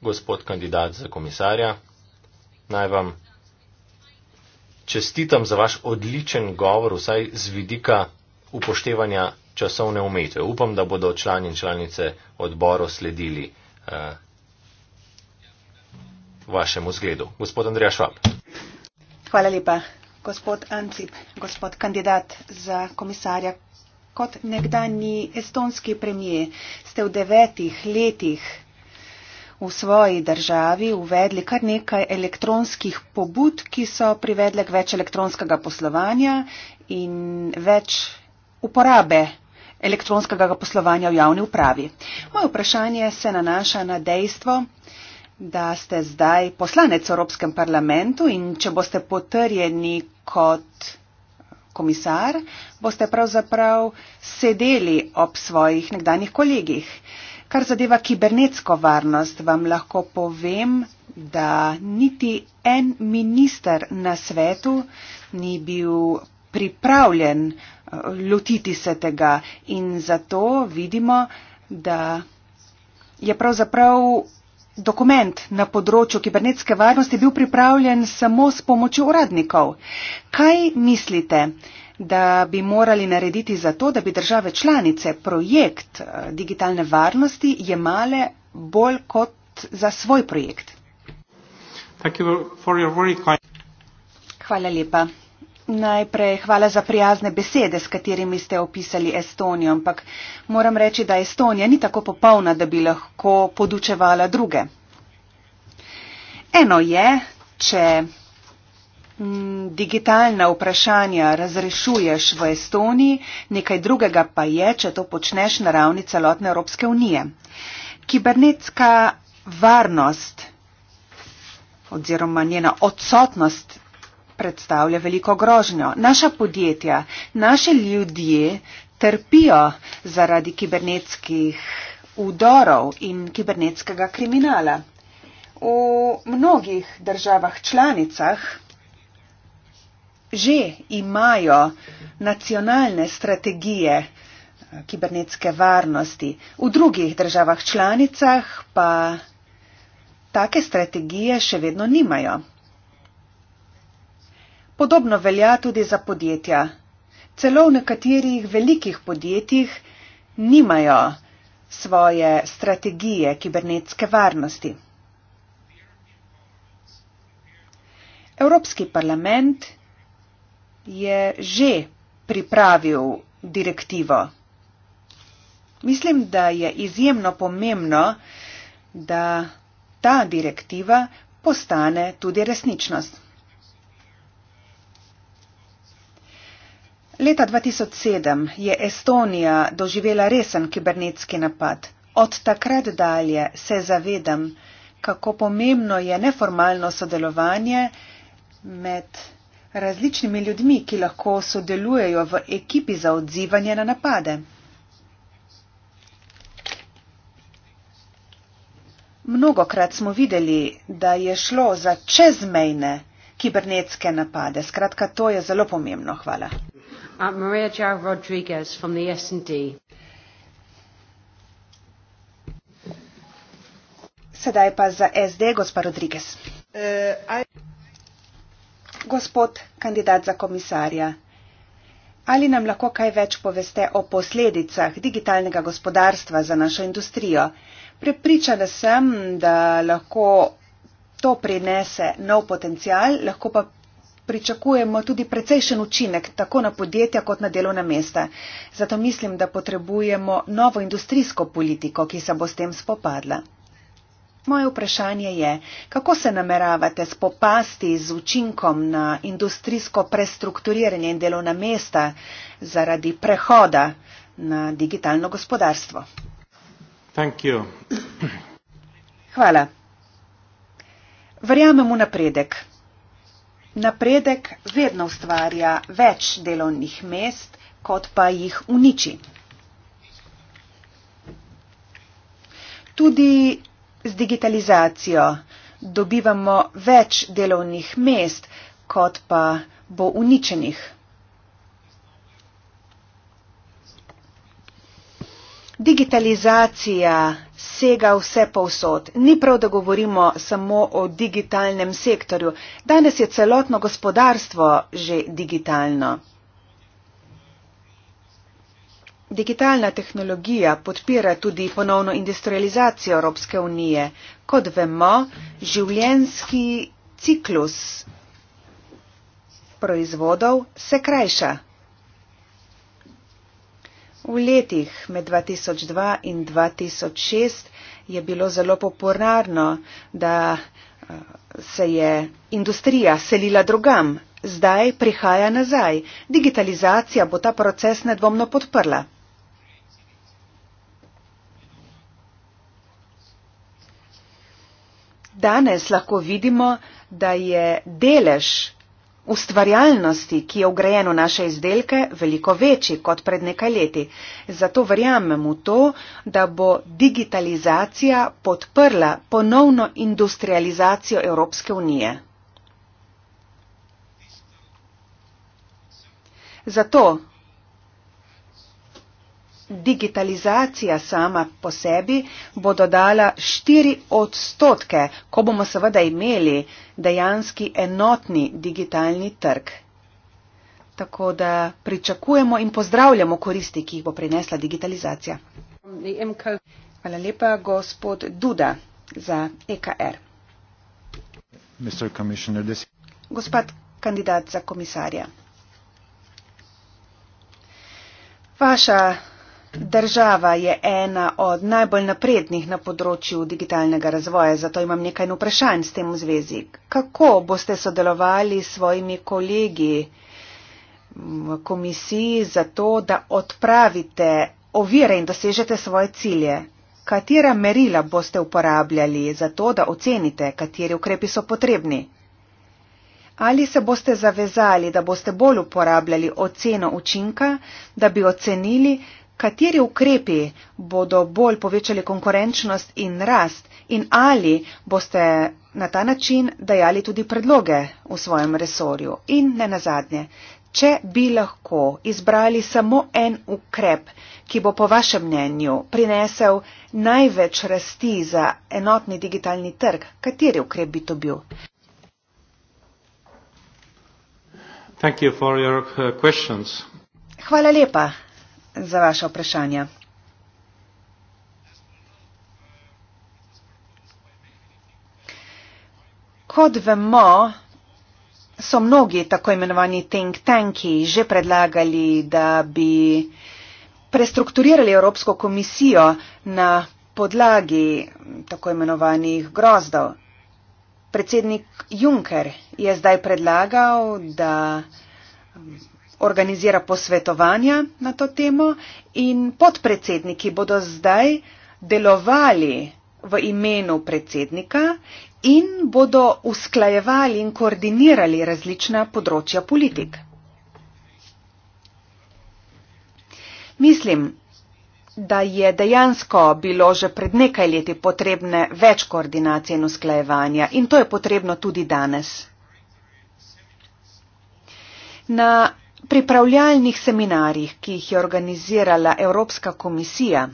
Gospod kandidat za komisarja, naj vam čestitam za vaš odličen govor, vsaj z vidika upoštevanja časovne umetve. Upam, da bodo člani in članice odboru sledili uh, vašemu zgledu. Gospod Andrija Švab. Hvala lepa. Gospod Ancip, gospod kandidat za komisarja kot nekdani estonski premije ste v devetih letih v svoji državi uvedli kar nekaj elektronskih pobud, ki so privedle k več elektronskega poslovanja in več uporabe elektronskega poslovanja v javni upravi. Moje vprašanje se nanaša na dejstvo, da ste zdaj poslanec v Evropskem parlamentu in če boste potrjeni kot komisar, boste pravzaprav sedeli ob svojih nekdanjih kolegih. Kar zadeva kibernetsko varnost, vam lahko povem, da niti en minister na svetu ni bil pripravljen eh, lotiti se tega in zato vidimo, da je pravzaprav dokument na področju kibernetske varnosti bil pripravljen samo s pomočjo uradnikov. Kaj mislite, da bi morali narediti za to, da bi države članice projekt eh, digitalne varnosti jemale bolj kot za svoj projekt? Hvala lepa. Najprej hvala za prijazne besede, s katerimi ste opisali Estonijo, ampak moram reči, da Estonija ni tako popolna, da bi lahko podučevala druge. Eno je, če m, mm, digitalna vprašanja razrešuješ v Estoniji, nekaj drugega pa je, če to počneš na ravni celotne Evropske unije. Kibernetska varnost oziroma njena odsotnost predstavlja veliko grožnjo. Naša podjetja, naše ljudje trpijo zaradi kibernetskih udorov in kibernetskega kriminala. V mnogih državah članicah že imajo nacionalne strategije eh, kibernetske varnosti. V drugih državah članicah pa take strategije še vedno nimajo. Podobno velja tudi za podjetja. Celo v nekaterih velikih podjetjih nimajo svoje strategije kibernetske varnosti. Evropski parlament je že pripravil direktivo. Mislim, da je izjemno pomembno, da ta direktiva postane tudi resničnost. Leta 2007 je Estonija doživela resen kibernetski napad. Od takrat dalje se zavedam, kako pomembno je neformalno sodelovanje med različnimi ljudmi, ki lahko sodelujejo v ekipi za odzivanje na napade. Mnogokrat smo videli, da je šlo za čezmejne kibernetske napade. Skratka, to je zelo pomembno. Hvala at Maria Jo Rodriguez from the S&D. Sedaj pa za SD, gospod Rodriguez. Uh, eh, I... Gospod kandidat za komisarja, ali nam lahko kaj več poveste o posledicah digitalnega gospodarstva za našo industrijo? Prepričana sem, da lahko to prinese nov potencial, lahko pa pričakujemo tudi precejšen učinek tako na podjetja kot na delovna mesta. Zato mislim, da potrebujemo novo industrijsko politiko, ki se bo s tem spopadla. Moje vprašanje je, kako se nameravate spopasti z učinkom na industrijsko prestrukturiranje in delovna mesta zaradi prehoda na digitalno gospodarstvo? Hvala. Verjamem v napredek. Napredek vedno ustvarja več delovnih mest, kot pa jih uniči. Tudi z digitalizacijo dobivamo več delovnih mest, kot pa bo uničenih. Digitalizacija sega vse povsod. Ni prav, da govorimo samo o digitalnem sektorju. Danes je celotno gospodarstvo že digitalno. Digitalna tehnologija podpira tudi ponovno industrializacijo Evropske unije. Kot vemo, življenski ciklus proizvodov se krajša. V letih med 2002 in 2006 je bilo zelo popularno, da eh, se je industrija selila drugam, zdaj prihaja nazaj. Digitalizacija bo ta proces nedvomno podprla. Danes lahko vidimo, da je delež ustvarjalnosti, ki je vgrajeno v naše izdelke, veliko večji kot pred nekaj leti. Zato verjamem v to, da bo digitalizacija podprla ponovno industrializacijo Evropske unije. Zato digitalizacija sama po sebi bo dodala 4 odstotke, ko bomo seveda imeli dejanski enotni digitalni trg. Tako da pričakujemo in pozdravljamo koristi, ki jih bo prinesla digitalizacija. Hvala lepa, gospod Duda, za EKR. Gospod kandidat za komisarja. Vaša Država je ena od najbolj naprednih na področju digitalnega razvoja, zato imam nekaj vprašanj s tem v zvezi. Kako boste sodelovali s svojimi kolegi v komisiji za to, da odpravite ovire in dosežete svoje cilje? Katera merila boste uporabljali za to, da ocenite, kateri ukrepi so potrebni? Ali se boste zavezali, da boste bolj uporabljali oceno učinka, da bi ocenili, kateri ukrepi bodo bolj povečali konkurenčnost in rast in ali boste na ta način dajali tudi predloge v svojem resorju. In ne nazadnje, če bi lahko izbrali samo en ukrep, ki bo po vašem mnenju prinesel največ rasti za enotni digitalni trg, kateri ukrep bi to bil? Uh, Hvala lepa za vaše vprašanje. Kot vemo, so mnogi tako imenovani think tanki že predlagali, da bi prestrukturirali Evropsko komisijo na podlagi tako imenovanih grozdov. Predsednik Juncker je zdaj predlagal, da organizira posvetovanja na to temo in podpredsedniki bodo zdaj delovali v imenu predsednika in bodo usklajevali in koordinirali različna področja politik. Mislim, da je dejansko bilo že pred nekaj leti potrebne več koordinacije in usklajevanja in to je potrebno tudi danes. Na pripravljalnih seminarjih, ki jih je organizirala Evropska komisija,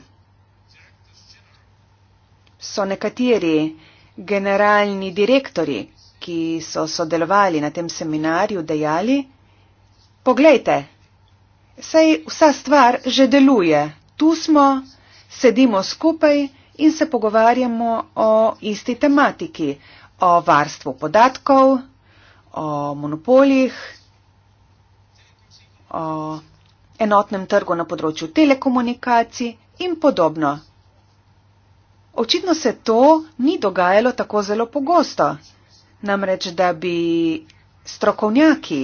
so nekateri generalni direktori, ki so sodelovali na tem seminarju, dejali, poglejte, saj vsa stvar že deluje, tu smo, sedimo skupaj in se pogovarjamo o isti tematiki, o varstvu podatkov, o monopolih, o enotnem trgu na področju telekomunikacij in podobno. Očitno se to ni dogajalo tako zelo pogosto, namreč da bi strokovnjaki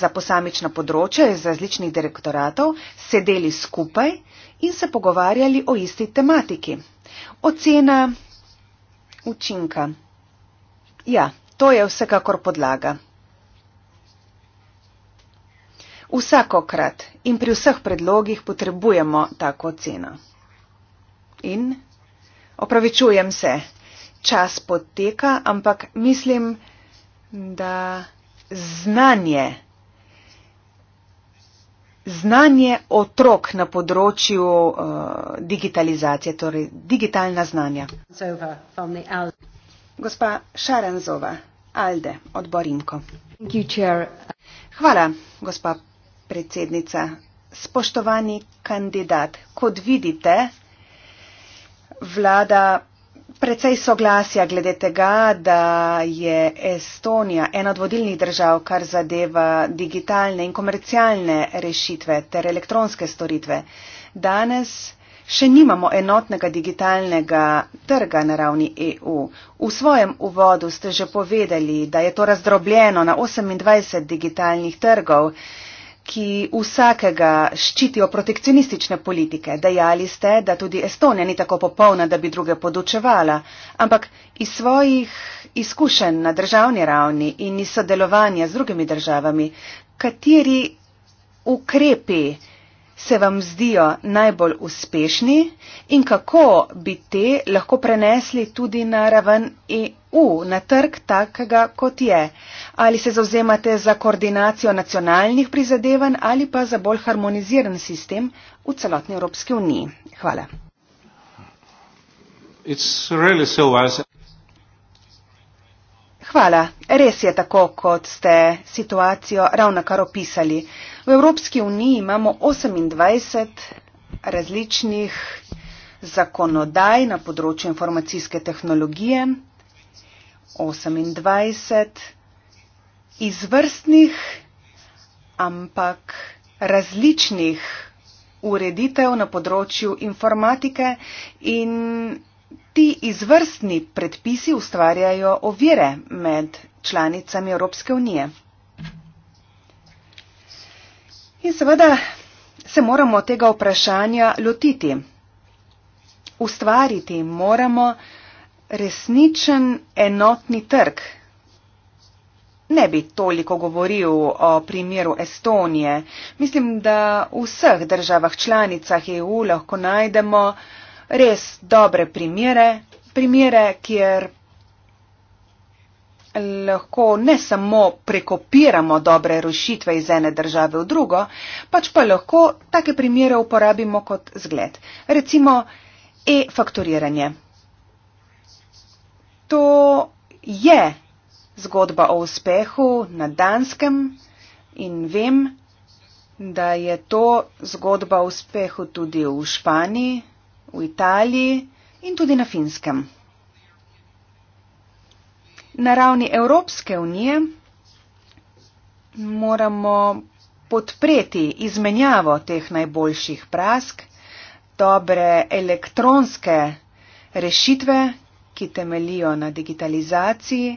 za posamična področja iz različnih direktoratov sedeli skupaj in se pogovarjali o isti tematiki. Ocena učinka. Ja, to je vsekakor podlaga vsakokrat in pri vseh predlogih potrebujemo tako oceno. In opravičujem se, čas poteka, ampak mislim, da znanje, znanje otrok na področju uh, digitalizacije, torej digitalna znanja. Gospa Šaranzova, Alde, odborimko. Hvala, gospa predsednica. Spoštovani kandidat, kot vidite, vlada precej soglasja glede tega, da je Estonija ena od vodilnih držav, kar zadeva digitalne in komercialne rešitve ter elektronske storitve. Danes še nimamo enotnega digitalnega trga na ravni EU. V svojem uvodu ste že povedali, da je to razdrobljeno na 28 digitalnih trgov ki vsakega ščitijo protekcionistične politike. Dejali ste, da tudi Estonija ni tako popolna, da bi druge podučevala, ampak iz svojih izkušenj na državni ravni in iz sodelovanja z drugimi državami, kateri ukrepi se vam zdijo najbolj uspešni in kako bi te lahko prenesli tudi na raven EU, na trg takega, kot je. Ali se zauzemate za koordinacijo nacionalnih prizadevanj ali pa za bolj harmoniziran sistem v celotni Evropski uniji. Hvala. Hvala. Res je tako, kot ste situacijo ravno kar opisali. V Evropski uniji imamo 28 različnih zakonodaj na področju informacijske tehnologije, 28 izvrstnih, ampak različnih ureditev na področju informatike in Ti izvrstni predpisi ustvarjajo ovire med članicami Evropske unije. In seveda se moramo tega vprašanja lotiti. Ustvariti moramo resničen enotni trg. Ne bi toliko govoril o primeru Estonije. Mislim, da v vseh državah članicah EU lahko najdemo uh, res dobre primere, primere, kjer lahko ne samo prekopiramo dobre rešitve iz ene države v drugo, pač pa lahko take primere uporabimo kot zgled. Recimo e-fakturiranje. To je zgodba o uspehu na Danskem in vem, da je to zgodba o uspehu tudi v Španiji, v Italiji in tudi na Finskem. Na ravni Evropske unije moramo podpreti izmenjavo teh najboljših prask, dobre elektronske rešitve, ki temelijo na digitalizaciji,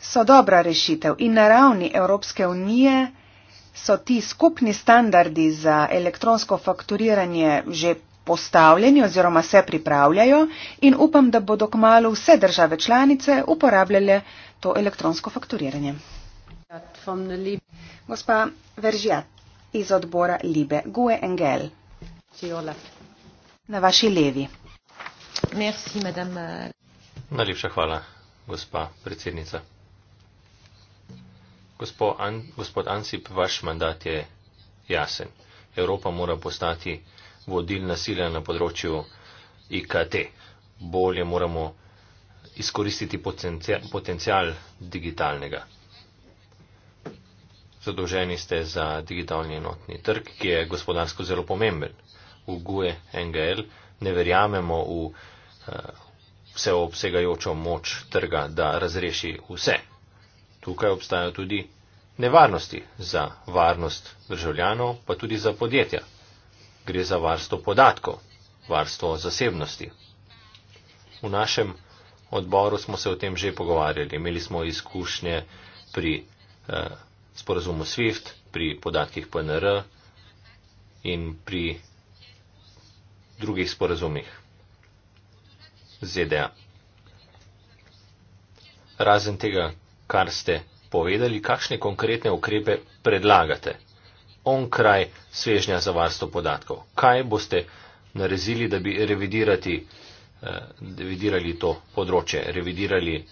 so dobra rešitev. In na ravni Evropske unije so ti skupni standardi za elektronsko fakturiranje že postavljeni oziroma se pripravljajo in upam, da bodo k malu vse države članice uporabljale to elektronsko fakturiranje. Gospa Veržjat iz odbora Libe Gue Engel. Na vaši levi. Merci, Najlepša hvala, gospa predsednica. Gospod Ansip, vaš mandat je jasen. Evropa mora postati vodilna sila na področju IKT. Bolje moramo izkoristiti potencial, potencial digitalnega. Zadolženi ste za digitalni enotni trg, ki je gospodarsko zelo pomemben. V GUE NGL ne verjamemo v uh, vseobsegajočo moč trga, da razreši vse. Tukaj obstajajo tudi nevarnosti za varnost državljanov, pa tudi za podjetja gre za varstvo podatkov, varstvo zasebnosti. V našem odboru smo se o tem že pogovarjali. Imeli smo izkušnje pri eh, sporazumu SWIFT, pri podatkih PNR in pri drugih sporazumih ZDA. Razen tega, kar ste povedali, kakšne konkretne ukrepe predlagate? onkraj svežnja za varstvo podatkov. Kaj boste naredili, da bi revidirati, eh, revidirali to področje, revidirali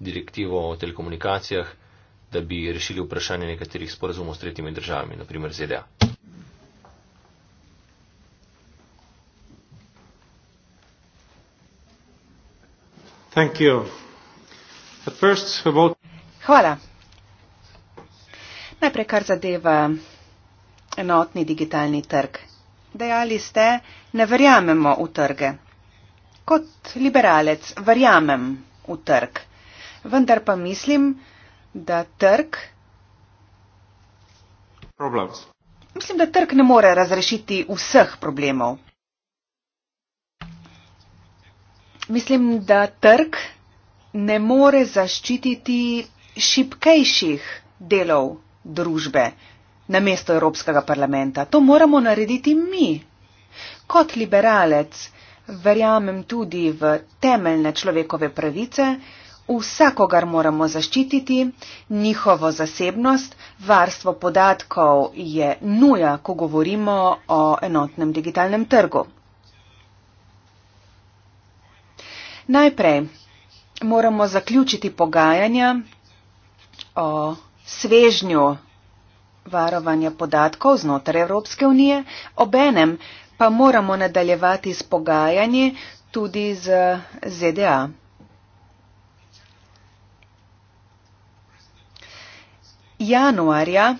direktivo o telekomunikacijah, da bi rešili vprašanje nekaterih sporazumov s tretjimi državami, naprimer ZDA? Hvala. Najprej kar zadeva enotni digitalni trg. Dejali ste, ne verjamemo v trge. Kot liberalec verjamem v trg, vendar pa mislim, da trg. Problems. Mislim, da trg ne more razrešiti vseh problemov. Mislim, da trg ne more zaščititi šipkejših delov družbe, na mesto Evropskega parlamenta. To moramo narediti mi. Kot liberalec verjamem tudi v temeljne človekove pravice, vsakogar moramo zaščititi, njihovo zasebnost, varstvo podatkov je nuja, ko govorimo o enotnem digitalnem trgu. Najprej moramo zaključiti pogajanja o svežnju varovanja podatkov znotraj Evropske unije, obenem pa moramo nadaljevati s pogajanji tudi z ZDA. Januarja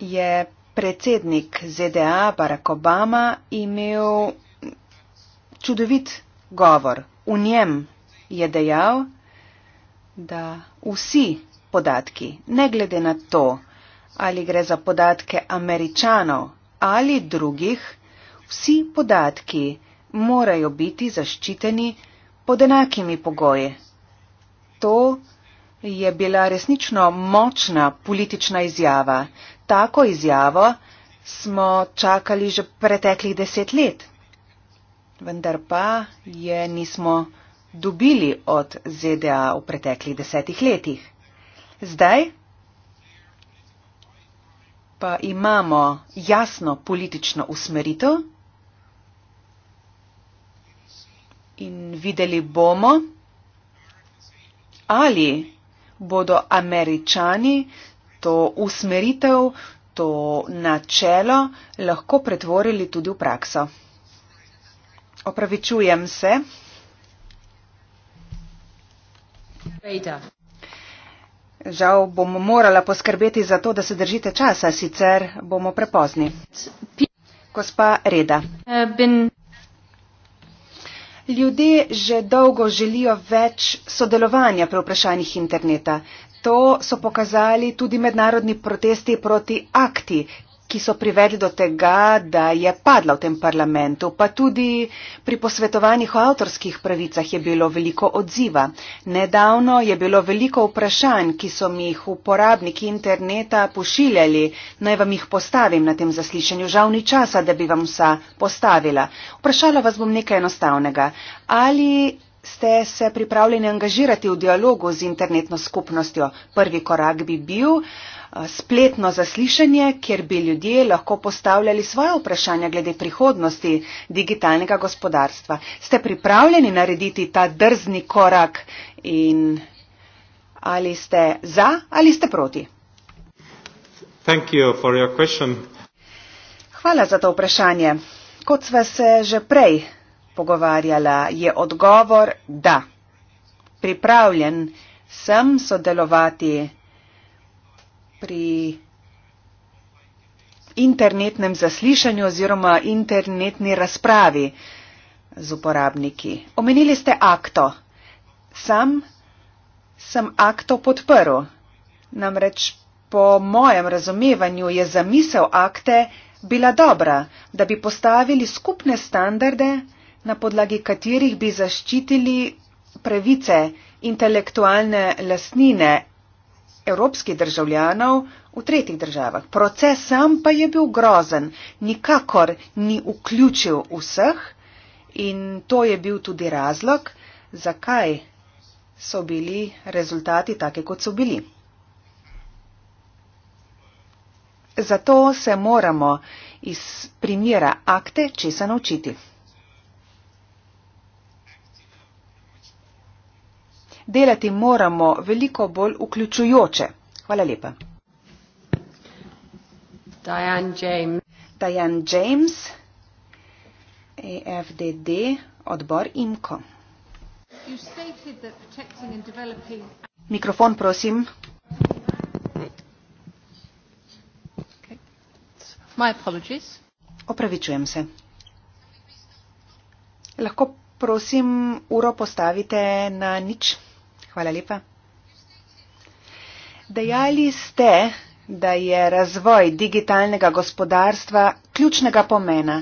je predsednik ZDA Barack Obama imel čudovit govor. V njem je dejal, da vsi podatki, ne glede na to, ali gre za podatke američanov ali drugih, vsi podatki morajo biti zaščiteni pod enakimi pogoji. To je bila resnično močna politična izjava. Tako izjavo smo čakali že preteklih deset let. Vendar pa je nismo dobili od ZDA v preteklih desetih letih. Zdaj pa imamo jasno politično usmeritev in videli bomo, ali bodo američani to usmeritev, to načelo lahko pretvorili tudi v prakso. Opravičujem se. Beta. Žal bom morala poskrbeti za to, da se držite časa, sicer bomo prepozni. Gospa Reda. Ljudje že dolgo želijo več sodelovanja pri vprašanjih interneta. To so pokazali tudi mednarodni protesti proti akti, ki so privedli do tega, da je padla v tem parlamentu, pa tudi pri posvetovanjih o avtorskih pravicah je bilo veliko odziva. Nedavno je bilo veliko vprašanj, ki so mi jih uporabniki interneta pošiljali. Naj vam jih postavim na tem zaslišanju. Žal ni časa, da bi vam vsa postavila. Vprašala vas bom nekaj enostavnega. Ali ste se pripravljeni angažirati v dialogu z internetno skupnostjo? Prvi korak bi bil. Eh, spletno zaslišanje, kjer bi ljudje lahko postavljali svoje vprašanja glede prihodnosti digitalnega gospodarstva. Ste pripravljeni narediti ta drzni korak in ali ste za ali ste proti? Hvala za to vprašanje. Kot sva se že prej pogovarjala, je odgovor da. Pripravljen sem sodelovati pri internetnem zaslišanju oziroma internetni razpravi z uporabniki. Omenili ste akto. Sam sem akto podprl. Namreč po mojem razumevanju je zamisel akte bila dobra, da bi postavili skupne standarde, na podlagi katerih bi zaščitili pravice intelektualne lasnine evropskih državljanov v tretjih državah. Proces sam pa je bil grozen, nikakor ni vključil vseh in to je bil tudi razlog, zakaj so bili rezultati take, kot so bili. Zato se moramo iz primjera akte česa naučiti. delati moramo veliko bolj vključujoče. Hvala lepa. Diane James, Diane James AFDD, odbor IMKO. Mikrofon, prosim. My apologies. Opravičujem se. Lahko prosim uro postavite na nič. Hvala lepa. Dejali ste, da je razvoj digitalnega gospodarstva ključnega pomena,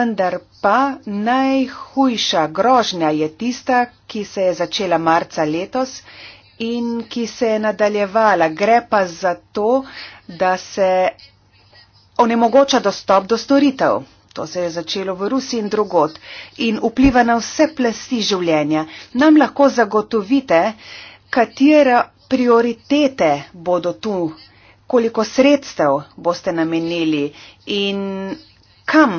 vendar pa najhujša grožnja je tista, ki se je začela marca letos in ki se je nadaljevala. Gre pa za to, da se onemogoča dostop do storitev. To se je začelo v Rusiji in drugot in vpliva na vse plasti življenja. Nam lahko zagotovite, katera prioritete bodo tu, koliko sredstev boste namenili in kam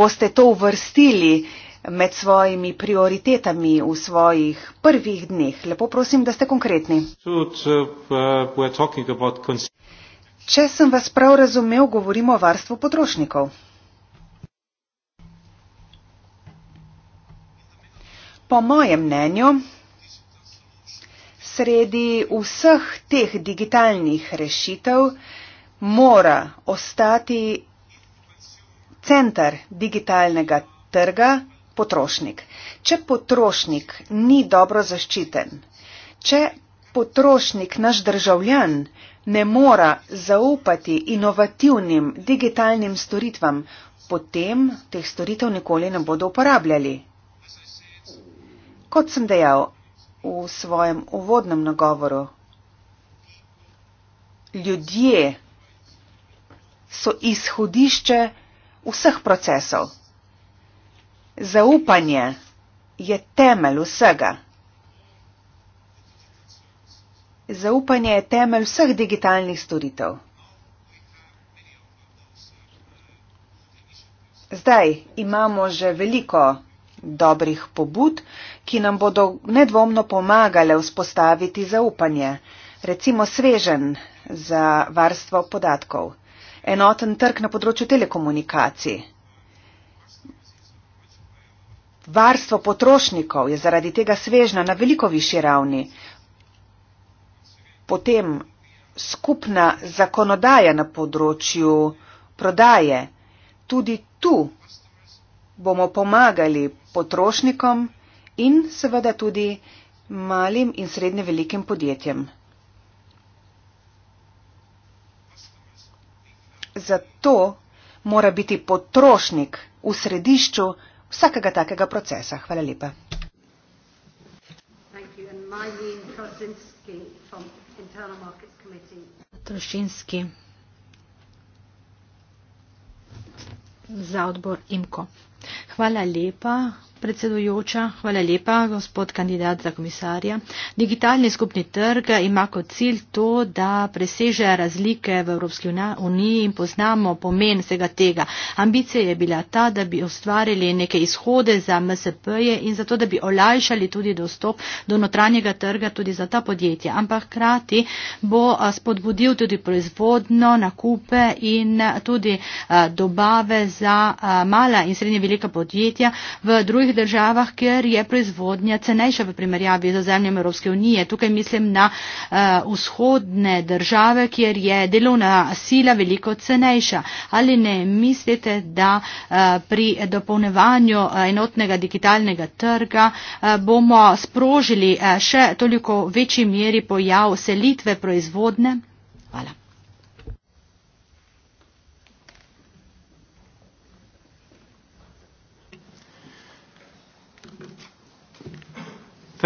boste to uvrstili med svojimi prioritetami v svojih prvih dneh. Lepo prosim, da ste konkretni. Uh, Če sem vas prav razumel, govorimo o varstvu potrošnikov. Po mojem mnenju, sredi vseh teh digitalnih rešitev mora ostati centar digitalnega trga potrošnik. Če potrošnik ni dobro zaščiten, če potrošnik, naš državljan, ne mora zaupati inovativnim digitalnim storitvam, potem teh storitev nikoli ne bodo uporabljali. Kot sem dejal v svojem uvodnem nagovoru, ljudje so izhodišče vseh procesov. Zaupanje je temelj vsega. Zaupanje je temelj vseh digitalnih storitev. Zdaj imamo že veliko dobrih pobud, ki nam bodo nedvomno pomagale vzpostaviti zaupanje, recimo svežen za varstvo podatkov, enoten trg na področju telekomunikacij. Varstvo potrošnikov je zaradi tega svežna na veliko višji ravni. Potem skupna zakonodaja na področju prodaje. Tudi tu bomo pomagali potrošnikom in seveda tudi malim in srednje velikim podjetjem. Zato mora biti potrošnik v središču vsakega takega procesa. Hvala lepa. Trošinski za odbor IMKO. Hvala lepa predsedujoča, hvala lepa, gospod kandidat za komisarja. Digitalni skupni trg ima kot cilj to, da preseže razlike v Evropski uniji in poznamo pomen vsega tega. Ambicija je bila ta, da bi ustvarili neke izhode za MSP-je in zato, da bi olajšali tudi dostop do notranjega trga tudi za ta podjetja. Ampak hkrati bo spodbudil tudi proizvodno, nakupe in tudi dobave za mala in srednje velika podjetja v drugih državah, kjer je proizvodnja cenejša v primerjavi z ozemljem Evropske unije. Tukaj mislim na uh, vzhodne države, kjer je delovna sila veliko cenejša. Ali ne mislite, da uh, pri dopolnevanju uh, eh, enotnega digitalnega trga uh, bomo sprožili uh, še toliko večji meri pojav selitve proizvodnje?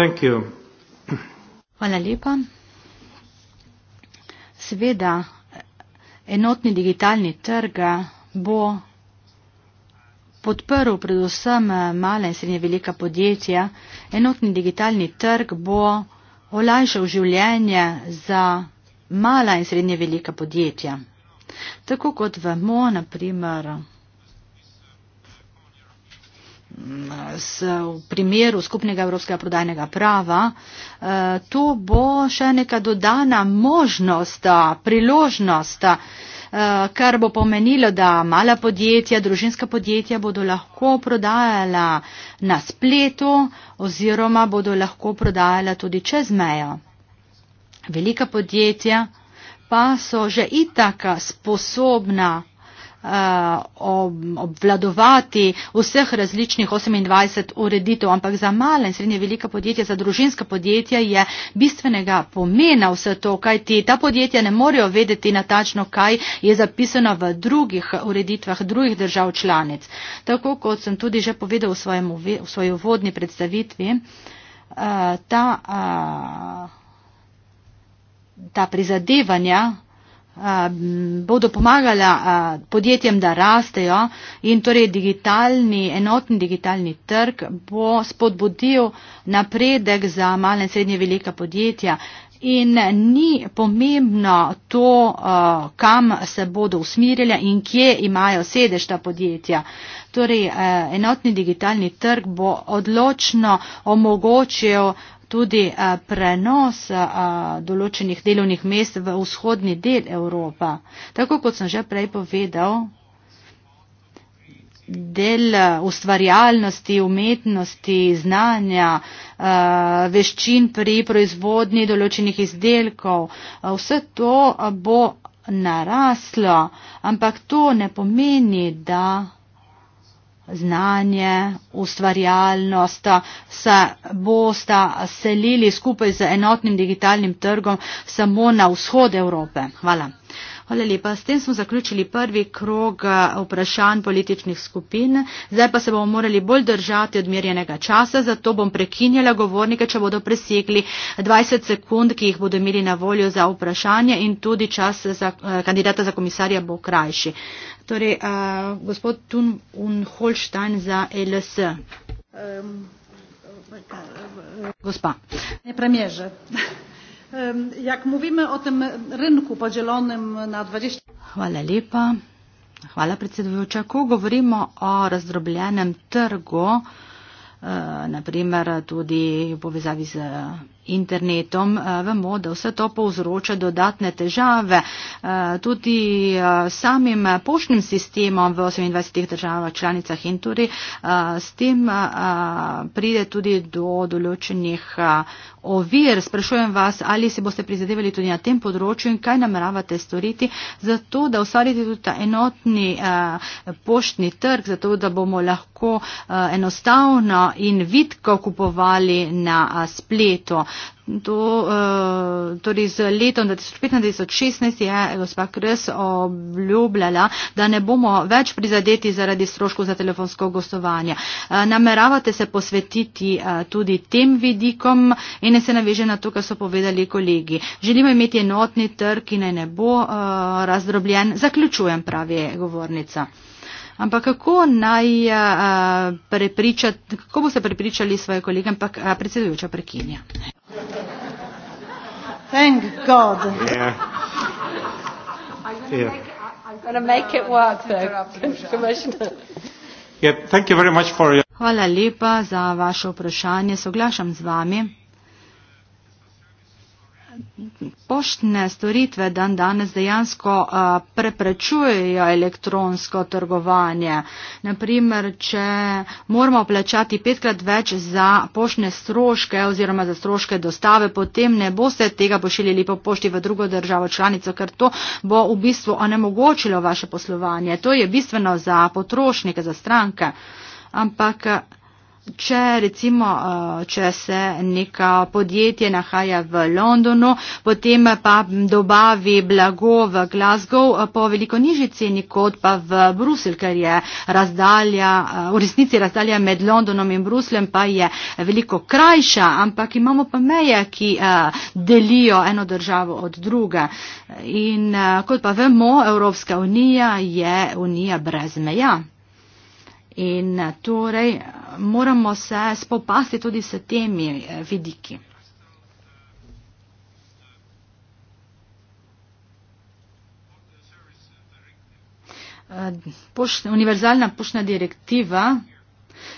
Thank you. Hvala lepa. Seveda, enotni digitalni trg bo podprl predvsem male in srednje velika podjetja. Enotni digitalni trg bo olajšal življenje za mala in srednje velika podjetja. Tako kot vemo, na primer, s, v primeru skupnega evropskega prodajnega prava, eh, to bo še neka dodana možnost, eh, priložnost, eh, kar bo pomenilo, da mala podjetja, družinska podjetja bodo lahko prodajala na spletu oziroma bodo lahko prodajala tudi čez mejo. Velika podjetja pa so že itaka sposobna Eh, obvladovati vseh različnih 28 ureditev, ampak za male in srednje velika podjetja, za družinska podjetja je bistvenega pomena vse to, kaj ti ta podjetja ne morejo vedeti natačno, kaj je zapisano v drugih ureditvah drugih držav članic. Tako kot sem tudi že povedal v, svojem, v svoji uvodni predstavitvi, eh, ta, eh, ta prizadevanja, bodo pomagala podjetjem, da rastejo in torej digitalni, enotni digitalni trg bo spodbudil napredek za male in srednje velika podjetja. In ni pomembno to, kam se bodo usmirjali in kje imajo sedež ta podjetja. Torej, enotni digitalni trg bo odločno omogočil tudi eh, prenos eh, določenih delovnih mest v vzhodni del Evropa. Tako kot sem že prej povedal, del eh, ustvarjalnosti, umetnosti, znanja, veščin pri proizvodni določenih izdelkov, vse to bo naraslo, ampak to ne pomeni, da znanje, ustvarjalnost, se bosta selili skupaj z enotnim digitalnim trgom samo na vzhod Evrope. Hvala. Hvala lepa. S tem smo zaključili prvi krog eh, vprašanj političnih skupin. Zdaj pa se bomo morali bolj držati odmerjenega časa, zato bom prekinjala govornike, če bodo presegli 20 sekund, ki jih bodo imeli na voljo za vprašanje in tudi čas za, eh, kandidata za komisarja bo krajši. Torej, a, gospod Tun un Holstein za e LS. Um, gospa. Ne premierze. Um, jak mówimy o tym rynku podzielonym na 20. Hvala lepa. Hvala predsedujoča. Ko govorimo o razdrobljenem trgu, e, na primer tudi v povezavi z internetom. Eh, vemo, da vse to povzroča dodatne težave eh, tudi eh, samim poštnim sistemom v 28 državah članicah in tudi s tem pride tudi do določenih ovir. Sprašujem vas, ali si boste prizadevali tudi na tem področju in kaj nameravate storiti za to, da ustvarite tudi ta enotni poštni trg, zato da bomo lahko enostavno in vitko kupovali na spletu. Uh, Do, uh, torej z letom 2015-2016 je eh, gospa Kres obljubljala, da ne bomo več prizadeti zaradi stroškov za telefonsko gostovanje. Uh, nameravate se posvetiti uh, tudi tem vidikom in ne se naveže na to, kar so povedali kolegi. Želimo imeti enotni trg in ne bo uh, razdrobljen. Zaključujem, pravi govornica. Ampak kako naj uh, prepričati, kako boste prepričali svoje kolege, ampak uh, predsedujoča prekinja. Thank God. Yeah. I'm going to make it work, Commissioner. Yeah, thank you very much for your... Hvala lepa za vaše vprašanje. Soglašam z vami. Poštne storitve dan danes dejansko preprečujejo elektronsko trgovanje. Naprimer, če moramo plačati petkrat več za poštne stroške oziroma za stroške dostave, potem ne boste tega pošiljali po pošti v drugo državo članico, ker to bo v bistvu onemogočilo vaše poslovanje. To je bistveno za potrošnike, za stranke. Ampak Če recimo, eh, če se neka podjetje nahaja v Londonu, potem pa dobavi blago v Glasgow eh, po veliko nižji ceni kot pa v Bruselj, ker je razdalja, eh, v resnici razdalja med Londonom in Bruslem pa je veliko krajša, ampak imamo pa meje, ki delijo eno državo od druge. In kot pa vemo, Evropska unija je unija brez meja. In torej, moramo se spopasti tudi s temi eh, vidiki. Eh, poš, univerzalna poštna direktiva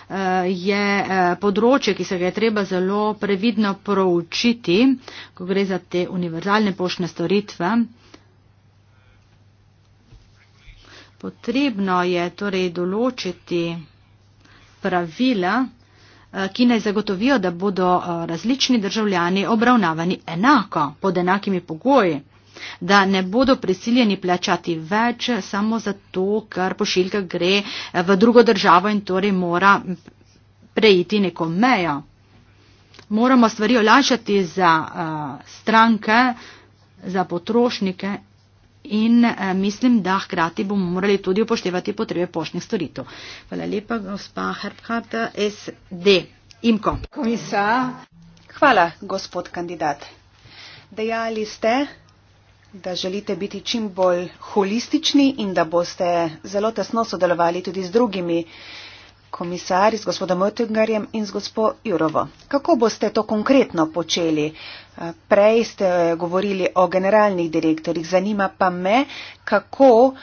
eh, je področje, ki se ga je treba zelo previdno proučiti, ko gre za te univerzalne poštne storitve. Potrebno je torej določiti pravila, eh, ki naj zagotovijo, da bodo eh, različni državljani obravnavani enako, pod enakimi pogoji, da ne bodo prisiljeni plačati več samo zato, ker pošiljka gre eh, v drugo državo in torej mora preiti neko mejo. Moramo stvari olajšati za stranke, za potrošnike in eh, mislim, da hkrati bomo morali tudi upoštevati potrebe poštnih storitev. Hvala lepa, gospa Herbhat, SD, IMKO. Komisa. Hvala, gospod kandidat. Dejali ste, da želite biti čim bolj holistični in da boste zelo tesno sodelovali tudi z drugimi komisar, z gospodom Oettingerjem in z gospod Jurovo. Kako boste to konkretno počeli? Eh, prej ste govorili o generalnih direktorjih, zanima pa me, kako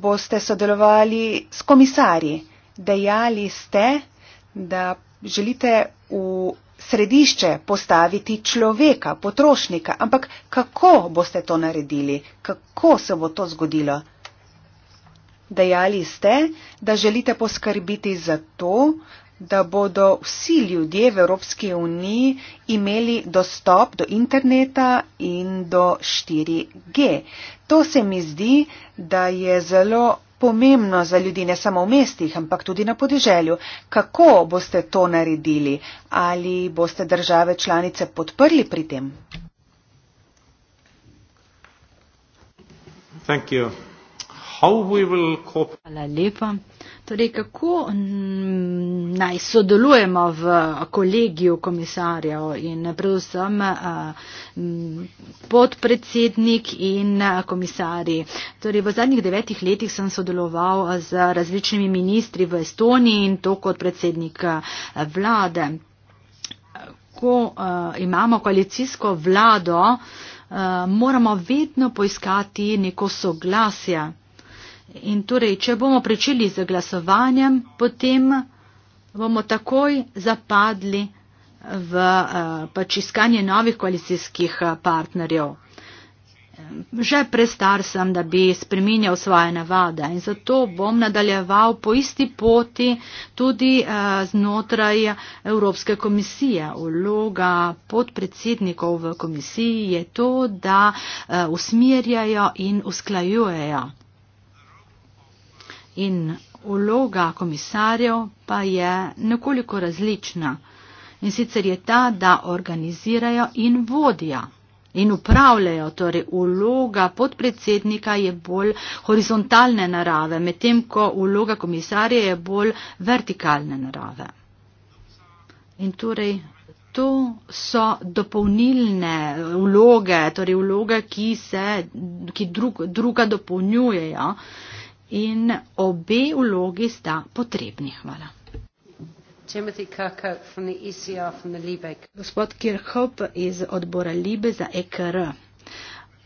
boste sodelovali s komisarji. Dejali ste, da želite v središče postaviti človeka, potrošnika, ampak kako boste to naredili? Kako se bo to zgodilo? Dejali ste, da želite poskrbiti za to, da bodo vsi ljudje v Evropski uniji imeli dostop do interneta in do 4G. To se mi zdi, da je zelo pomembno za ljudi ne samo v mestih, ampak tudi na podeželju. Kako boste to naredili? Ali boste države članice podprli pri tem? Thank you. Hvala lepa. Torej, kako naj sodelujemo v kolegiju komisarjev in predvsem eh, podpredsednik in eh, komisarji. Torej, v zadnjih devetih letih sem sodeloval z različnimi ministri v Estoniji in to kot predsednik eh, vlade. Ko imamo koalicijsko vlado, moramo vedno poiskati neko soglasje. In torej, če bomo pričeli z glasovanjem, potem bomo takoj zapadli v eh, pač iskanje novih koalicijskih eh, partnerjev. Že prestar sem, da bi spreminjal svoje navade in zato bom nadaljeval po isti poti tudi eh, znotraj Evropske komisije. Uloga podpredsednikov v komisiji je to, da usmerjajo in usklajujejo in vloga komisarjev pa je nekoliko različna. In sicer je ta, da organizirajo in vodijo in upravljajo. Torej, vloga podpredsednika je bolj horizontalne narave, medtem ko vloga komisarja je bolj vertikalne narave. In torej, to so dopolnilne vloge, torej vloge, ki, se, ki drug, druga dopolnjujejo. Uh, in obe vlogi sta potrebni. Hvala. E Gospod Kirchhoff iz odbora Libe za EKR.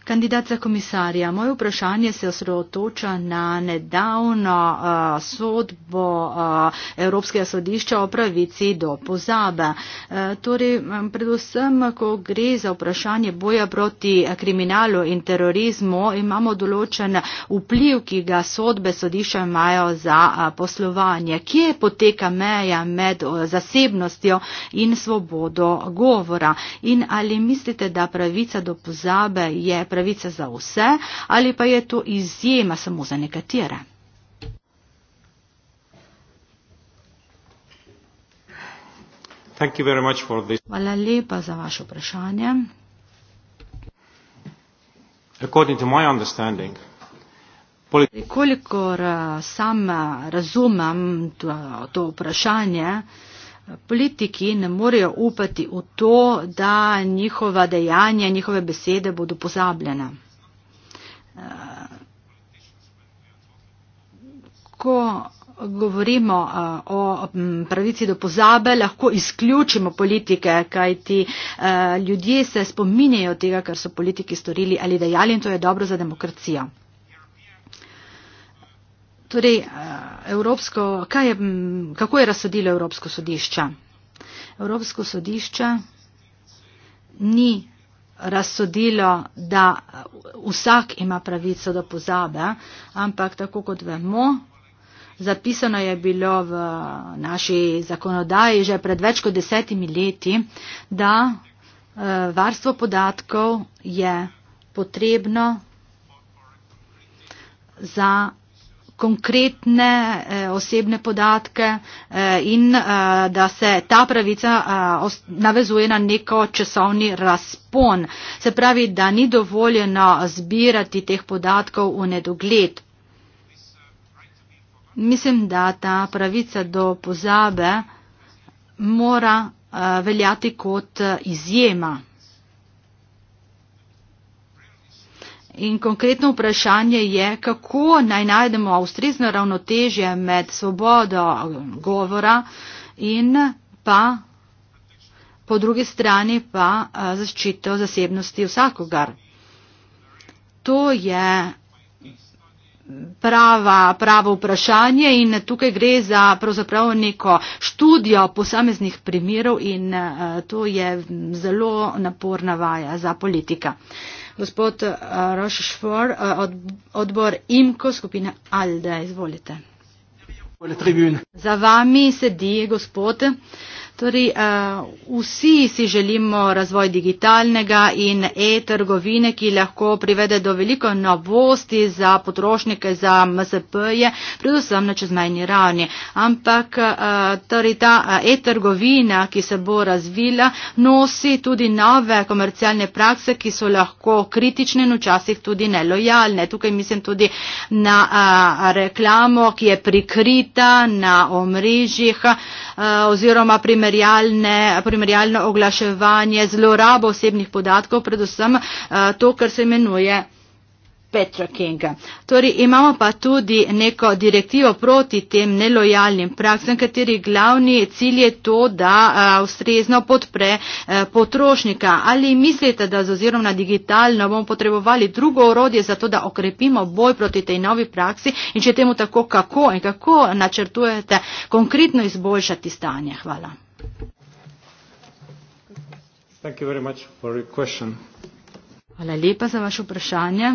Kandidat za komisarja, moje vprašanje se osredotoča na nedavno uh, sodbo uh, Evropskega sodišča o pravici do pozabe. Uh, torej, mm, predvsem, ko gre za vprašanje boja proti kriminalu in terorizmu, imamo določen vpliv, ki ga sodbe sodišča imajo za uh, poslovanje. Kje poteka meja med uh, zasebnostjo in svobodo govora? In ali mislite, da pravica do pozabe je pravica? pravica za vse ali pa je to izjema samo za nekatere. Hvala lepa za vaše vprašanje. Kolikor eh, sam eh, razumem to, to vprašanje, Politiki ne morejo upati v to, da njihova dejanja, njihove besede bodo pozabljene. Ko govorimo eh, o pravici do pozabe, lahko izključimo politike, kajti eh, ljudje se spominjajo tega, kar so politiki storili ali dejali in to je dobro za demokracijo. Torej, eh, Evropsko, je, kako je razsodilo Evropsko sodišče? Evropsko sodišče ni razsodilo, da vsak ima pravico do pozabe, ampak tako kot vemo, zapisano je bilo v naši zakonodaji že pred več kot desetimi leti, da eh, varstvo podatkov je potrebno za konkretne e, osebne podatke e, in e, da se ta pravica e, os, navezuje na neko časovni razpon. Se pravi, da ni dovoljeno zbirati teh podatkov v nedogled. Mislim, da ta pravica do pozabe mora e, veljati kot izjema. In konkretno vprašanje je, kako naj najdemo ustrezno ravnotežje med svobodo govora in pa po drugi strani pa eh, zaščito zasebnosti vsakogar. To je prava, pravo vprašanje in tukaj gre za pravzaprav neko študijo posameznih primerov in eh, to je zelo naporna vaja za politika. Gospod eh, Rošfor, eh, odbor IMKO, skupina ALDE, izvolite. Za vami sedi gospod. Torej, eh, vsi si želimo razvoj digitalnega in e-trgovine, ki lahko privede do veliko novosti za potrošnike, za MSP-je, predvsem na čezmejni ravni. Ampak eh, torej, ta eh, e-trgovina, ki se bo razvila, nosi tudi nove komercialne prakse, ki so lahko kritične in včasih tudi nelojalne. Tukaj mislim tudi na reklamo, ki je prikrita na omrežjih oziroma primer primerjalno oglaševanje, zlorabo osebnih podatkov, predvsem eh, to, kar se imenuje. Torej, imamo pa tudi neko direktivo proti tem nelojalnim praksam, kateri glavni cilj je to, da a, eh, ustrezno podpre a, eh, potrošnika. Ali mislite, da z ozirom na digitalno bomo potrebovali drugo urodje za to, da okrepimo boj proti tej novi praksi in če temu tako, kako in kako načrtujete konkretno izboljšati stanje? Hvala. Thank you very much for your question. Hvala lepa za vaše vprašanje.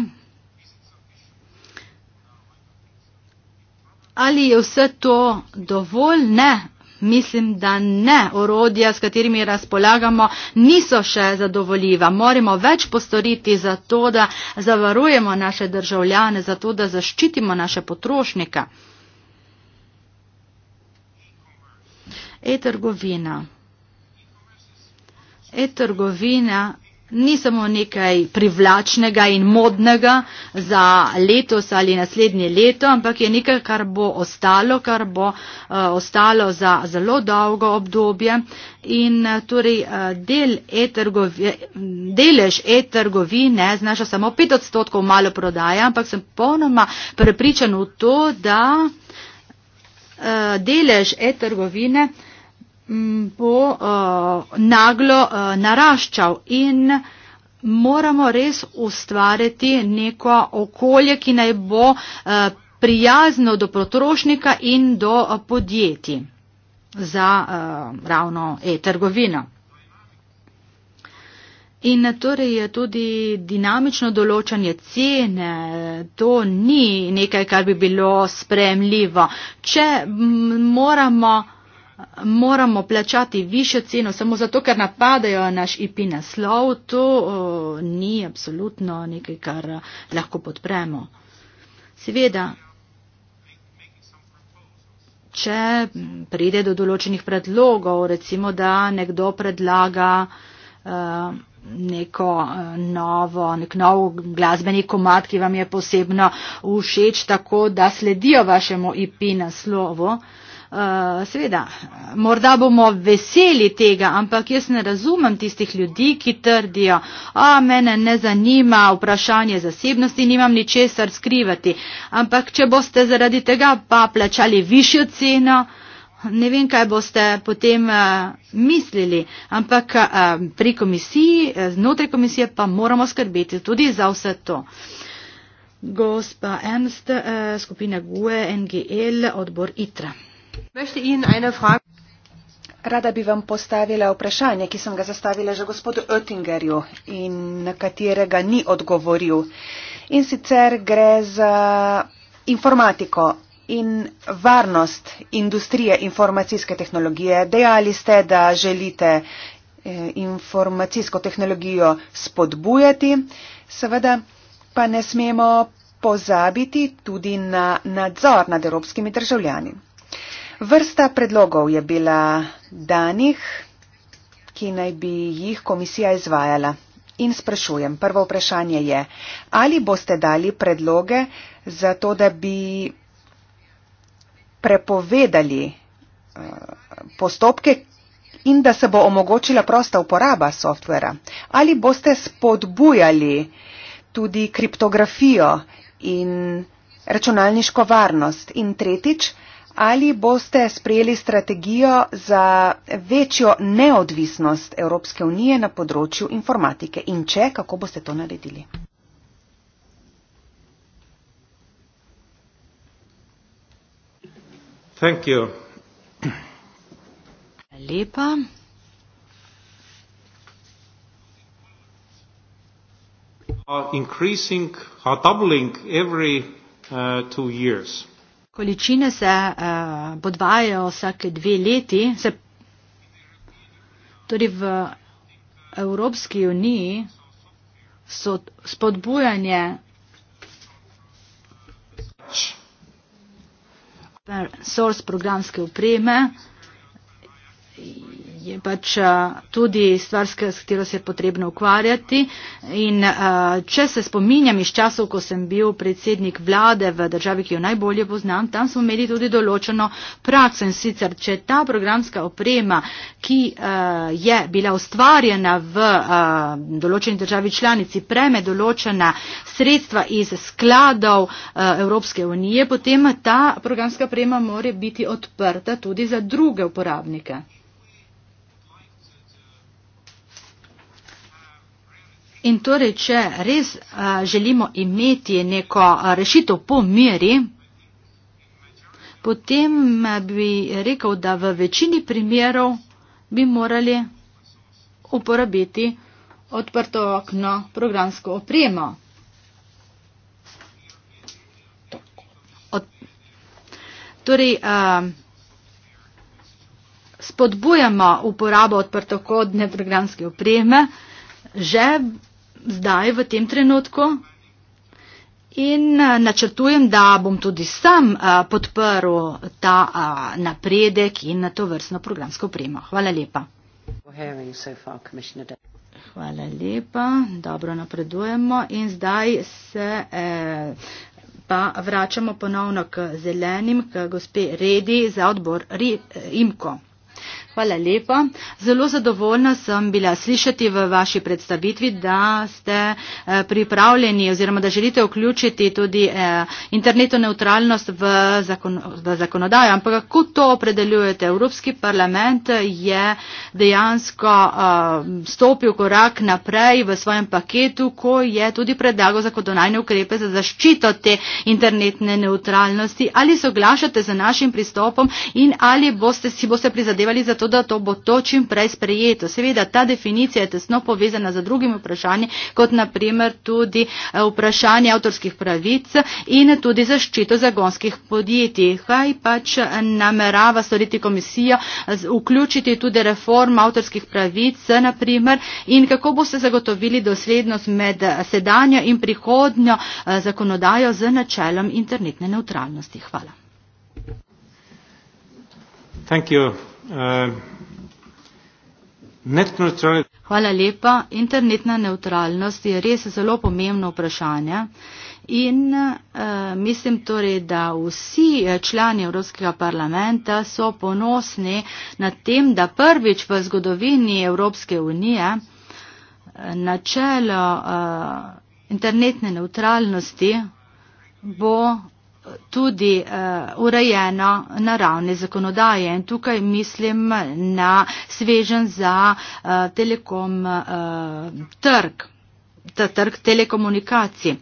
Ali je vse to dovolj? Ne. Mislim, da ne. Orodja, s katerimi razpolagamo, niso še zadovoljiva. Moramo več postoriti za to, da zavarujemo naše državljane, za to, da zaščitimo naše potrošnike. E-trgovina. E-trgovina ni samo nekaj privlačnega in modnega za letos ali naslednje leto, ampak je nekaj, kar bo ostalo, kar bo uh, ostalo za zelo dolgo obdobje. In uh, torej eh, del e-trgov, delež e-trgovine znaša samo 5 odstotkov malo prodaja, ampak sem ponoma prepričan v to, da uh, delež e-trgovine uh, bo uh, naglo uh, naraščal in moramo res ustvariti neko okolje, ki naj bo uh, prijazno do potrošnika in do uh, podjetij za uh, ravno e-trgovino. In torej je tudi dinamično določanje cene, to ni nekaj, kar bi bilo spremljivo. Če moramo uh, moramo plačati više ceno samo zato, ker napadajo naš IP naslov, to o, ni absolutno nekaj, kar lahko podpremo. Seveda, če pride do določenih predlogov, recimo, da nekdo predlaga. O, eh, neko eh, novo, nek nov glasbeni komad, ki vam je posebno všeč, tako da sledijo vašemu IP naslovu. Uh, seveda, morda bomo veseli tega, ampak jaz ne razumem tistih ljudi, ki trdijo, a mene ne zanima vprašanje zasebnosti, nimam ničesar skrivati. Ampak, če boste zaradi tega pa plačali višjo ceno, uh, ne vem, kaj boste potem uh, mislili, ampak uh, pri komisiji, eh, znotraj komisije pa moramo skrbeti tudi za vse to. Gospa Ernst, uh, skupina GUE, NGL, odbor ITRA. Rada bi vam postavila vprašanje, ki sem ga zastavila že gospodu Oettingerju in na katerega ni odgovoril. In sicer gre za informatiko in varnost industrije informacijske tehnologije. Dejali ste, da želite eh, informacijsko tehnologijo spodbujati, seveda pa ne smemo pozabiti tudi na nadzor nad evropskimi državljani. Vrsta predlogov je bila danih, ki naj bi jih komisija izvajala. In sprašujem, prvo vprašanje je, ali boste dali predloge za to, da bi prepovedali eh, postopke in da se bo omogočila prosta uporaba softvera? Ali boste spodbujali tudi kriptografijo in računalniško varnost? In tretjič, ali boste sprejeli strategijo za večjo neodvisnost Evropske unije na področju informatike? In če, kako boste to naredili? Lepa. Uh, Količine se uh, podvajajo vsake dve leti. Se, tudi torej v Evropski uniji so spodbujanje open source programske opreme je pač uh, tudi stvar, s katero se je potrebno ukvarjati. In uh, če se spominjam iz časov, ko sem bil predsednik vlade v državi, ki jo najbolje poznam, tam smo imeli tudi določeno prakso. In sicer, če ta programska oprema, ki uh, je bila ustvarjena v uh, določeni državi članici, preme določena sredstva iz skladov uh, Evropske unije, potem ta programska oprema mora biti odprta tudi za druge uporabnike. In torej, če res a, eh, želimo imeti neko eh, rešitev po meri, potem eh, bi rekel, da v večini primerov bi morali uporabiti odprto okno programsko opremo. Od, torej, a, spodbujamo uporabo odprtokodne programske opreme, že zdaj v tem trenutku. In eh, načrtujem, da bom tudi sam eh, podprl ta eh, napredek in na to vrstno programsko opremo. Hvala lepa. Hvala lepa, dobro napredujemo in zdaj se eh, pa vračamo ponovno k zelenim, k gospe Redi za odbor RIMKO. Ri, eh, Hvala lepa. Zelo zadovoljna sem bila slišati v vaši predstavitvi, da ste eh, pripravljeni oziroma da želite vključiti tudi eh, internetno neutralnost v, zakon, v zakonodajo. Ampak kako to opredeljujete? Evropski parlament je dejansko eh, stopil korak naprej v svojem paketu, ko je tudi predlagal zakonodajne ukrepe za zaščito te internetne neutralnosti. Ali soglašate z našim pristopom in ali boste, si boste prizadevali? skrbeli za to, da to bo to čim prej sprejeto. Seveda, ta definicija je tesno povezana z drugimi vprašanji, kot naprimer tudi eh, vprašanje avtorskih pravic in tudi zaščito zagonskih podjetij. Kaj pač eh, namerava storiti komisija, eh, vključiti tudi reform avtorskih pravic, naprimer, in kako boste zagotovili doslednost med sedanjo in prihodnjo zakonodajo z načelom internetne neutralnosti. Hvala. Thank you. Eh, Hvala lepa. Internetna neutralnost je res zelo pomembno vprašanje in uh, mislim torej, da vsi eh, člani Evropskega parlamenta so ponosni na tem, da prvič v zgodovini Evropske unije načelo uh, internetne neutralnosti bo tudi uh, eh, urejena naravne zakonodaje. In tukaj mislim na svežen za uh, telekom uh, trg, ta trg telekomunikacij.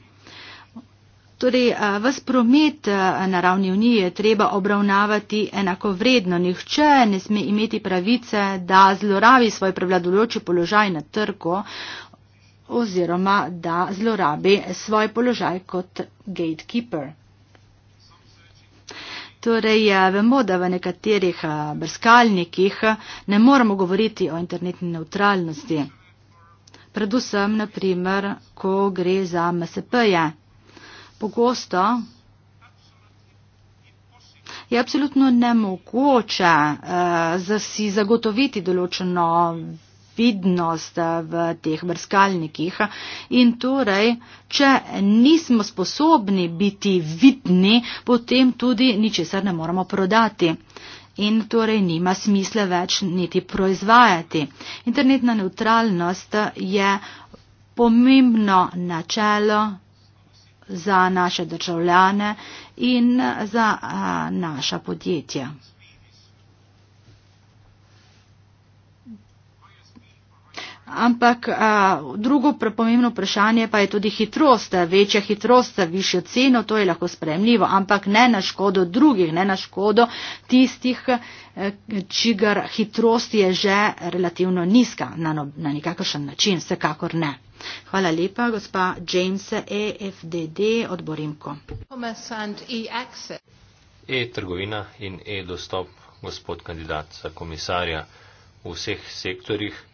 Torej, ves promet na ravni unije treba obravnavati enakovredno. Nihče ne sme imeti pravice, da zlorabi svoj prevladujoči položaj na trgu oziroma da zlorabi svoj položaj kot gatekeeper. Torej, ja, vemo, da v nekaterih brskalnikih ne moramo govoriti o internetni neutralnosti. Predvsem, naprimer, ko gre za MSP-je. Pogosto je absolutno nemogoče uh, za si zagotoviti določeno rapidnost eh, v teh brskalnikih. In torej, če nismo sposobni biti vidni, potem tudi ničesar ne moramo prodati. In torej nima smisla več niti proizvajati. Internetna neutralnost je pomembno načelo za naše državljane in za a, eh, naša podjetja. Ampak a, drugo pomembno vprašanje pa je tudi hitrost. Večja hitrost, višjo ceno, to je lahko spremljivo, ampak ne na škodo drugih, ne na škodo tistih, e, čigar hitrost je že relativno nizka na, no, na nekakšen način, vsekakor ne. Hvala lepa, gospa James EFDD od Borimko. E-trgovina e in e-dostop, gospod kandidat za komisarja v vseh sektorjih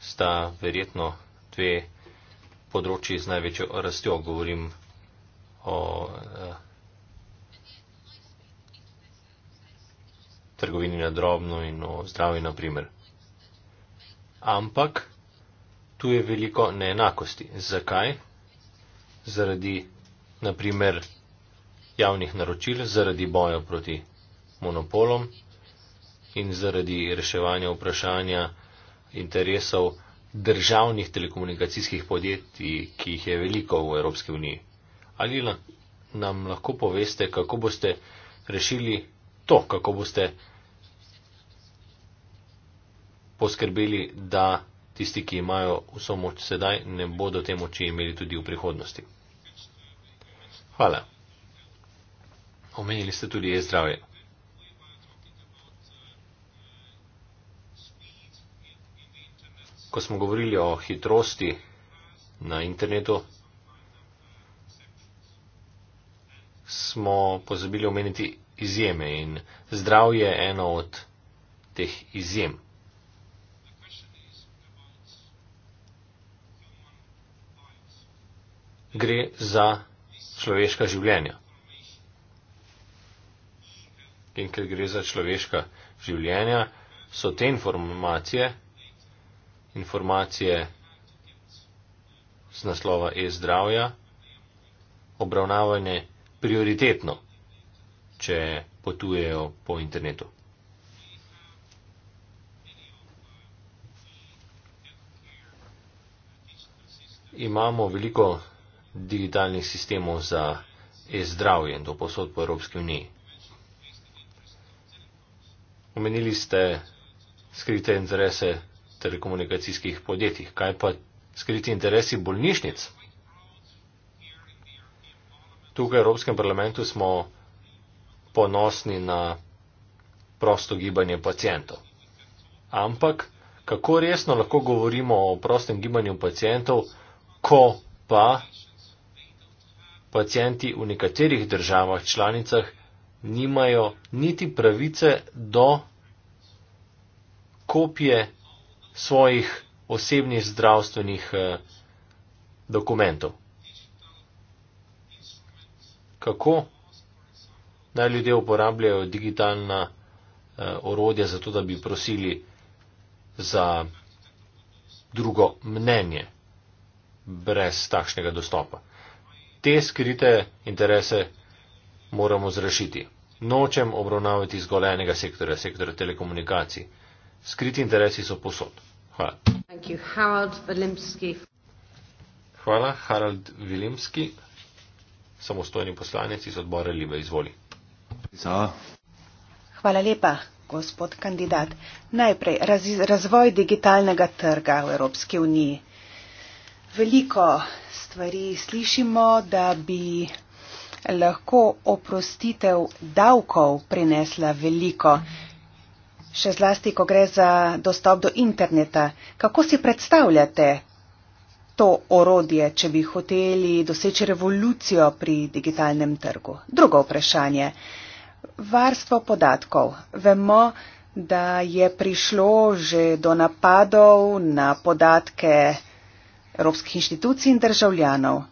sta verjetno dve področji z največjo rastjo. Govorim o eh, trgovini na drobno in o zdravju, na primer. Ampak tu je veliko neenakosti. Zakaj? Zaradi, na primer, javnih naročil, zaradi boja proti monopolom in zaradi reševanja vprašanja, interesov državnih telekomunikacijskih podjetij, ki jih je veliko v Evropski uniji. Ali nam lahko poveste, kako boste rešili to, kako boste poskrbeli, da tisti, ki imajo vso moč sedaj, ne bodo te moči imeli tudi v prihodnosti? Hvala. Omenili ste tudi e-zdravje. ko smo govorili o hitrosti na internetu, smo pozabili omeniti izjeme in zdrav je eno od teh izjem. Gre za človeška življenja. In ker gre za človeška življenja, so te informacije, informacije z naslova e-zdravja, obravnavanje prioritetno, če potujejo po internetu. Imamo veliko digitalnih sistemov za e-zdravje in to posod po Evropski uniji. Omenili ste skrite interese telekomunikacijskih podjetjih. Kaj pa skriti interesi bolnišnic? Tukaj v Evropskem parlamentu smo ponosni na prosto gibanje pacijentov. Ampak kako resno lahko govorimo o prostem gibanju pacijentov, ko pa pacijenti v nekaterih državah članicah nimajo niti pravice do kopije svojih osebnih zdravstvenih eh, dokumentov. Kako naj ljudje uporabljajo digitalna eh, orodja za to, da bi prosili za drugo mnenje brez takšnega dostopa. Te skrite interese moramo zrešiti. Nočem obravnavati zgolj enega sektora, sektora telekomunikacij. Skriti interesi so posod. Hvala. Hvala, Harald Vilimski, samostojni poslanec iz odbora Libe, izvoli. Za. Hvala lepa, gospod kandidat. Najprej raz, razvoj digitalnega trga v Evropski uniji. Veliko stvari slišimo, da bi lahko oprostitev davkov prinesla veliko. Mhm še zlasti, ko gre za dostop do interneta. Kako si predstavljate to orodje, če bi hoteli doseči revolucijo pri digitalnem trgu? Drugo vprašanje. Varstvo podatkov. Vemo, da je prišlo že do napadov na podatke evropskih inštitucij in državljanov.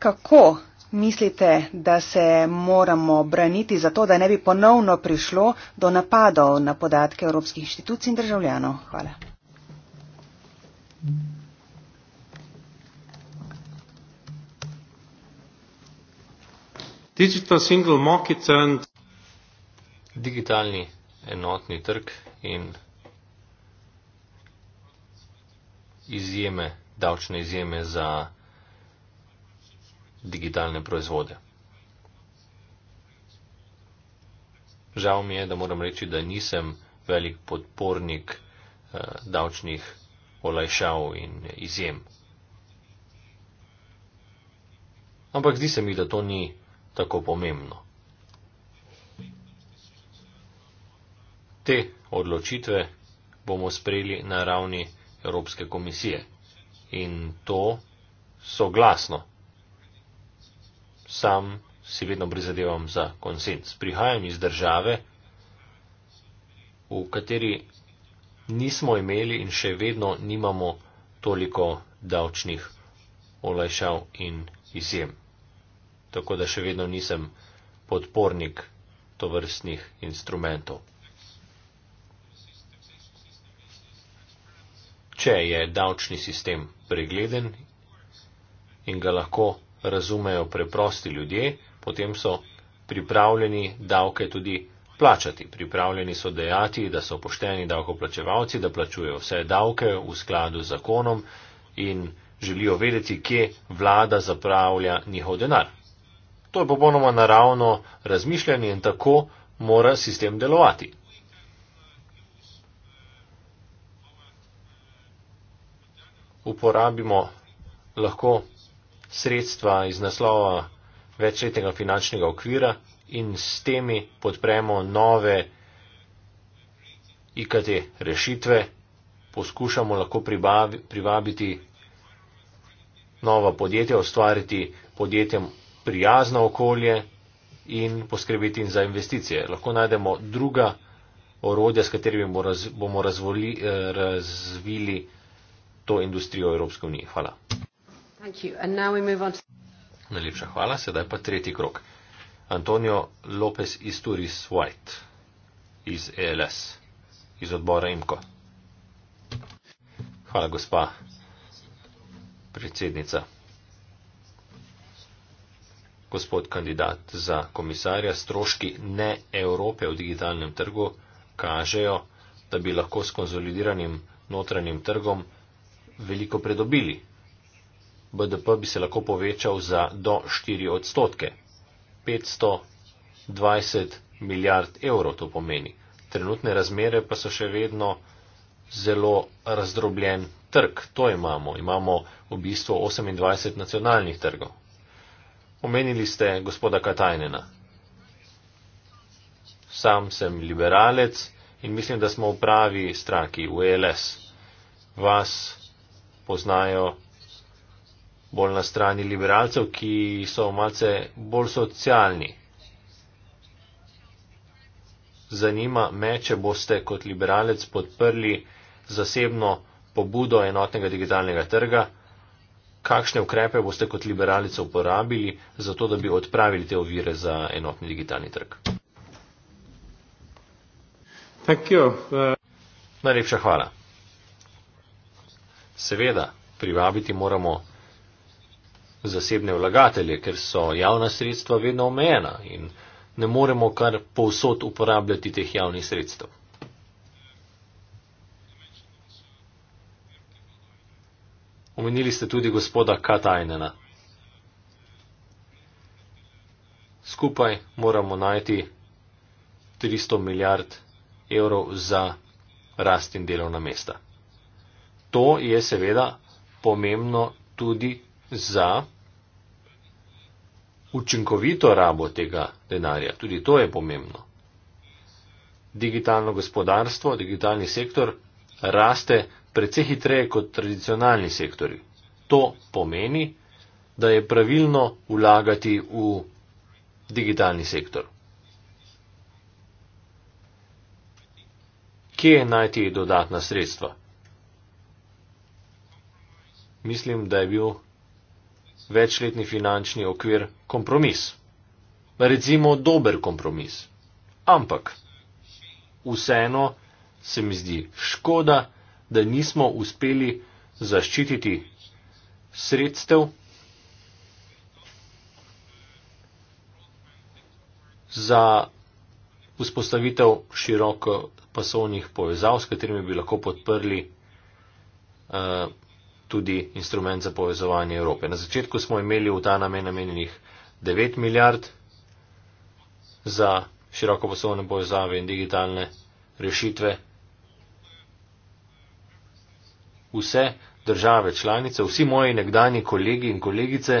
Kako Mislite, da se moramo braniti zato, da ne bi ponovno prišlo do napadov na podatke evropskih inštitucij in državljanov? Hvala. Digitalni enotni trg in izjeme, davčne izjeme za digitalne proizvode. Žal mi je, da moram reči, da nisem velik podpornik eh, davčnih olajšav in izjem. Ampak zdi se mi, da to ni tako pomembno. Te odločitve bomo sprejeli na ravni Evropske komisije in to soglasno sam si vedno prizadevam za konsens. Prihajam iz države, v kateri nismo imeli in še vedno nimamo toliko davčnih olajšav in izjem. Tako da še vedno nisem podpornik tovrstnih instrumentov. Če je davčni sistem pregleden in ga lahko razumejo preprosti ljudje, potem so pripravljeni davke tudi plačati. Pripravljeni so dejati, da so pošteni davkoplačevalci, da plačujejo vse davke v skladu z zakonom in želijo vedeti, kje vlada zapravlja njihov denar. To je popolnoma naravno razmišljanje in tako mora sistem delovati. Uporabimo lahko sredstva iz naslova večletnega finančnega okvira in s temi podpremo nove IKT rešitve, poskušamo lahko privabiti nova podjetja, ustvariti podjetjem prijazno okolje in poskrbiti za investicije. Lahko najdemo druga orodja, s katerimi bomo eh, razvili to industrijo Evropske unije. Hvala. Najlepša hvala, sedaj pa tretji krok. Antonio Lopez iz Turis White, iz ELS, iz odbora IMCO. Hvala, gospa predsednica. Gospod kandidat za komisarja, stroški ne Evrope v digitalnem trgu kažejo, da bi lahko s konsolidiranim notranjim trgom veliko predobili. BDP bi se lahko povečal za do 4 odstotke. 520 milijard evrov to pomeni. Trenutne razmere pa so še vedno zelo razdrobljen trg. To imamo. Imamo v bistvu 28 nacionalnih trgov. Omenili ste gospoda Katajnena. Sam sem liberalec in mislim, da smo v pravi straki, v ELS. Vas poznajo bolj na strani liberalcev, ki so malce bolj socialni. Zanima me, če boste kot liberalec podprli zasebno pobudo enotnega digitalnega trga, kakšne ukrepe boste kot liberalec uporabili za to, da bi odpravili te ovire za enotni digitalni trg. Uh... Najlepša hvala. Seveda, privabiti moramo zasebne vlagatelje, ker so javna sredstva vedno omejena in ne moremo kar povsod uporabljati teh javnih sredstev. Omenili ste tudi gospoda Katajnena. Skupaj moramo najti 300 milijard evrov za rast in delovna mesta. To je seveda pomembno tudi za učinkovito rabo tega denarja. Tudi to je pomembno. Digitalno gospodarstvo, digitalni sektor raste precej hitreje kot tradicionalni sektori. To pomeni, da je pravilno vlagati v digitalni sektor. Kje je najti dodatna sredstva? Mislim, da je bil večletni finančni okvir kompromis. Recimo dober kompromis. Ampak vseeno se mi zdi škoda, da nismo uspeli zaščititi sredstev za vzpostavitev široko pasovnih povezav, s katerimi bi lahko podprli uh, tudi instrument za povezovanje Evrope. Na začetku smo imeli v ta namen namenjenih 9 milijard za široko poslovne povezave in digitalne rešitve. Vse države članice, vsi moji nekdani kolegi in kolegice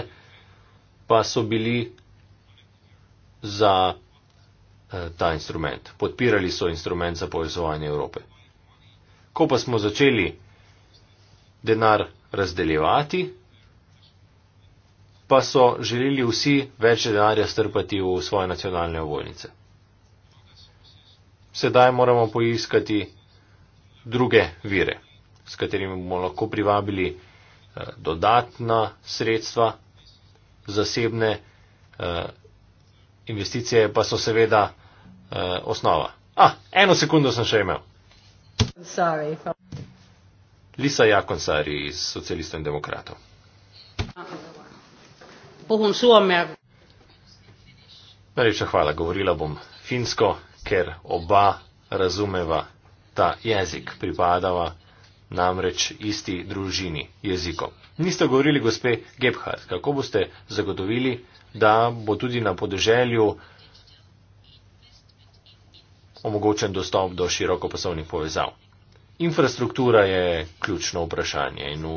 pa so bili za eh, ta instrument. Podpirali so instrument za povezovanje Evrope. Ko pa smo začeli denar razdeljevati, pa so želeli vsi več denarja strpati v svoje nacionalne ovojnice. Sedaj moramo poiskati druge vire, s katerimi bomo lahko privabili eh, dodatna sredstva, zasebne eh, investicije pa so seveda eh, osnova. A, ah, eno sekundo sem še imel. Sorry. Lisa Jakonsari iz Socialistov in demokratov. Puhun Suomea. Najlepša hvala. Govorila bom finsko, ker oba razumeva ta jezik, pripadava namreč isti družini jezikov. Niste govorili, gospe Gebhardt, kako boste zagotovili, da bo tudi na podeželju omogočen dostop do široko poslovnih povezav. Infrastruktura je ključno vprašanje in v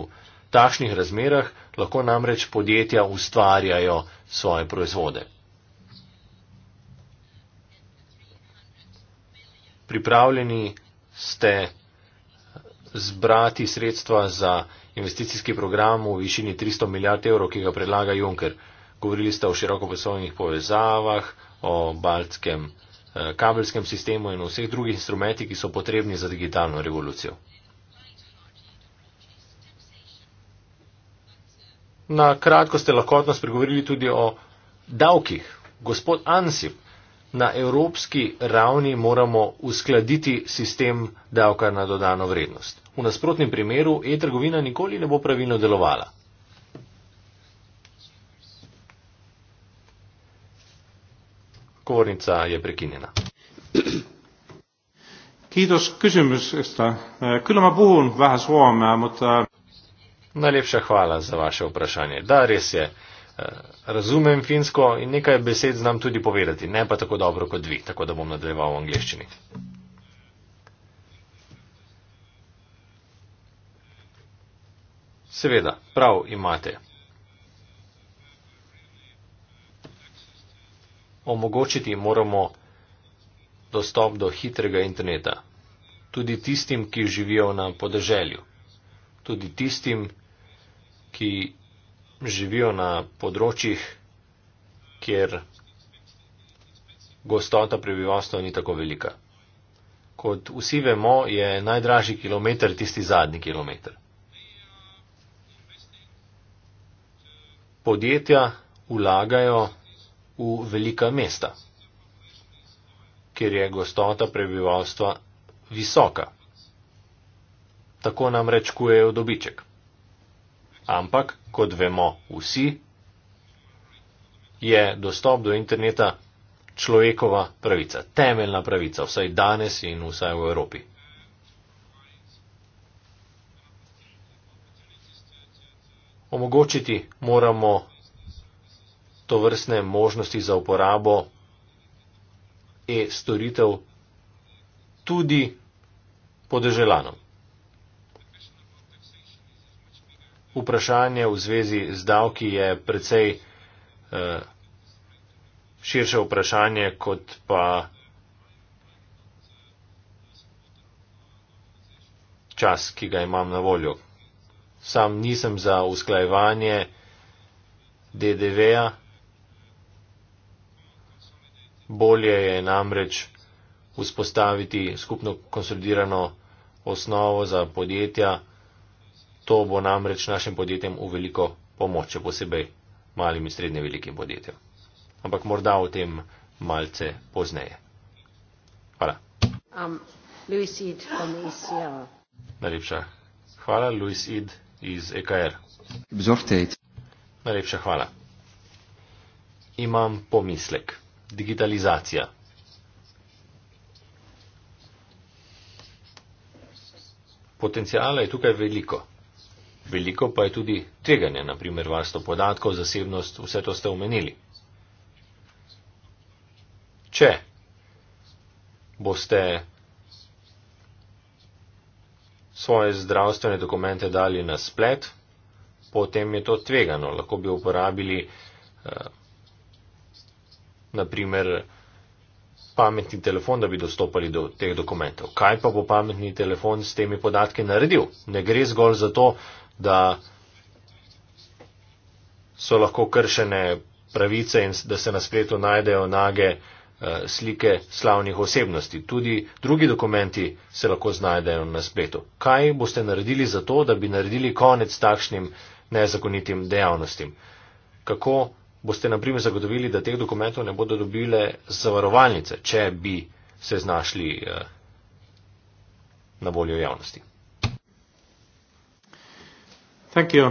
takšnih razmerah lahko namreč podjetja ustvarjajo svoje proizvode. Pripravljeni ste zbrati sredstva za investicijski program v višini 300 milijard evrov, ki ga predlaga Juncker. Govorili ste o širokoposlovnih povezavah, o baltskem. Eh, kabelskem sistemu in vseh drugih instrumentih, ki so potrebni za digitalno revolucijo. Na kratko ste lahko odnos pregovorili tudi o davkih. Gospod Ansip, na evropski ravni moramo uskladiti sistem davka na dodano vrednost. V nasprotnem primeru e-trgovina nikoli ne bo pravilno delovala. Govornica je prekinjena. Kiitos kysymyksestä. Kyllä mä puhun vähän suomea, mutta... Najlepša hvala za vaše vprašanje. Da, res je. Razumem finsko in nekaj besed znam tudi povedati, ne pa tako dobro kot vi, tako da bom nadaljeval v angliščini. Seveda, prav imate. omogočiti moramo dostop do hitrega interneta. Tudi tistim, ki živijo na podeželju. Tudi tistim, ki živijo na področjih, kjer gostota prebivalstva ni tako velika. Kot vsi vemo, je najdražji kilometr tisti zadnji kilometr. Podjetja vlagajo v velika mesta, kjer je gostota prebivalstva visoka. Tako nam rečkujejo dobiček. Ampak, kot vemo vsi, je dostop do interneta človekova pravica, temeljna pravica, vsaj danes in vsaj v Evropi. Omogočiti moramo to vrstne možnosti za uporabo e-storitev tudi podeželanom. Vprašanje v zvezi z davki je precej eh, širše vprašanje kot pa čas, ki ga imam na voljo. Sam nisem za usklajevanje DDV-ja. Bolje je namreč vzpostaviti skupno konsolidirano osnovo za podjetja. To bo namreč našim podjetjem v veliko pomoč, še posebej malim in srednje velikim podjetjem. Ampak morda o tem malce pozneje. Hvala. Um, Louis Eid from ECR. E Najlepša hvala, Louis Eid iz EKR. Najlepša hvala. Imam pomislek digitalizacija. Potencijala je tukaj veliko. Veliko pa je tudi tveganje, naprimer varstvo podatkov, zasebnost, vse to ste omenili. Če boste svoje zdravstvene dokumente dali na splet, potem je to tvegano. Lahko bi uporabili eh, naprimer pametni telefon, da bi dostopali do teh dokumentov. Kaj pa bo pametni telefon s temi podatki naredil? Ne gre zgolj za to, da so lahko kršene pravice in da se na spletu najdejo nage eh, slike slavnih osebnosti. Tudi drugi dokumenti se lahko znajdejo na spletu. Kaj boste naredili za to, da bi naredili konec takšnim nezakonitim dejavnostim? Kako boste na primer zagotovili, da teh dokumentov ne bodo dobile zavarovalnice, če bi se znašli eh, na voljo javnosti. Said,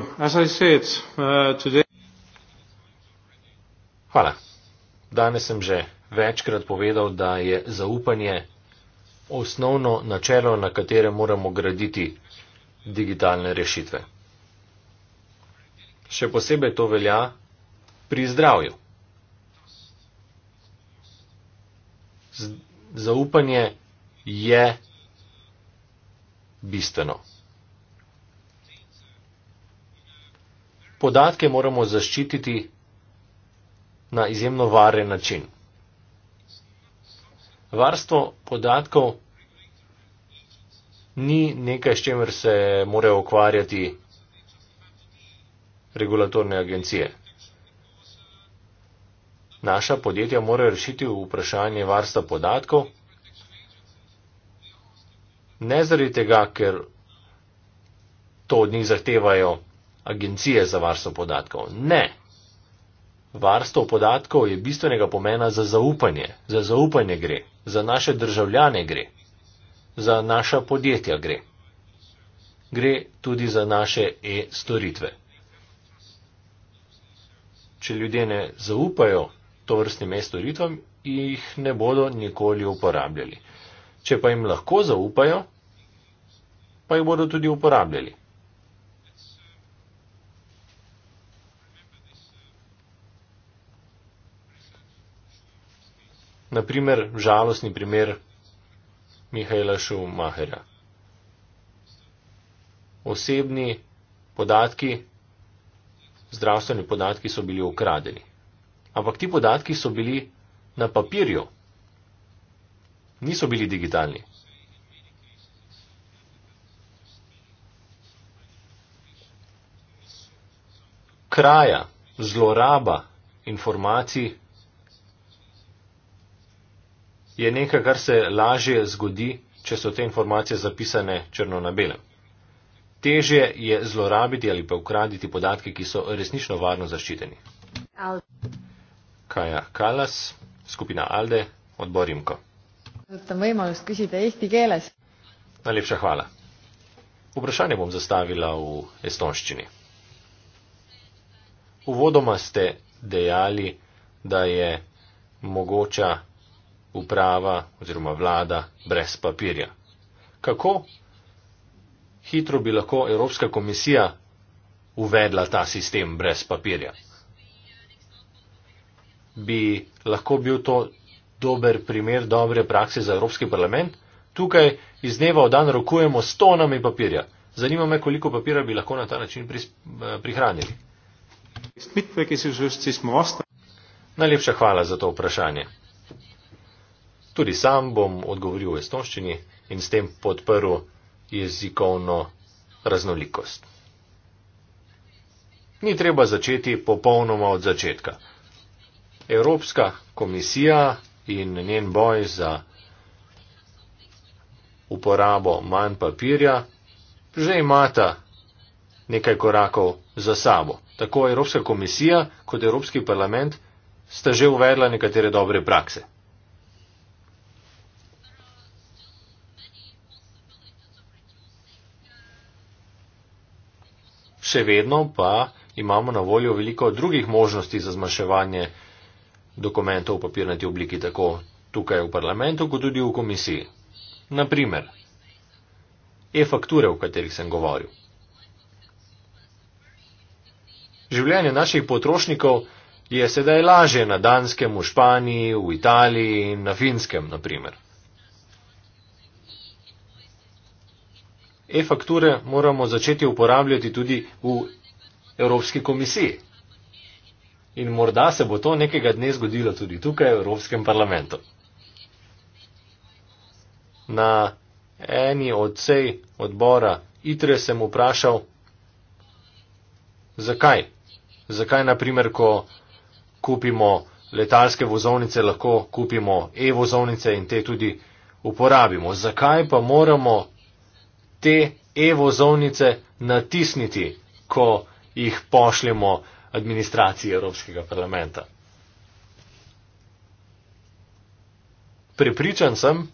uh, today... Hvala. Danes sem že večkrat povedal, da je zaupanje osnovno načelo, na katerem moramo graditi digitalne rešitve. Še posebej to velja pri zdravju. Zaupanje je bistveno. Podatke moramo zaščititi na izjemno varen način. Varstvo podatkov ni nekaj, s čemer se morajo ukvarjati regulatorne agencije naša podjetja morajo rešiti vprašanje varstva podatkov. Ne zaradi tega, ker to od njih zahtevajo agencije za varstvo podatkov. Ne. Varstvo podatkov je bistvenega pomena za zaupanje. Za zaupanje gre. Za naše državljane gre. Za naša podjetja gre. Gre tudi za naše e-storitve. Če ljudje ne zaupajo to vrstnim storitvam, jih ne bodo nikoli uporabljali. Če pa jim lahko zaupajo, pa jih bodo tudi uporabljali. Naprimer, žalostni primer Mihajla Šumahera. Osebni podatki, zdravstveni podatki so bili ukradeni. Ampak ti podatki so bili na papirju, niso bili digitalni. Kraja, zloraba informacij je nekaj, kar se lažje zgodi, če so te informacije zapisane črno na belem. Težje je zlorabiti ali pa ukraditi podatke, ki so resnično varno zaščiteni. Al Kaja Kallas, skupina ALDE, odbor IMKO. ootan võimalust küsida eesti keeles. Najlepša hvala. Vprašanje bom zastavila v estonščini. Uvodoma ste dejali, da je mogoča uprava oziroma vlada brez papirja. Kako hitro bi lahko Evropska komisija uvedla ta sistem brez papirja? bi lahko bil to dober primer dobre prakse za Evropski parlament. Tukaj iz dneva v dan rokujemo s tonami papirja. Zanima me, koliko papira bi lahko na ta način eh, prihranili. Najlepša hvala za to vprašanje. Tudi sam bom odgovoril v estonščini in s tem podprl jezikovno raznolikost. Ni treba začeti popolnoma od začetka. Evropska komisija in njen boj za uporabo manj papirja že imata nekaj korakov za sabo. Tako Evropska komisija kot Evropski parlament sta že uvedla nekatere dobre prakse. Še vedno pa imamo na voljo veliko drugih možnosti za zmanjševanje dokumentov v papirnati obliki tako tukaj v parlamentu, kot tudi v komisiji. Naprimer, e-fakture, o katerih sem govoril. Življenje naših potrošnikov je sedaj lažje na Danskem, v Španiji, v Italiji in na Finskem, naprimer. E-fakture moramo začeti uporabljati tudi v Evropski komisiji in morda se bo to nekega dne zgodilo tudi tukaj v Evropskem parlamentu. Na eni od sej odbora ITRE sem vprašal, zakaj? Zakaj, na primer, ko kupimo letalske vozovnice, lahko kupimo e-vozovnice in te tudi uporabimo? Zakaj pa moramo te e-vozovnice natisniti, ko jih pošljemo administraciji Evropskega parlamenta. Prepričan sem,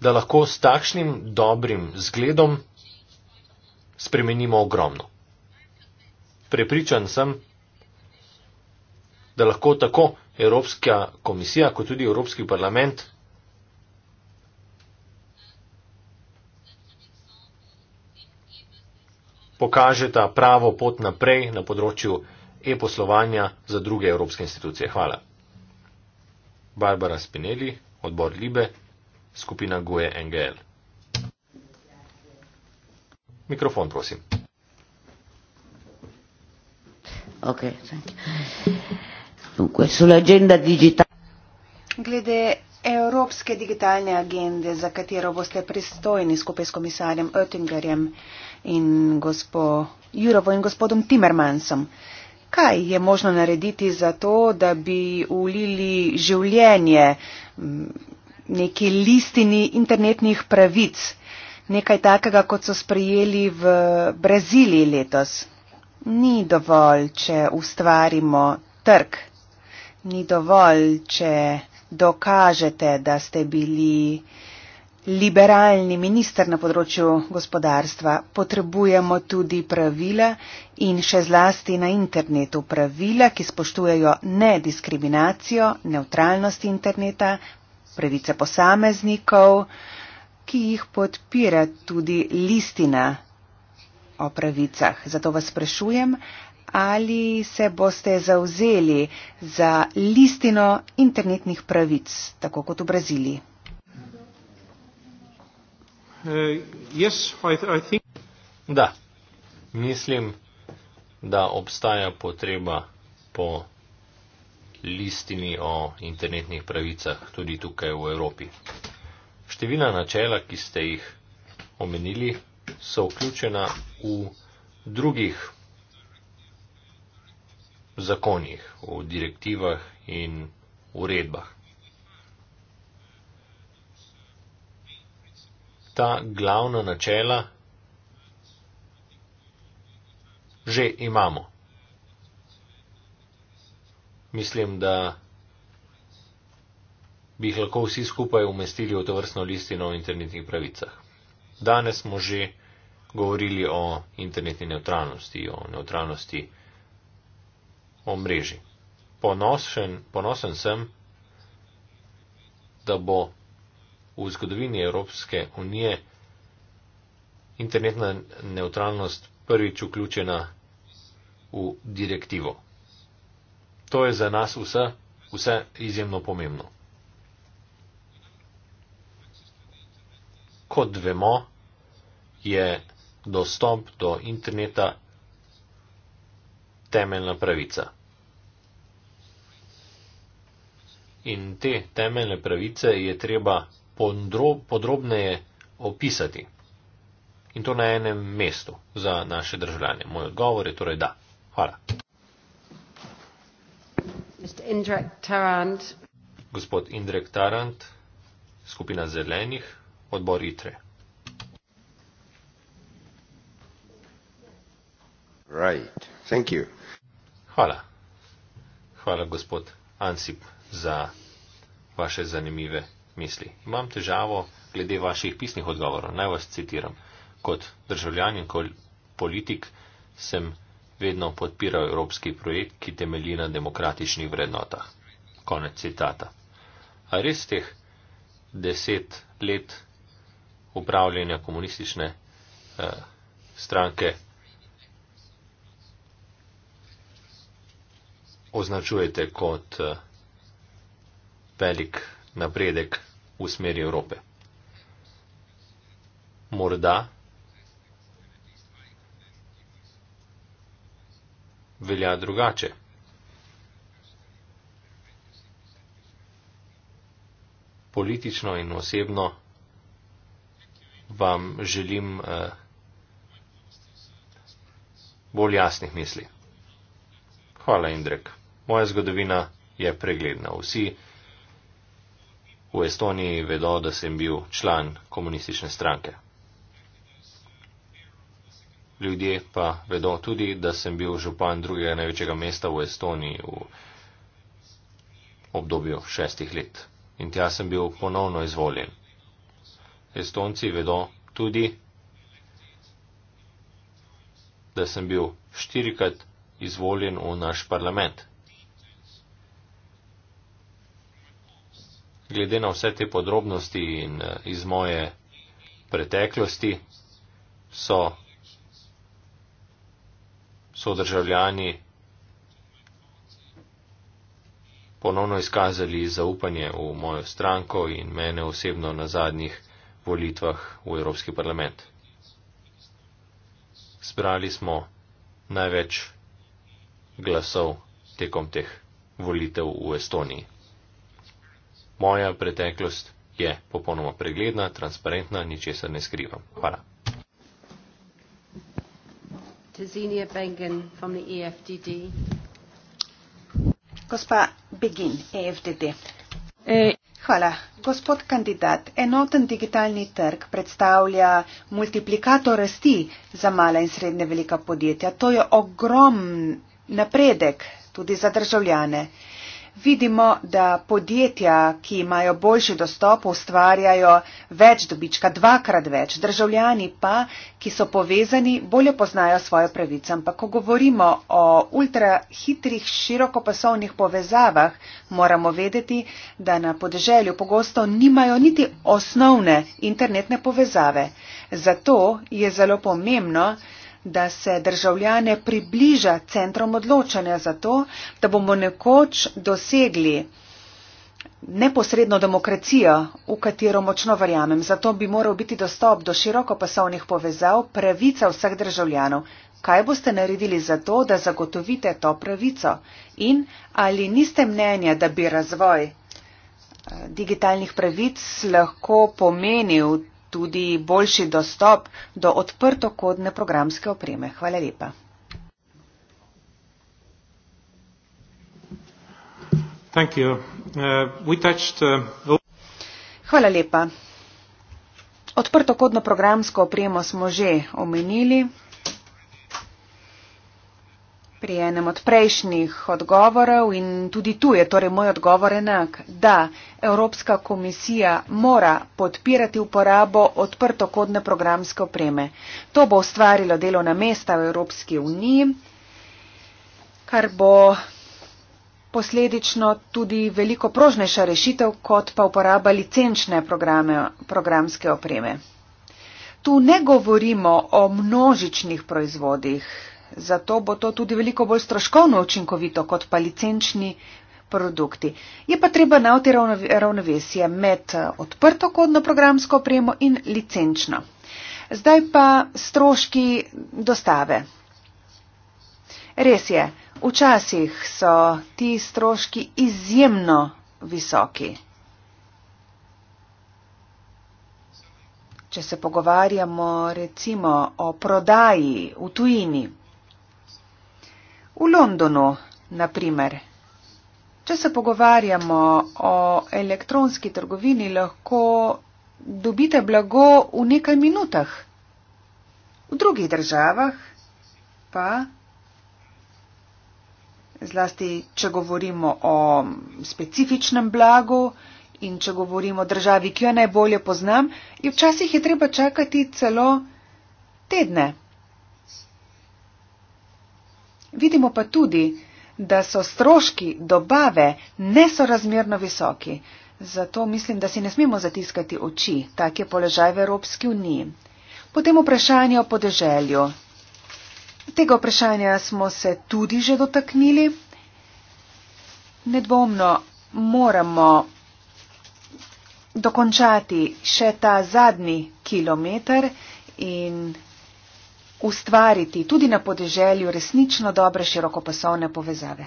da lahko s takšnim dobrim zgledom spremenimo ogromno. Prepričan sem, da lahko tako Evropska komisija kot tudi Evropski parlament pokažeta pravo pot naprej na področju e-poslovanja za druge evropske institucije. Hvala. Barbara Spinelli, odbor Libe, skupina GUE NGL. Mikrofon, prosim. Ok, Dunque, sull'agenda digitale. Glede evropske digitalne agende, za katero boste pristojni skupaj s komisarjem Oettingerjem, in gospo Jurovo in gospodom Timmermansom. Kaj je možno narediti za to, da bi ulili življenje neki listini internetnih pravic, nekaj takega, kot so sprejeli v Braziliji letos? Ni dovolj, če ustvarimo trg. Ni dovolj, če dokažete, da ste bili liberalni minister na področju gospodarstva, potrebujemo tudi pravila in še zlasti na internetu pravila, ki spoštujejo nediskriminacijo, neutralnost interneta, pravice posameznikov, ki jih podpira tudi listina o pravicah. Zato vas sprašujem, ali se boste zauzeli za listino internetnih pravic, tako kot v Braziliji. Uh, da, mislim, da obstaja potreba po listini o internetnih pravicah tudi tukaj v Evropi. Števila načela, ki ste jih omenili, so vključena v drugih zakonih, v direktivah in uredbah. ta glavna načela že imamo. Mislim, da bi jih lahko vsi skupaj umestili v to vrstno listino o internetnih pravicah. Danes smo že govorili o internetni neutralnosti, o neutralnosti omrežij. Ponosen, ponosen sem, da bo v zgodovini Evropske unije internetna neutralnost prvič vključena v direktivo. To je za nas vse, vse izjemno pomembno. Kot vemo, je dostop do interneta temeljna pravica. In te temeljne pravice je treba podrobneje opisati. In to na enem mestu za naše državljane. Moj odgovor je torej da. Hvala. Gospod Indrek Tarant, skupina zelenih, odbor ITRE. Right. Thank you. Hvala. Hvala, gospod Ansip, za vaše zanimive misli. Imam težavo glede vaših pisnih odgovorov. Naj vas citiram. Kot državljan in kot politik sem vedno podpiral evropski projekt, ki temelji na demokratičnih vrednotah. Konec citata. A res teh deset let upravljanja komunistične eh, stranke označujete kot eh, velik napredek v smeri Evrope. Morda velja drugače. Politično in osebno vam želim eh, bolj jasnih misli. Hvala, Indrek. Moja zgodovina je pregledna. Vsi V Estoniji vedo, da sem bil član komunistične stranke. Ljudje pa vedo tudi, da sem bil župan drugega največjega mesta v Estoniji v obdobju šestih let. In tja sem bil ponovno izvoljen. Estonci vedo tudi, da sem bil štirikrat izvoljen v naš parlament, glede na vse te podrobnosti in eh, iz moje preteklosti, so, so državljani ponovno izkazali zaupanje v mojo stranko in mene osebno na zadnjih volitvah v Evropski parlament. Zbrali smo največ glasov tekom teh volitev v Estoniji. Moja preteklost je popolnoma pregledna, transparentna, ničesar ne skrivam. Hvala. E Gospa Begin, EFDD. E. Hvala. Gospod kandidat, enoten digitalni trg predstavlja multiplikator rasti za mala in srednje velika podjetja. To je ogromen napredek tudi za državljane vidimo, da podjetja, ki imajo boljši dostop, ustvarjajo več dobička, dvakrat več. Državljani pa, ki so povezani, bolje poznajo svoje pravice. Ampak, ko govorimo o ultrahitrih širokopasovnih povezavah, moramo vedeti, da na podeželju pogosto nimajo niti osnovne internetne povezave. Zato je zelo pomembno, da se državljane približa centrom odločanja za to, da bomo nekoč dosegli neposredno demokracijo, v katero močno verjamem. Zato bi moral biti dostop do širokopasovnih povezav pravica vseh državljanov. Kaj boste naredili za to, da zagotovite to pravico? In ali niste mnenja, da bi razvoj eh, digitalnih pravic lahko pomenil tudi boljši dostop do odprtokodne programske opreme. Hvala lepa. Thank you. Uh, we touched, uh, Hvala lepa. Odprtokodno programsko opremo smo že omenili pri enem od prejšnjih odgovorov in tudi tu je torej moj odgovor enak, da Evropska komisija mora podpirati uporabo odprtokodne programske opreme. To bo ustvarilo delovna mesta v Evropski uniji, kar bo posledično tudi veliko prožnejša rešitev, kot pa uporaba licenčne programe, programske opreme. Tu ne govorimo o množičnih proizvodih, zato bo to tudi veliko bolj stroškovno učinkovito kot pa licenčni produkti. Je pa treba navti ravnovesje med eh, odprto kodno programsko opremo in licenčno. Zdaj pa stroški dostave. Res je, včasih so ti stroški izjemno visoki. Če se pogovarjamo recimo o prodaji v tujini, V Londonu, na primer. Če se pogovarjamo o elektronski trgovini, lahko dobite blago v nekaj minutah. V drugih državah pa, zlasti če govorimo o specifičnem blagu in če govorimo o državi, ki jo najbolje poznam, je včasih je treba čakati celo tedne. Vidimo pa tudi, da so stroški dobave nesorazmerno visoki. Zato mislim, da si ne smemo zatiskati oči, tak je položaj v Evropski uniji. Potem vprašanje o podeželju. Tega vprašanja smo se tudi že dotaknili. Nedvomno moramo dokončati še ta zadnji kilometr in ustvariti tudi na podeželju resnično dobre širokopasovne povezave.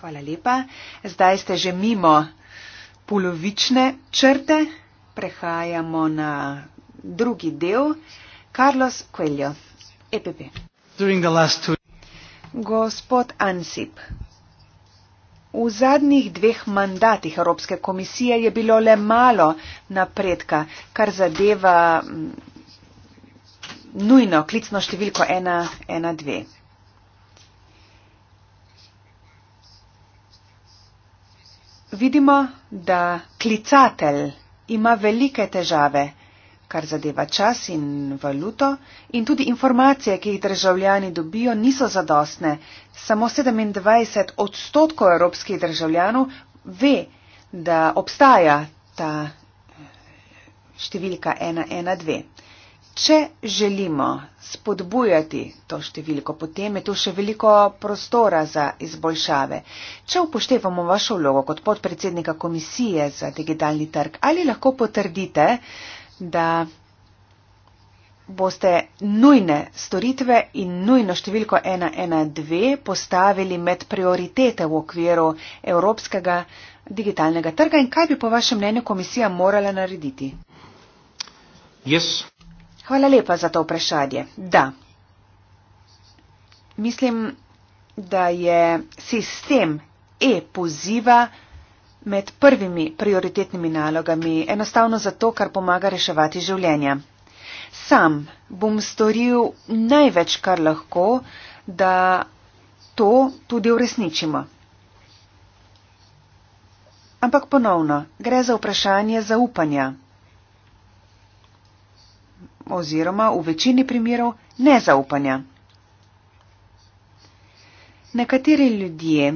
Hvala lepa. Zdaj ste že mimo polovične črte. Prehajamo na drugi del. Carlos Coelho, EPP. Two... Gospod Ansip, v zadnjih dveh mandatih Evropske komisije je bilo le malo napredka, kar zadeva nujno klicno številko 112. Vidimo, da klicatelj ima velike težave, kar zadeva čas in valuto, in tudi informacije, ki jih državljani dobijo, niso zadostne. Samo 27 odstotkov evropskih državljanov ve, da obstaja ta številka 112. Če želimo spodbujati to številko, potem je tu še veliko prostora za izboljšave. Če upoštevamo vašo vlogo kot podpredsednika komisije za digitalni trg, ali lahko potrdite, da boste nujne storitve in nujno številko 112 postavili med prioritete v okviru evropskega digitalnega trga in kaj bi po vašem mnenju komisija morala narediti? Yes. Hvala lepa za to vprašanje. Da. Mislim, da je sistem e-poziva med prvimi prioritetnimi nalogami enostavno zato, kar pomaga reševati življenja. Sam bom storil največ, kar lahko, da to tudi uresničimo. Ampak ponovno, gre za vprašanje zaupanja oziroma v večini primerov nezaupanja. Nekateri ljudje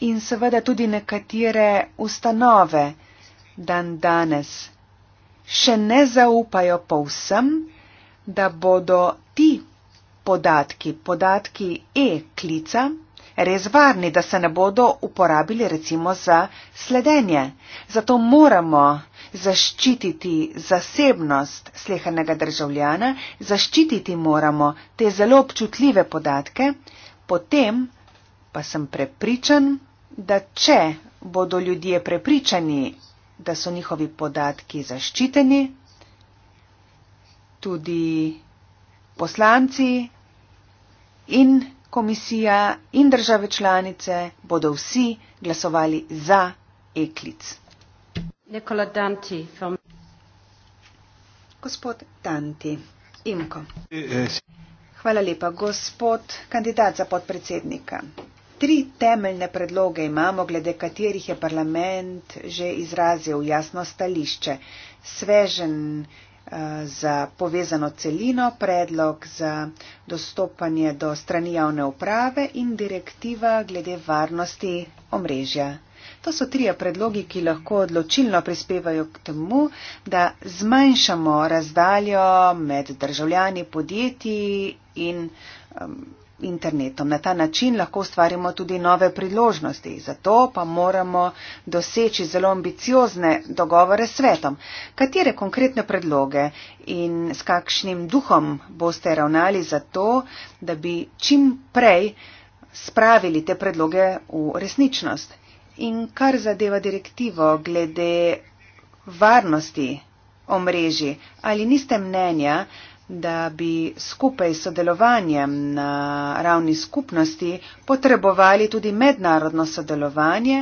in seveda tudi nekatere ustanove dan danes še ne zaupajo povsem, da bodo ti podatki, podatki e-klica, res varni, da se ne bodo uporabili recimo za sledenje. Zato moramo zaščititi zasebnost slehenega državljana, zaščititi moramo te zelo občutljive podatke, potem pa sem prepričan, da če bodo ljudje prepričani, da so njihovi podatki zaščiteni, tudi poslanci in komisija in države članice bodo vsi glasovali za eklic. Nikola Danti from Gospod Danti, Imko. Eh, eh, Hvala lepa, gospod kandidat za podpredsednika. Tri temeljne predloge imamo, glede katerih je parlament že izrazil jasno stališče. Svežen eh, za povezano celino, predlog za dostopanje do strani javne uprave in direktiva glede varnosti omrežja To so trije predlogi, ki lahko odločilno prispevajo k temu, da zmanjšamo razdaljo med državljani, podjetji in um, internetom. Na ta način lahko ustvarimo tudi nove priložnosti. Zato pa moramo doseči zelo ambiciozne dogovore s svetom. Katere konkretne predloge in s kakšnim duhom boste ravnali za to, da bi čim prej spravili te predloge v resničnost? In kar zadeva direktivo glede varnosti omrežji, ali niste mnenja, da bi skupaj s sodelovanjem na ravni skupnosti potrebovali tudi mednarodno sodelovanje,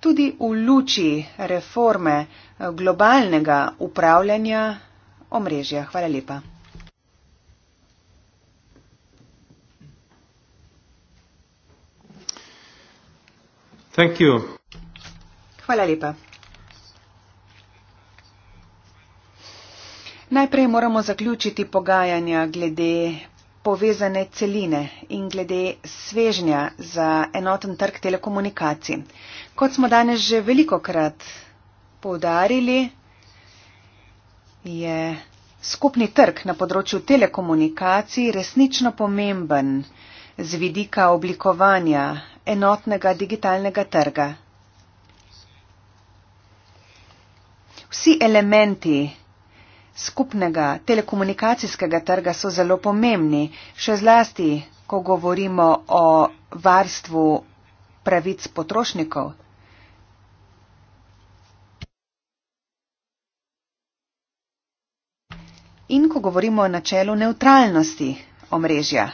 tudi v luči reforme globalnega upravljanja omrežja. Hvala lepa. Thank you. Hvala lepa. Najprej moramo zaključiti pogajanja glede povezane celine in glede svežnja za enoten trg telekomunikacij. Kot smo danes že veliko krat poudarili, je skupni trg na področju telekomunikacij resnično pomemben z vidika oblikovanja enotnega digitalnega trga. Vsi elementi skupnega telekomunikacijskega trga so zelo pomembni, še zlasti, ko govorimo o varstvu pravic potrošnikov. In ko govorimo o načelu neutralnosti omrežja.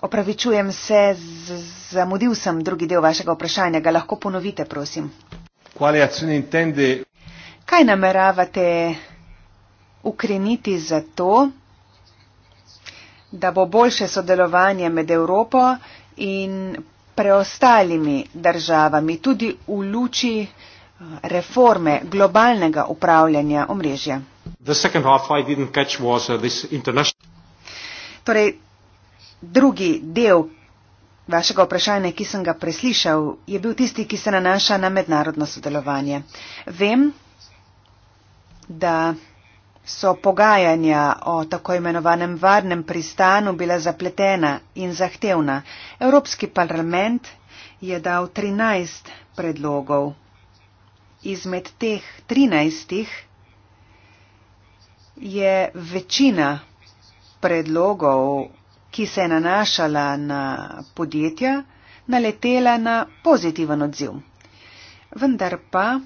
Opravičujem se, zamudil sem drugi del vašega vprašanja. Ga lahko ponovite, prosim. Intende... Kaj nameravate ukreniti za to, da bo boljše sodelovanje med Evropo in preostalimi državami, tudi v luči eh, reforme globalnega upravljanja omrežja? Uh, torej, drugi del vašega vprašanja, ki sem ga preslišal, je bil tisti, ki se nanaša na mednarodno sodelovanje. Vem, da so pogajanja o tako imenovanem varnem pristanu bila zapletena in zahtevna. Evropski parlament je dal 13 predlogov. Izmed teh 13 je večina predlogov ki se je nanašala na podjetja, naletela na pozitiven odziv. Vendar pa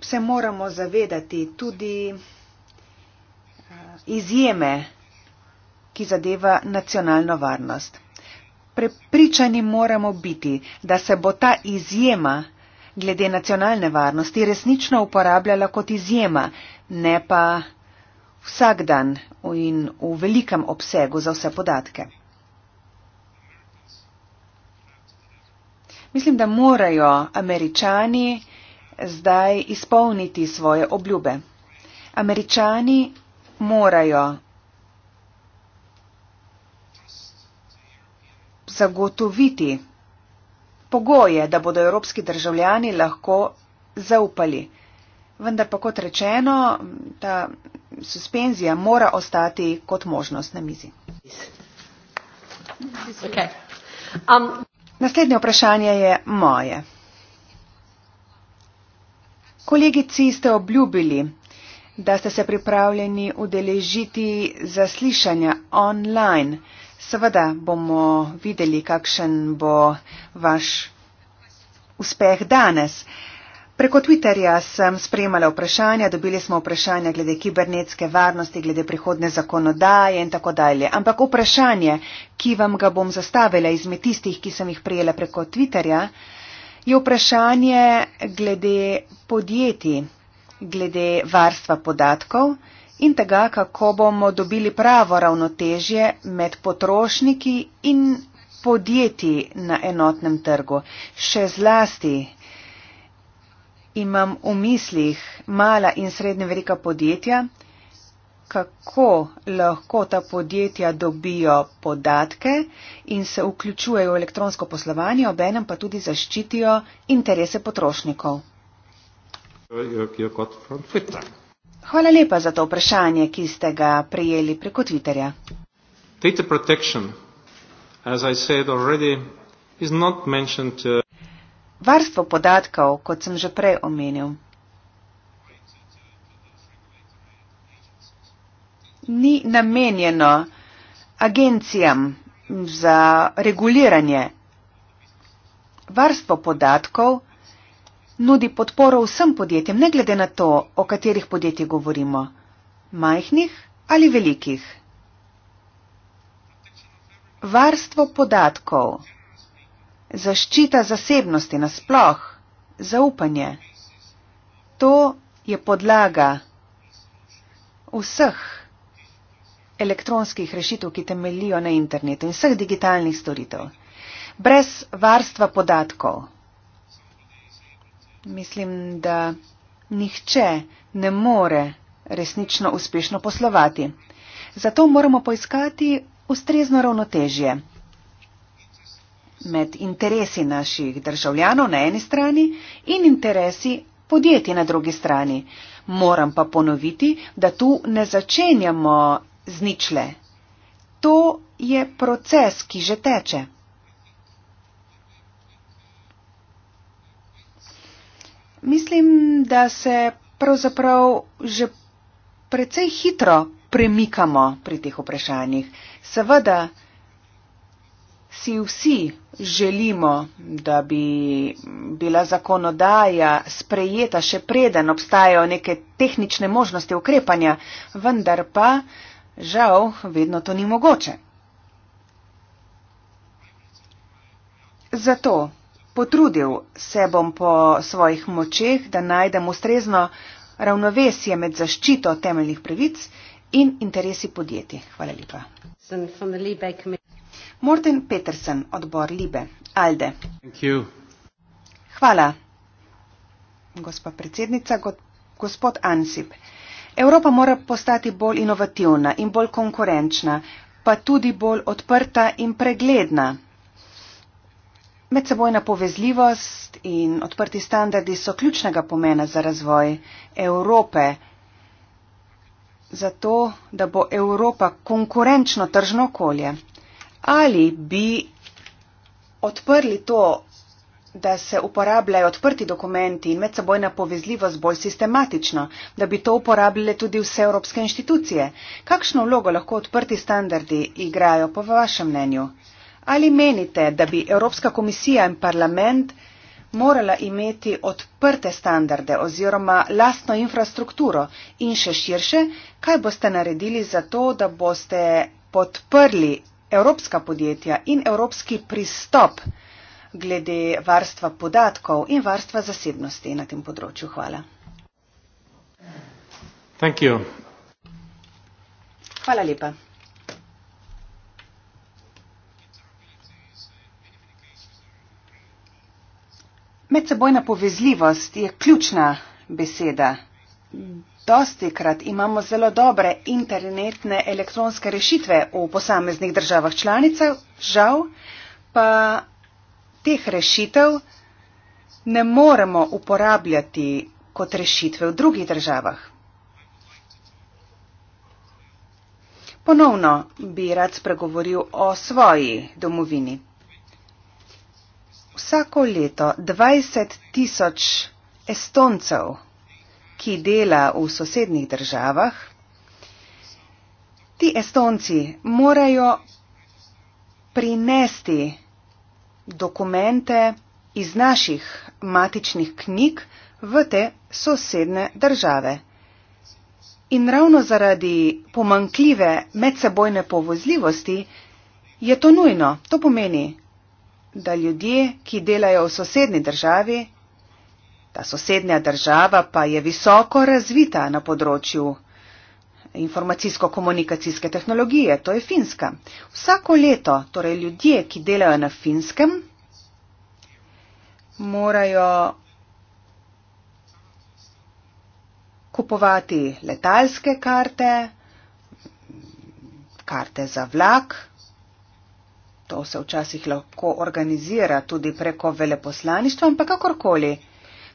se moramo zavedati tudi eh, izjeme, ki zadeva nacionalno varnost. Prepričani moramo biti, da se bo ta izjema glede nacionalne varnosti resnično uporabljala kot izjema, ne pa vsak dan in v velikem obsegu za vse podatke. Mislim, da morajo američani zdaj izpolniti svoje obljube. Američani morajo zagotoviti pogoje, da bodo evropski državljani lahko zaupali. Vendar pa kot rečeno, ta suspenzija mora ostati kot možnost na mizi. Okay. Um, Naslednje vprašanje je moje. Kolegici ste obljubili, da ste se pripravljeni udeležiti zaslišanja online. Seveda bomo videli, kakšen bo vaš uspeh danes. Uh, Preko Twitterja sem spremala vprašanja, dobili smo vprašanja glede kibernetske varnosti, glede prihodne zakonodaje in tako dalje. Ampak vprašanje, ki vam ga bom zastavila izmed tistih, ki sem jih prijela preko Twitterja, je vprašanje glede podjetij, glede varstva podatkov in tega, kako bomo dobili pravo ravnotežje med potrošniki in podjetji na enotnem trgu. Še zlasti imam v mislih mala in srednje velika podjetja, kako lahko ta podjetja dobijo podatke in se vključujejo v elektronsko poslovanje, ob enem pa tudi zaščitijo interese potrošnikov. Hvala lepa za to vprašanje, ki ste ga prejeli preko Twitterja. Data protection, as I said already, is not mentioned. Uh... Varstvo podatkov, kot sem že prej omenil, ni namenjeno agencijam za reguliranje. Varstvo podatkov nudi podporo vsem podjetjem, ne glede na to, o katerih podjetjih govorimo, majhnih ali velikih. Varstvo podatkov zaščita zasebnosti nasploh, zaupanje. To je podlaga vseh elektronskih rešitev, ki temelijo na internetu in vseh digitalnih storitev. Brez varstva podatkov. Mislim, da nihče ne more resnično uspešno poslovati. Zato moramo poiskati ustrezno ravnotežje med interesi naših državljanov na eni strani in interesi podjetij na drugi strani. Moram pa ponoviti, da tu ne začenjamo z ničle. To je proces, ki že teče. Mislim, da se pravzaprav že precej hitro premikamo pri teh vprašanjih. Seveda, si vsi želimo, da bi bila zakonodaja sprejeta še preden obstajajo neke tehnične možnosti ukrepanja, vendar pa žal vedno to ni mogoče. Zato potrudil se bom po svojih močeh, da najdem ustrezno ravnovesje med zaščito temeljnih pravic in interesi podjetij. Hvala lepa. Morten Petersen, odbor Libe. Alde. Hvala, gospa predsednica, gospod Ansip. Evropa mora postati bolj inovativna in bolj konkurenčna, pa tudi bolj odprta in pregledna. Medsebojna povezljivost in odprti standardi so ključnega pomena za razvoj Evrope, zato da bo Evropa konkurenčno tržno okolje ali bi odprli to, da se uporabljajo odprti dokumenti in medsebojna povezljivost bolj sistematično, da bi to uporabljale tudi vse evropske inštitucije. Kakšno vlogo lahko odprti standardi igrajo po vašem mnenju? Ali menite, da bi Evropska komisija in parlament morala imeti odprte standarde oziroma lastno infrastrukturo in še širše, kaj boste naredili za to, da boste podprli evropska podjetja in evropski pristop glede varstva podatkov in varstva zasebnosti na tem področju. Hvala. Thank you. Hvala lepa. Medsebojna povezljivost je ključna beseda. Dosti krat imamo zelo dobre internetne elektronske rešitve v posameznih državah članicah, žal pa teh rešitev ne moremo uporabljati kot rešitve v drugih državah. Ponovno bi rad spregovoril o svoji domovini. Vsako leto 20 tisoč estoncev ki dela v sosednjih državah, ti estonci morajo prinesti dokumente iz naših matičnih knjig v te sosedne države. In ravno zaradi pomankljive medsebojne povozljivosti je to nujno. To pomeni, da ljudje, ki delajo v sosednji državi, Ta sosednja država pa je visoko razvita na področju informacijsko-komunikacijske tehnologije, to je Finska. Vsako leto, torej ljudje, ki delajo na Finskem, morajo kupovati letalske karte, karte za vlak. To se včasih lahko organizira tudi preko veleposlaništva, ampak kakorkoli.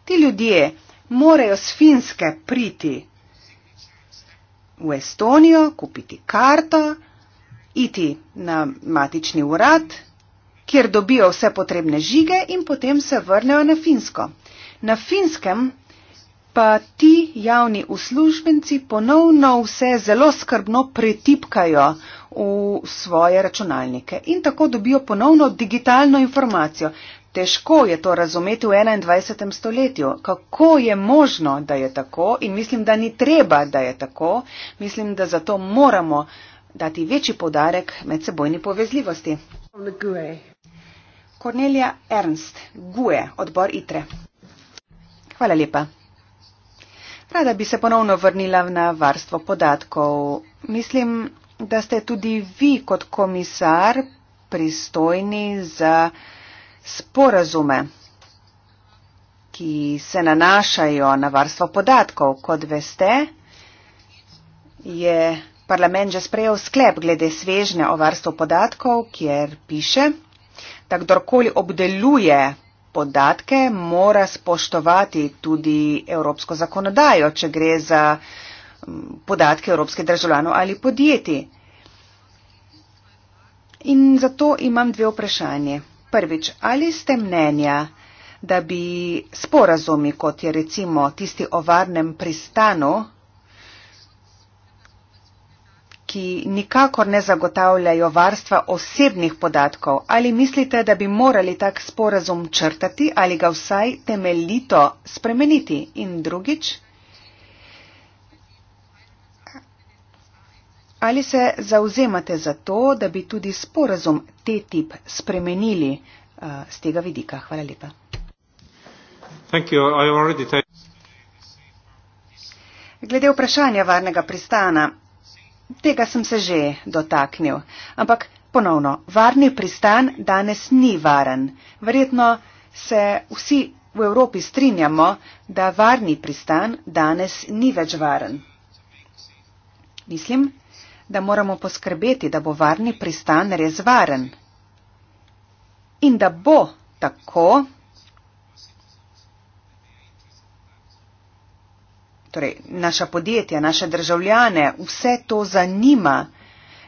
Ti ljudje morajo z Finske priti v Estonijo, kupiti karto, iti na matični urad, kjer dobijo vse potrebne žige in potem se vrnejo na Finsko. Na Finskem pa ti javni uslužbenci ponovno vse zelo skrbno pretipkajo v svoje računalnike in tako dobijo ponovno digitalno informacijo. Težko je to razumeti v 21. stoletju. Kako je možno, da je tako in mislim, da ni treba, da je tako. Mislim, da zato moramo dati večji podarek medsebojni povezljivosti. Kornelija Ernst, GUE, odbor ITRE. Hvala lepa. Rada bi se ponovno vrnila na varstvo podatkov. Mislim, da ste tudi vi kot komisar pristojni za sporazume, ki se nanašajo na varstvo podatkov. Kot veste, je parlament že sprejel sklep glede svežnja o varstvu podatkov, kjer piše, da kdorkoli obdeluje podatke, mora spoštovati tudi evropsko zakonodajo, če gre za podatke evropskih državljanov ali podjetij. In zato imam dve vprašanje. Prvič, ali ste mnenja, da bi sporazumi, kot je recimo tisti o varnem pristanu, ki nikakor ne zagotavljajo varstva osebnih podatkov, ali mislite, da bi morali tak sporazum črtati ali ga vsaj temeljito spremeniti? In drugič, Ali se zauzemate za to, da bi tudi sporazum te tip spremenili uh, eh, z tega vidika? Hvala lepa. Glede vprašanja varnega pristana, tega sem se že dotaknil. Ampak ponovno, varni pristan danes ni varen. Verjetno se vsi v Evropi strinjamo, da varni pristan danes ni več varen. Mislim, da moramo poskrbeti, da bo varni pristan res varen in da bo tako, torej naša podjetja, naše državljane, vse to zanima,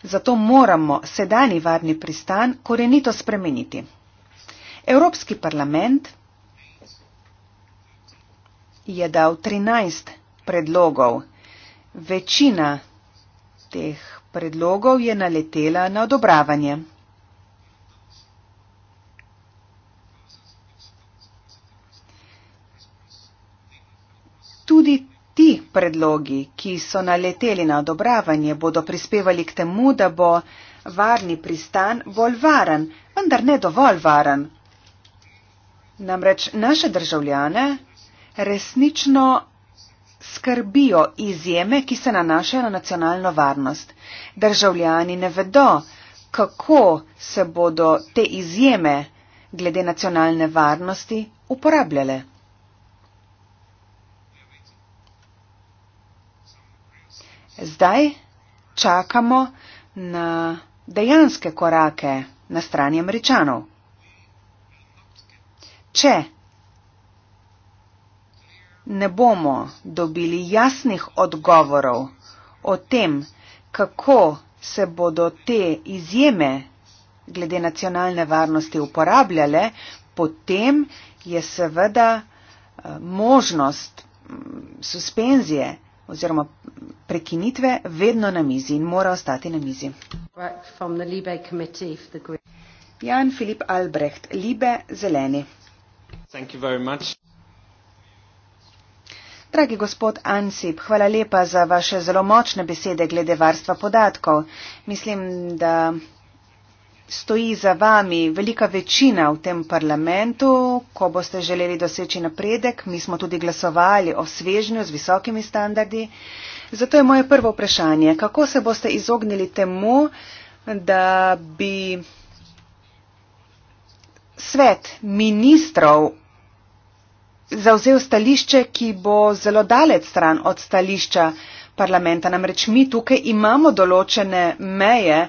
zato moramo sedajni varni pristan korenito spremeniti. Evropski parlament je dal 13 predlogov, večina teh predlogov je naletela na odobravanje. Tudi ti predlogi, ki so naleteli na odobravanje, bodo prispevali k temu, da bo varni pristan bolj varen, vendar ne dovolj varen. Namreč naše državljane resnično skrbijo izjeme, ki se nanašajo na nacionalno varnost. Državljani ne vedo, kako se bodo te izjeme glede nacionalne varnosti uporabljale. Zdaj čakamo na dejanske korake na strani američanov. Če ne bomo dobili jasnih odgovorov o tem, kako se bodo te izjeme glede nacionalne varnosti uporabljale, potem je seveda eh, možnost mm, suspenzije oziroma prekinitve vedno na mizi in mora ostati na mizi. Jan Filip Albrecht, Libe Zeleni. Dragi gospod Ansip, hvala lepa za vaše zelo močne besede glede varstva podatkov. Mislim, da stoji za vami velika večina v tem parlamentu, ko boste želeli doseči napredek. Mi smo tudi glasovali o svežnju z visokimi standardi. Zato je moje prvo vprašanje, kako se boste izognili temu, da bi svet ministrov zauzel stališče, ki bo zelo daleč stran od stališča parlamenta. Namreč mi tukaj imamo določene meje,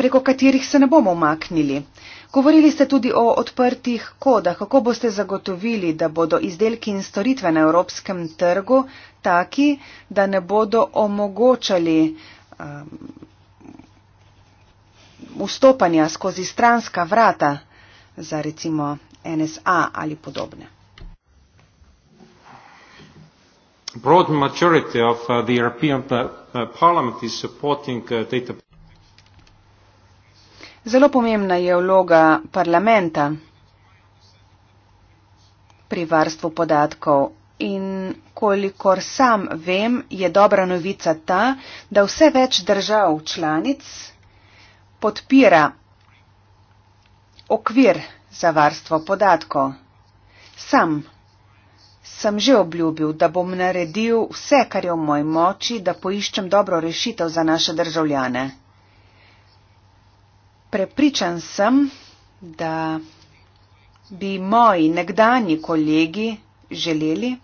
preko katerih se ne bomo umaknili. Govorili ste tudi o odprtih kodah. Kako boste zagotovili, da bodo izdelki in storitve na evropskem trgu taki, da ne bodo omogočali um, vstopanja skozi stranska vrata za recimo NSA ali podobne? broad majority of uh, the European uh, uh, Parliament is supporting uh, data. Zelo pomembna je vloga parlamenta pri varstvu podatkov. In kolikor sam vem, je dobra novica ta, da vse več držav članic podpira okvir za varstvo podatkov. Sam sem že obljubil, da bom naredil vse, kar je v moji moči, da poiščem dobro rešitev za naše državljane. Prepričan sem, da bi moji nekdani kolegi želeli,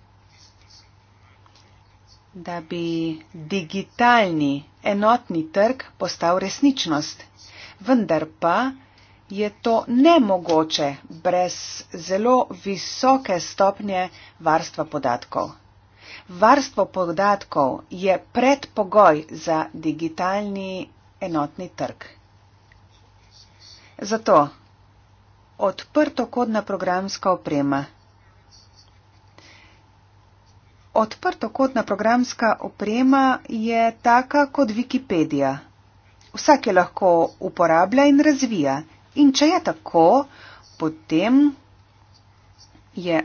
da bi digitalni enotni trg postal resničnost. Vendar pa je to nemogoče brez zelo visoke stopnje varstva podatkov. Varstvo podatkov je predpogoj za digitalni enotni trg. Zato odprto kodna programska oprema. Odprto kodna programska oprema je taka kot Wikipedija. Vsak je lahko uporablja in razvija. In če je tako, potem je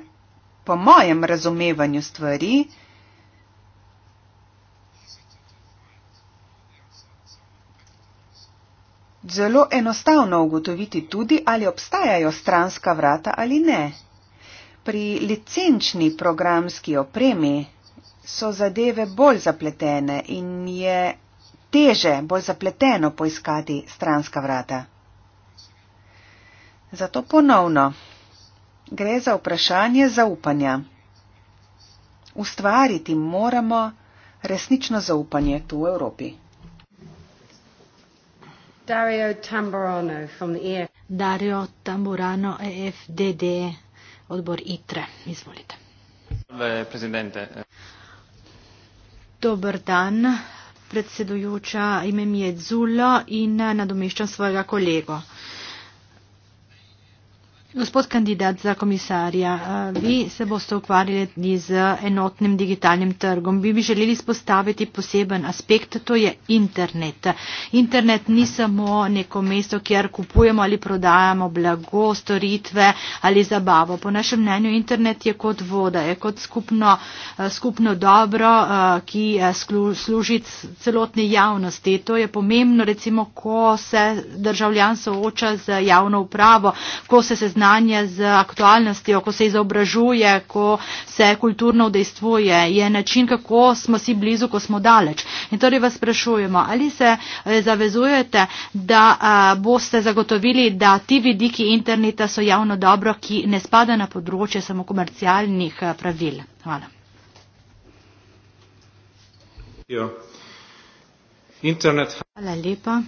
po mojem razumevanju stvari zelo enostavno ugotoviti tudi, ali obstajajo stranska vrata ali ne. Pri licenčni programski opremi so zadeve bolj zapletene in je teže, bolj zapleteno poiskati stranska vrata. Zato ponovno gre za vprašanje zaupanja. Ustvariti moramo resnično zaupanje tu v Evropi. Dario Tamburano, e Dario Tamburano EFDD, odbor ITRE. Izvolite. Dobr dan, predsedujoča, ime mi je Zulo in eh, nadomeščam svojega kolego. Gospod kandidat za komisarja, vi se boste ukvarjali z enotnim digitalnim trgom. Bi bi želeli spostaviti poseben aspekt, to je internet. Internet ni samo neko mesto, kjer kupujemo ali prodajamo blago, storitve ali zabavo. Po našem mnenju internet je kot voda, je kot skupno, skupno dobro, ki služi celotni javnosti. To je pomembno, recimo, ko se državljan sooča z javno upravo, ko se se znamo znanje z aktualnostjo, ko se izobražuje, ko se kulturno udejstvuje, je način, kako smo si blizu, ko smo daleč. In torej vas sprašujemo, ali se eh, zavezujete, da eh, boste zagotovili, da ti vidiki interneta so javno dobro, ki ne spada na področje samo komercialnih eh, pravil. Hvala. Jo. Internet. Hvala lepa.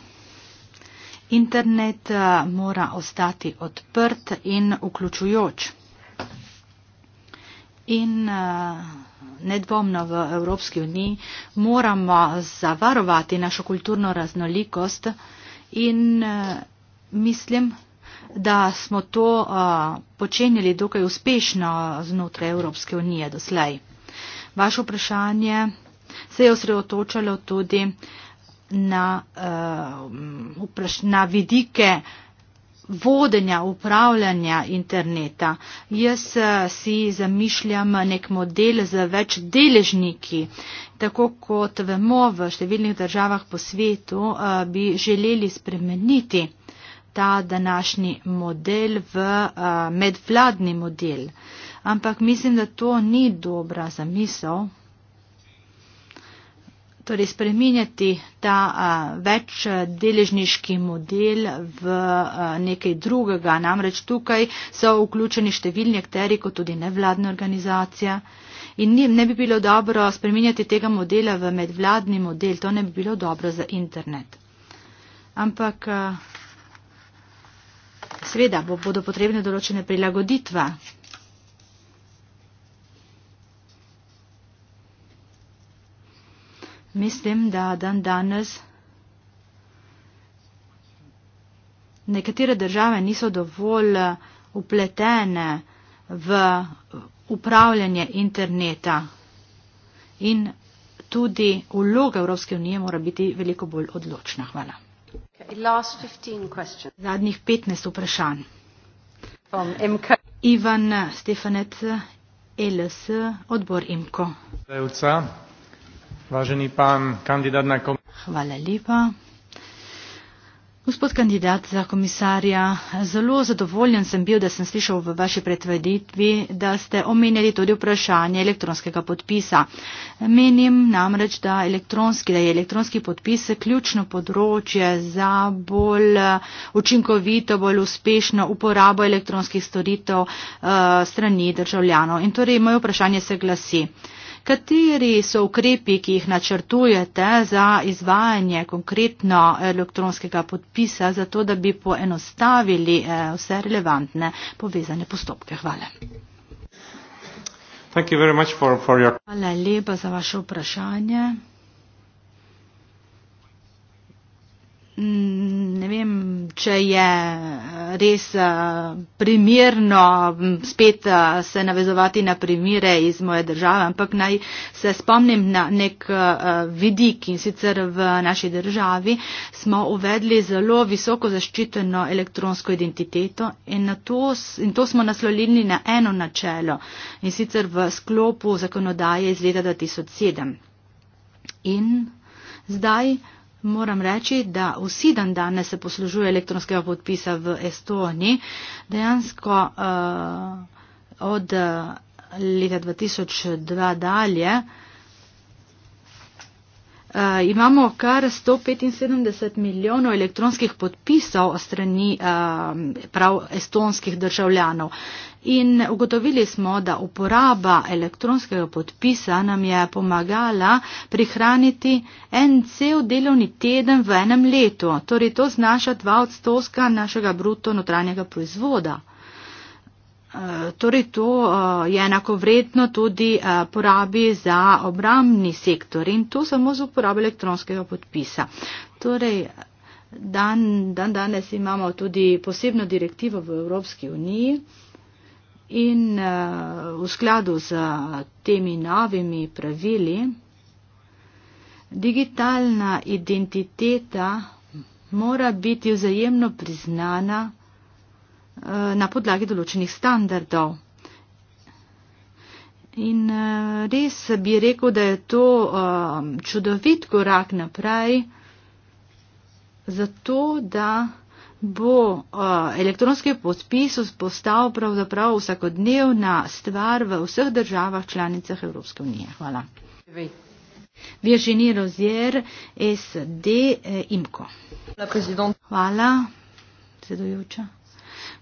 Internet eh, mora ostati odprt in vključujoč. In eh, nedvomno v Evropski uniji moramo zavarovati našo kulturno raznolikost in eh, mislim, da smo to počenjali dokaj uspešno znotraj Evropske unije doslej. Vaše vprašanje se je osredotočalo tudi na, eh, na vidike vodenja, upravljanja interneta. Jaz eh, si zamišljam nek model z več deležniki. Tako kot vemo, v številnih državah po svetu eh, bi želeli spremeniti ta današnji model v medvladni model. Ampak mislim, da to ni dobra zamisel, torej spreminjati ta več deležniški model v nekaj drugega. Namreč tukaj so vključeni številni akteri, kot tudi nevladne organizacije. In ne bi bilo dobro spreminjati tega modela v medvladni model, to ne bi bilo dobro za internet. Ampak seveda bodo potrebne določene prilagoditve. Mislim, da dan danes nekatere države niso dovolj upletene eh, v upravljanje interneta in tudi vloga Evropske unije mora biti veliko bolj odločna. Hvala. Zadnjih 15 vprašanj. Ivan Stefanec, LS, odbor IMKO. Vážený pán kandidát na kom... Hvala lepa. Gospod kandidat za komisarja, zelo zadovoljen sem bil, da sem slišal v vaši predveditvi, da ste omenjali tudi vprašanje elektronskega podpisa. Menim namreč, da, elektronski, da je elektronski podpis ključno področje za bolj eh, učinkovito, bolj uspešno uporabo elektronskih storitev uh, strani državljanov. In torej moje vprašanje se glasi. Uh, Kateri so ukrepi, ki jih načrtujete za izvajanje konkretno elektronskega podpisa, zato da bi poenostavili eh, vse relevantne povezane postopke? Hvala. Hvala lepa za vaše vprašanje. Mm, ne vem, če je res eh, primirno mm, spet eh, se navezovati na primire iz moje države, ampak naj se spomnim na nek eh, vidik in sicer v naši državi smo uvedli zelo visoko zaščiteno elektronsko identiteto in, na to, in to smo naslovili na eno načelo in sicer v sklopu zakonodaje iz leta 2007. In zdaj. Moram reči, da vsi dan danes se poslužuje elektronskega podpisa v Estoniji. Dejansko uh, od eh, leta 2002 dalje uh, Uh, imamo kar 175 milijonov elektronskih podpisov strani uh, prav estonskih državljanov. In ugotovili smo, da uporaba elektronskega podpisa nam je pomagala prihraniti en cel delovni teden v enem letu. Torej, to znaša dva odstotka našega bruto notranjega proizvoda. Eh, torej to eh, je enako vredno tudi eh, porabi za obramni sektor in to samo z uporabo elektronskega podpisa. Torej, dan, dan danes imamo tudi posebno direktivo v Evropski uniji in v skladu z temi novimi pravili digitalna identiteta mora biti vzajemno priznana Eh, na podlagi določenih standardov. In eh, res bi rekel, da je to eh, čudovit korak naprej, zato da bo elektronski podpis postal pravzaprav vsakodnevna stvar v vseh državah članicah Evropske unije. Hvala. Virginie Rozier, SD, IMCO. Hvala, predsedujoča.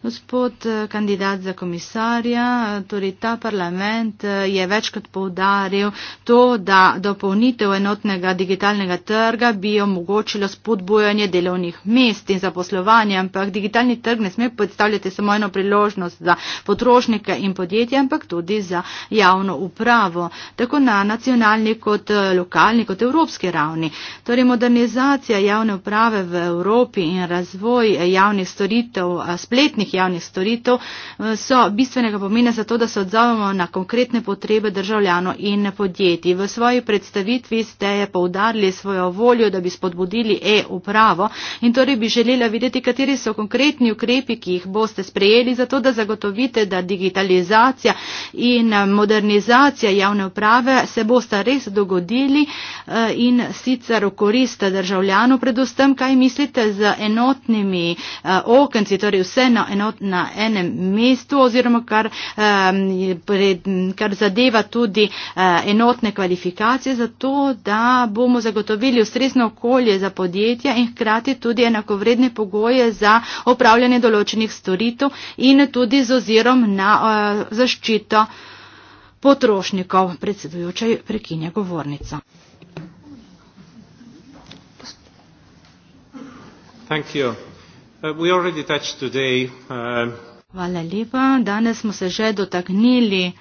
Gospod eh, kandidat za komisarja, eh, torej ta parlament eh, je večkrat povdaril to, da dopolnitev enotnega digitalnega trga bi omogočilo spodbojanje delovnih mest in zaposlovanja, ampak digitalni trg ne sme predstavljati samo eno priložnost za potrošnike in podjetja, ampak tudi za javno upravo, tako na nacionalni kot lokalni kot evropski ravni. Torej modernizacija javne uprave v Evropi in razvoj javnih storitev spletnih različnih javnih storitev, eh, so bistvenega pomena za to, da se odzovemo na konkretne potrebe državljano in podjetij. V svoji predstavitvi ste poudarili svojo voljo, da bi spodbudili e-upravo in torej bi želela videti, kateri so konkretni ukrepi, ki jih boste sprejeli za to, da zagotovite, da digitalizacija in eh, modernizacija javne uprave se boste res dogodili eh, in sicer v korist državljanu, predvsem kaj mislite z enotnimi okenci, torej vse na enotnih enot na enem mestu oziroma kar, um, pred, kar zadeva tudi uh, enotne kvalifikacije za to, da bomo zagotovili ustrezno okolje za podjetja in hkrati tudi enakovredne pogoje za opravljanje določenih storitev in tudi z ozirom na uh, zaščito potrošnikov. Predsedujoča prekinja govornico. Thank you. Uh, um, Hvala lepa. Danes smo se že dotaknili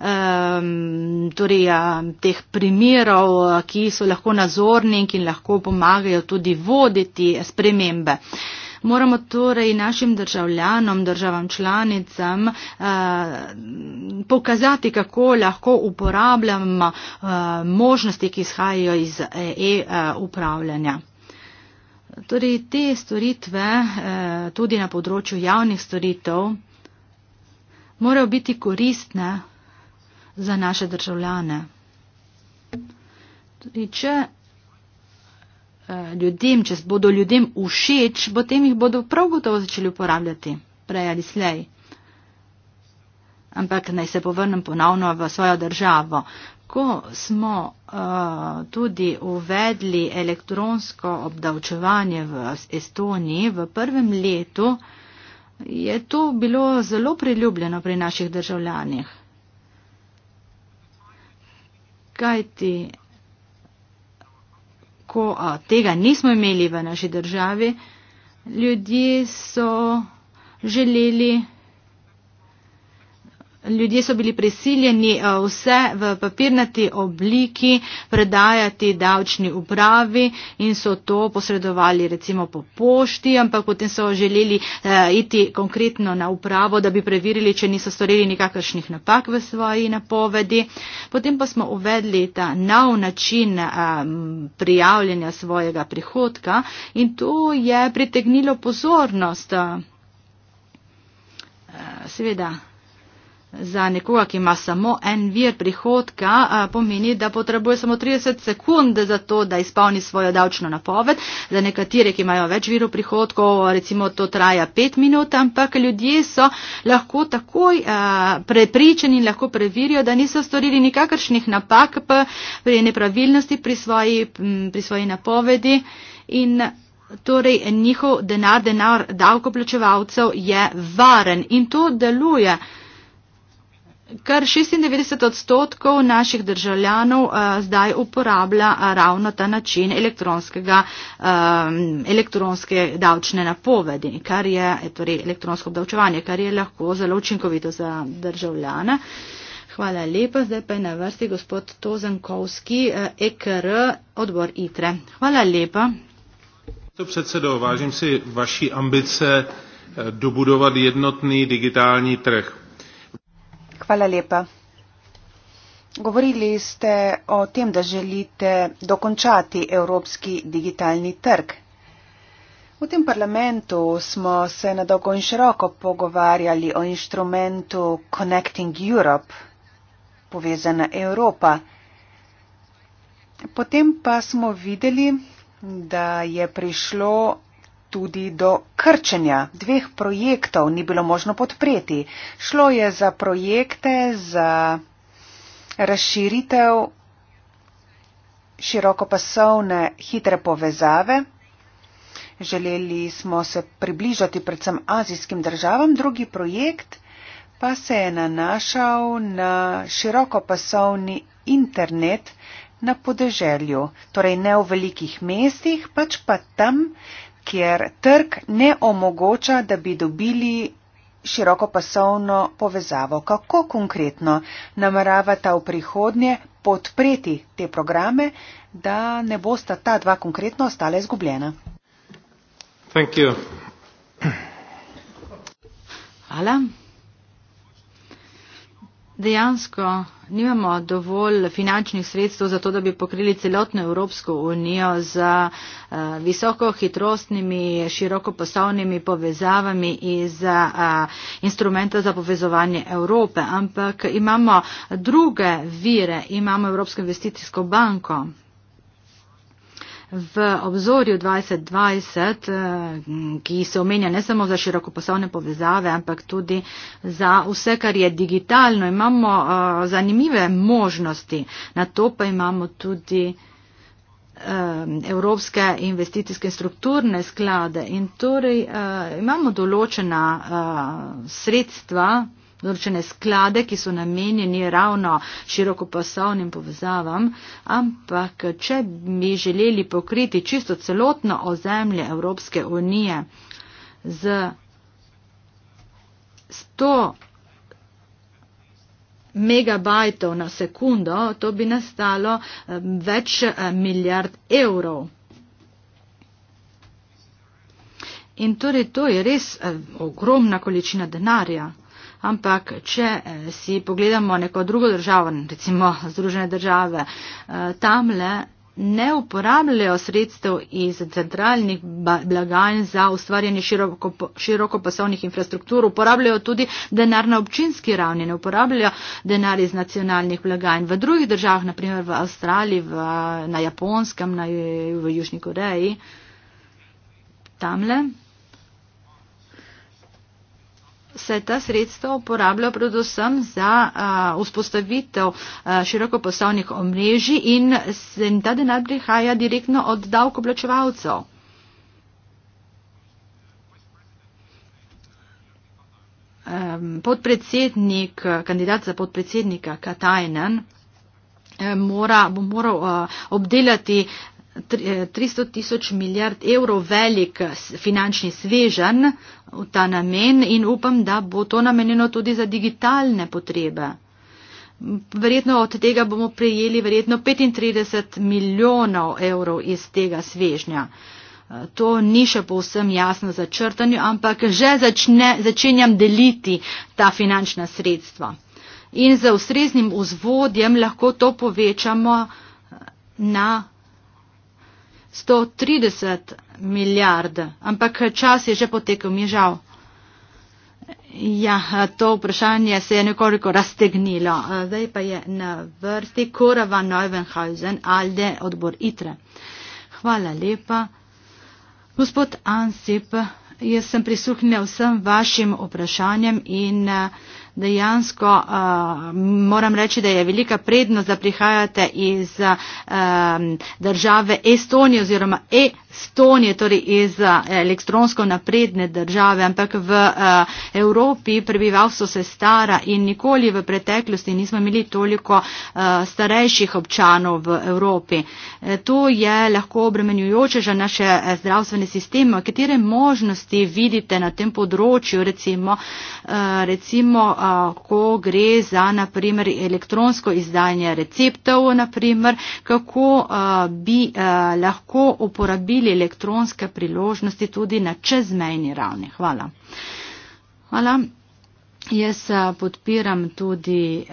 um, torej, ja, teh primerov, ki so lahko nazorni in ki lahko pomagajo tudi voditi spremembe. Moramo torej našim državljanom, državam članicam uh, pokazati, kako lahko uporabljamo uh, možnosti, ki izhajajo iz e-upravljanja. Eh, e Torej, te storitve, eh, tudi na področju javnih storitev, morajo biti koristne za naše državljane. Torej, če eh, ljudem, če bodo ljudem všeč, potem jih bodo prav gotovo začeli uporabljati, prej ali slej. Ampak naj se povrnem ponovno v svojo državo ko smo uh, tudi uvedli elektronsko obdavčevanje v Estoniji v prvem letu, je to bilo zelo priljubljeno pri naših državljanih. Kaj ti, ko uh, tega nismo imeli v naši državi, ljudje so želeli ljudje so bili prisiljeni eh, vse v papirnati obliki predajati davčni upravi in so to posredovali recimo po pošti, ampak potem so želeli eh, iti konkretno na upravo, da bi preverili, če niso storili nikakršnih napak v svoji napovedi. Potem pa smo uvedli ta nov način eh, prijavljanja svojega prihodka in to je pritegnilo pozornost. Seveda za nekoga, ki ima samo en vir prihodka, pomeni, da potrebuje samo 30 sekund za to, da izpolni svojo davčno napoved. Za nekatere, ki imajo več virov prihodkov, recimo to traja 5 minut, ampak ljudje so lahko takoj prepričani in lahko preverijo, da niso storili nikakršnih napak pri nepravilnosti pri svoji, pri svoji napovedi. In Torej, njihov denar, denar davkoplačevalcev je varen in to deluje kar 96 odstotkov naših državljanov uh, zdaj uporablja uh, ravno ta način elektronskega, um, elektronske davčne napovedi, kar je eh, torej elektronsko obdavčevanje, kar je lahko zelo učinkovito za državljana. Hvala lepa. Zdaj pa je na vrsti gospod Tozenkovski, uh, EKR, odbor ITRE. Hvala lepa. To predsedo, vážim si vaši ambice dobudovat jednotný digitální trh. Hvala lepa. Govorili ste o tem, da želite dokončati evropski digitalni trg. V tem parlamentu smo se na dolgo in široko pogovarjali o inštrumentu Connecting Europe, povezana Evropa. Potem pa smo videli, da je prišlo tudi do krčenja. Dveh projektov ni bilo možno podpreti. Šlo je za projekte za razširitev širokopasovne hitre povezave. Želeli smo se približati predvsem azijskim državam. Drugi projekt pa se je nanašal na širokopasovni internet na podeželju, torej ne v velikih mestih, pač pa tam, kjer trg ne omogoča, da bi dobili širokopasovno povezavo. Kako konkretno nameravata v prihodnje podpreti te programe, da ne bosta ta dva konkretno ostala izgubljena? Hvala dejansko nimamo dovolj finančnih sredstev za to, da bi pokrili celotno Evropsko unijo z eh, visokohitrostnimi širokopostavnimi povezavami iz eh, instrumenta za povezovanje Evrope, ampak imamo druge vire, imamo Evropsko investicijsko banko. V obzorju 2020, eh, ki se omenja ne samo za širokoposovne povezave, ampak tudi za vse, kar je digitalno, imamo eh, zanimive možnosti. Na to pa imamo tudi eh, evropske investicijske strukturne sklade in torej imamo določena sredstva, določene sklade, ki so namenjeni ravno širokopasovnim povezavam, ampak če bi želeli pokriti čisto celotno ozemlje Evropske unije z 100 megabajtov na sekundo, to bi nastalo eh, več eh, milijard evrov. In torej to je res eh, ogromna količina denarja. Ampak, če eh, si pogledamo neko drugo državo, recimo Združene države, eh, tamle ne uporabljajo sredstev iz centralnih blagajn za ustvarjanje široko, širokopasovnih infrastruktur, uporabljajo tudi denar na občinski ravni, ne uporabljajo denar iz nacionalnih blagajn. V drugih državah, naprimer v Avstraliji, v, na Japonskem, na, v Južni Koreji, tamle se ta sredstva uporabljajo predvsem za uh, vzpostavitev uh, širokoposlovnih omrežij in, in ta denar prihaja direktno od davkoplačevalcev. Podpredsednik, kandidat za podpredsednika Katajnen mora, bo moral obdelati 300 eh, tisoč milijard evrov velik finančni svežen v ta namen in upam, da bo to namenjeno tudi za digitalne potrebe. Verjetno od tega bomo prejeli verjetno 35 milijonov evrov iz tega svežnja. Eh, to ni še povsem jasno za črtanje, ampak že začne, začenjam deliti ta finančna sredstva. In z ustreznim vzvodjem lahko to povečamo eh, na 130 milijard, ampak čas je že potekel, mi žal. Ja, to vprašanje se je nekoliko raztegnilo. Zdaj pa je na vrsti Korava Neuvenhausen, Alde, odbor ITRE. Hvala lepa. Gospod Ansip, jaz sem prisuhnil vsem vašim vprašanjem in uh, dejansko uh, moram reči, da je velika prednost, da prihajate iz uh, države Estonije oziroma Estonije, torej iz uh, elektronsko napredne države, ampak v uh, Evropi prebivalstvo se stara in nikoli v preteklosti nismo imeli toliko uh, starejših občanov v Evropi. E, to je lahko obremenjujoče za naše zdravstvene sisteme. Katere možnosti vidite na tem področju, recimo, uh, recimo uh, ko gre za naprimer elektronsko izdanje receptov, naprimer, kako bi lahko uporabili elektronske priložnosti tudi na čezmejni ravni. Hvala. Hvala. Jaz podpiram tudi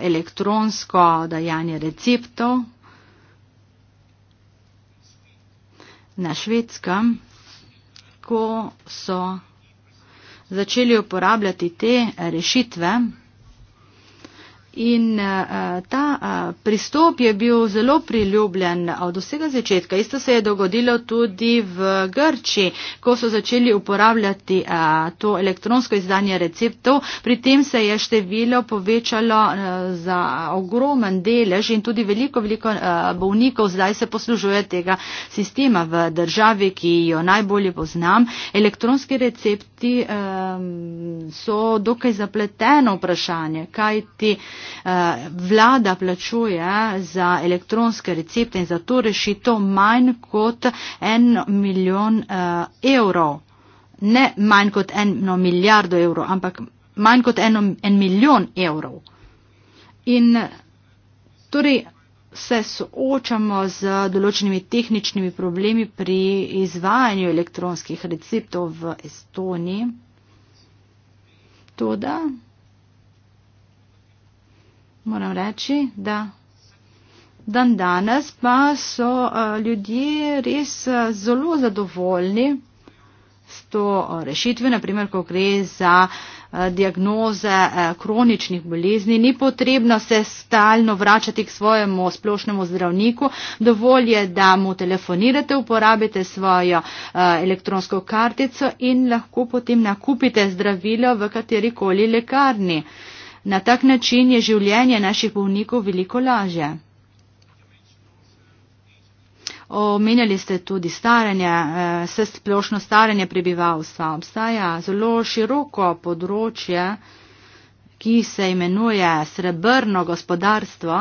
elektronsko dajanje receptov na švedskem, ko so začeli uporabljati te rešitve, In uh, ta uh, pristop je bil zelo priljubljen od vsega začetka. Isto se je dogodilo tudi v Grči, ko so začeli uporabljati uh, to elektronsko izdanje receptov. Pri tem se je število povečalo uh, za ogromen delež in tudi veliko, veliko uh, bolnikov zdaj se poslužuje tega sistema v državi, ki jo najbolje poznam. Elektronski recepti um, so dokaj zapleteno vprašanje, kaj ti. Eh, vlada plačuje za elektronske recepte in za to rešito manj kot en milijon eh, evrov. Ne manj kot eno milijardo evrov, ampak manj kot eno, en milijon evrov. In torej se soočamo z določenimi tehničnimi problemi pri izvajanju elektronskih receptov v Estoniji. Toda moram reči, da dan danes pa so uh, ljudje res uh, zelo zadovoljni s to uh, rešitvijo, naprimer, ko gre za diagnoze kroničnih bolezni, ni potrebno se stalno vračati k svojemu splošnemu zdravniku, dovolj je, da mu telefonirate, uporabite svojo elektronsko kartico in lahko potem nakupite zdravilo v katerikoli lekarni. Na tak način je življenje naših bolnikov veliko lažje. Omenjali ste tudi staranje, eh, vse splošno staranje prebivalstva. Obstaja zelo široko področje, ki se imenuje srebrno gospodarstvo,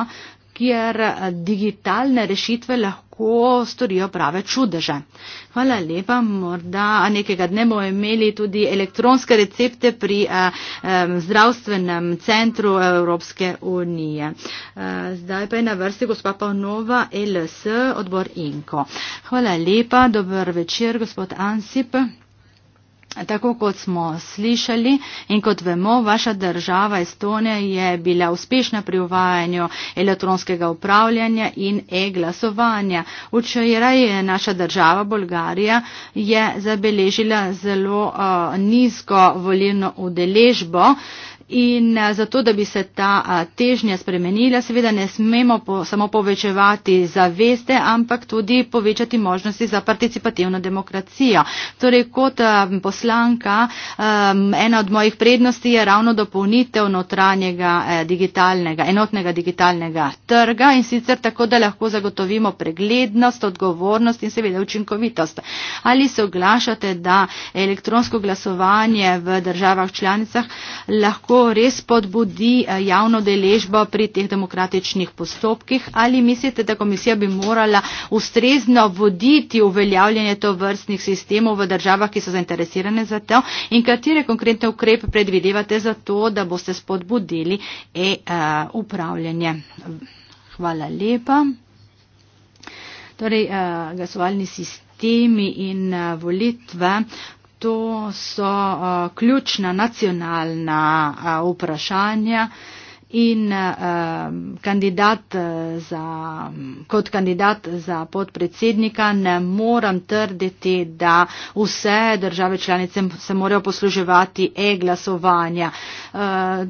kjer eh, digitalne rešitve lahko storijo prave čudeže. Hvala lepa, morda nekega dne bomo imeli tudi elektronske recepte pri eh, eh, zdravstvenem centru Evropske unije. Zdaj pa je na vrsti gospa Pavnova, LS, odbor Inko. Hvala lepa, dober večer, gospod Ansip. Tako kot smo slišali in kot vemo, vaša država Estonija je bila uspešna pri uvajanju elektronskega upravljanja in e-glasovanja. Včeraj je naša država Bolgarija je zabeležila zelo uh, nizko volilno udeležbo. Uh, In zato, da bi se ta težnja spremenila, seveda ne smemo po, samo povečevati zaveste, ampak tudi povečati možnosti za participativno demokracijo. Torej, kot poslanka, ena od mojih prednosti je ravno dopolnitev notranjega digitalnega, enotnega digitalnega trga in sicer tako, da lahko zagotovimo preglednost, odgovornost in seveda učinkovitost. Ali se oglašate, da elektronsko glasovanje v državah članicah lahko lahko res podbudi eh, javno deležbo pri teh demokratičnih postopkih ali mislite, da komisija bi morala ustrezno voditi uveljavljanje to vrstnih sistemov v državah, ki so zainteresirane za to in katere konkretne ukrepe predvidevate za to, da boste spodbudili e-upravljanje. Eh, Hvala lepa. Torej, eh, glasovalni sistemi in volitve to so uh, ključna nacionalna uh, vprašanja in um, kandidat za, kot kandidat za podpredsednika ne moram trditi, da vse države članice se morajo posluževati e-glasovanja. Uh,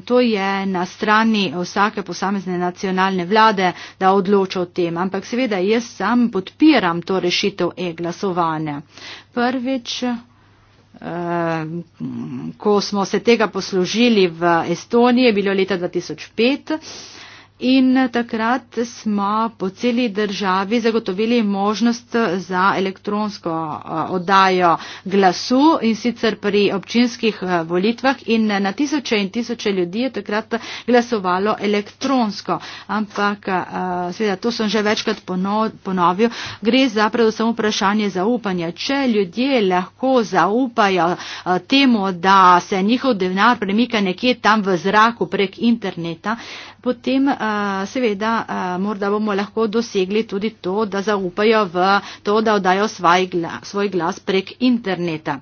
to je na strani vsake posamezne nacionalne vlade, da odloča o tem. Ampak seveda jaz sam podpiram to rešitev e-glasovanja. Prvič. Eh, ko smo se tega poslužili v Estoniji, je bilo leta 2005. In takrat smo po celi državi zagotovili možnost za elektronsko eh, oddajo glasu in sicer pri občinskih eh, volitvah in na tisoče in tisoče ljudi je takrat glasovalo elektronsko. Ampak, eh, seveda, to sem že večkrat ponovil, gre za predvsem vprašanje zaupanja. Če ljudje lahko zaupajo temu, da se njihov denar premika nekje tam v zraku prek interneta, potem a, eh, seveda a, eh, morda bomo lahko dosegli tudi to, da zaupajo v to, da oddajo svoj glas, svoj glas prek interneta.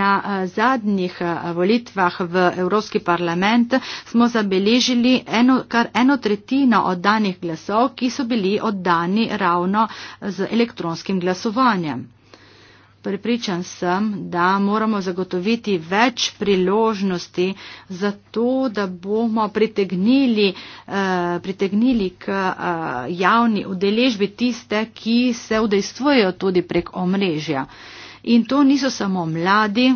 Na eh, zadnjih volitvah v Evropski parlament smo zabeležili eno, kar eno tretjino oddanih glasov, ki so bili oddani ravno z elektronskim glasovanjem. Prepričan torej, sem, da moramo zagotoviti več priložnosti za to, da bomo pritegnili, eh, pritegnili k eh, javni udeležbi tiste, ki se udejstvujejo tudi prek omrežja. In to niso samo mladi,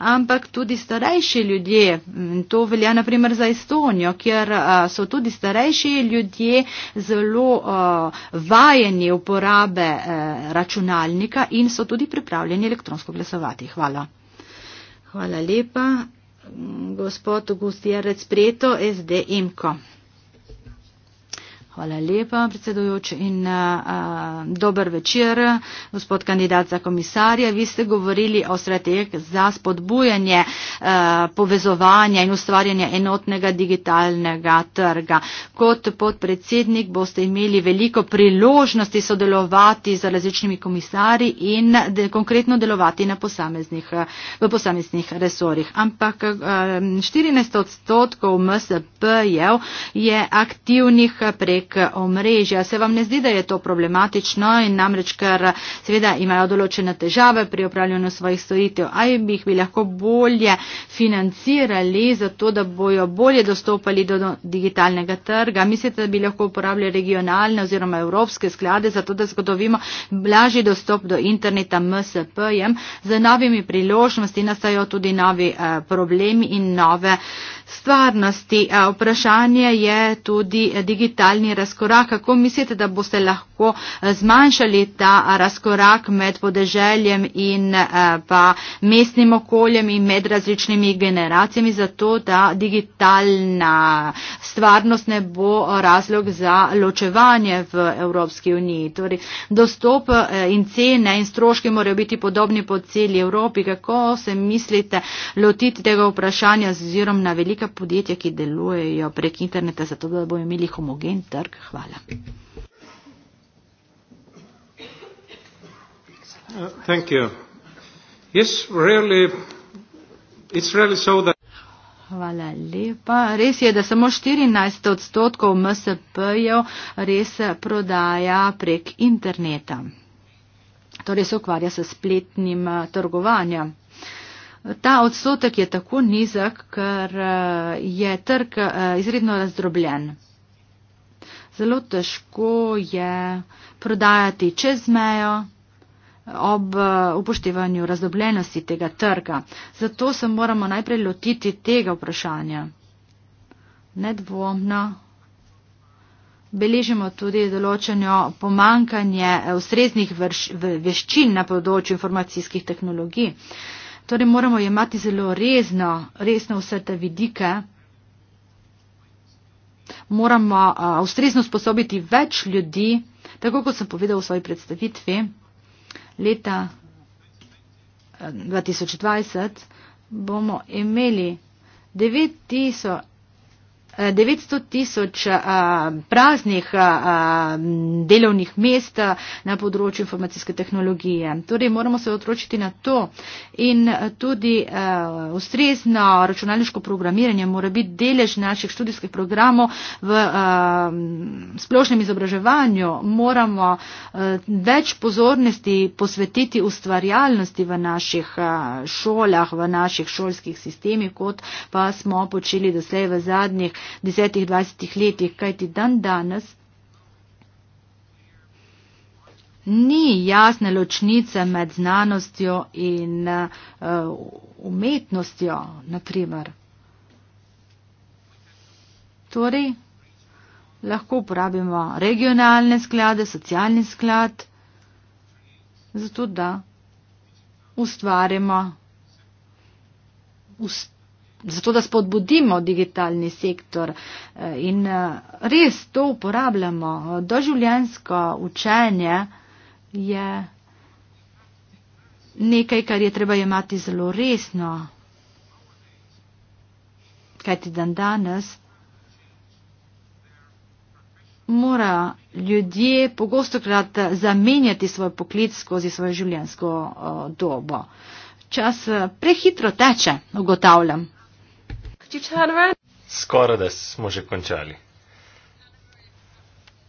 ampak tudi starejši ljudje. To velja naprimer za Estonijo, kjer so tudi starejši ljudje zelo vajeni uporabe e, računalnika in so tudi pripravljeni elektronsko glasovati. Hvala. Hvala lepa. Gospod Gustjerec Preto, SD Imko. Hvala lepa, predsedujoči, in a, dober večer, gospod kandidat za komisarja. Vi ste govorili o strateg za spodbujanje a, povezovanja in ustvarjanja enotnega digitalnega trga. Kot podpredsednik boste imeli veliko priložnosti sodelovati z različnimi komisarji in de, konkretno delovati posameznih, v posameznih resorih. Ampak a, 14 odstotkov MSP-jev je aktivnih prek prek omrežja. Se vam ne zdi, da je to problematično in namreč, ker seveda imajo določene težave pri upravljanju svojih storitev, ali bi jih bi lahko bolje financirali za to, da bojo bolje dostopali do digitalnega trga? Mislite, da bi lahko uporabljali regionalne oziroma evropske sklade za to, da zagotovimo blažji dostop do interneta MSP-jem? Z novimi priložnostmi nastajajo tudi novi eh, problemi in nove stvarnosti. Vprašanje je tudi digitalni razkorak. Kako mislite, da boste lahko eh, zmanjšali ta razkorak med podeželjem in eh, pa mestnim okoljem in med različnimi generacijami, zato da digitalna stvarnost ne bo eh, razlog za ločevanje v Evropski uniji. Torej, dostop in cene in stroški morajo biti podobni po celi Evropi. Kako se mislite lotiti tega vprašanja z ozirom na veliko neka podjetja, ki delujejo prek interneta, zato da bo imeli homogen trg. Hvala. Uh, Hvala lepa. Res je, da samo 14 odstotkov MSP-jev res prodaja prek interneta. Torej se ukvarja s spletnim uh, trgovanjem. Ta odstotek je tako nizak, ker eh, je trg eh, izredno razdrobljen. Zelo težko je prodajati čez mejo eh, ob upoštevanju razdobljenosti tega trga. Zato se moramo najprej lotiti tega vprašanja. Nedvomno. Beležimo tudi določeno pomankanje ustreznih veščin na področju informacijskih tehnologij. Uh, Torej moramo jemati zelo resno, resno vse te vidike. Moramo uh, ustrezno sposobiti več ljudi, tako kot sem povedal v svoji predstavitvi leta 2020 eh, bomo imeli 9000 900 tisoč praznih delovnih mest na področju informacijske tehnologije. Torej moramo se otročiti na to in tudi ustrezno računalniško programiranje mora biti delež naših študijskih programov v splošnem izobraževanju. Moramo več pozornosti posvetiti ustvarjalnosti v naših šolah, v naših šolskih sistemih, kot pa smo počeli doslej v zadnjih desetih, dvajsetih letih, kajti dan danes ni jasne ločnice med znanostjo in uh, umetnostjo, naprimer. Torej, lahko uporabimo regionalne sklade, socialni sklad, zato da ustvarimo ustvarjamo zato da spodbudimo digitalni sektor eh, in eh, res to uporabljamo. Doživljansko učenje je nekaj, kar je treba jemati zelo resno. Kajti dan danes mora ljudje pogosto krat zamenjati svoj poklic skozi svojo življenjsko eh, dobo. Čas prehitro teče, ugotavljam. Could you turn around? Skoraj da smo že končali.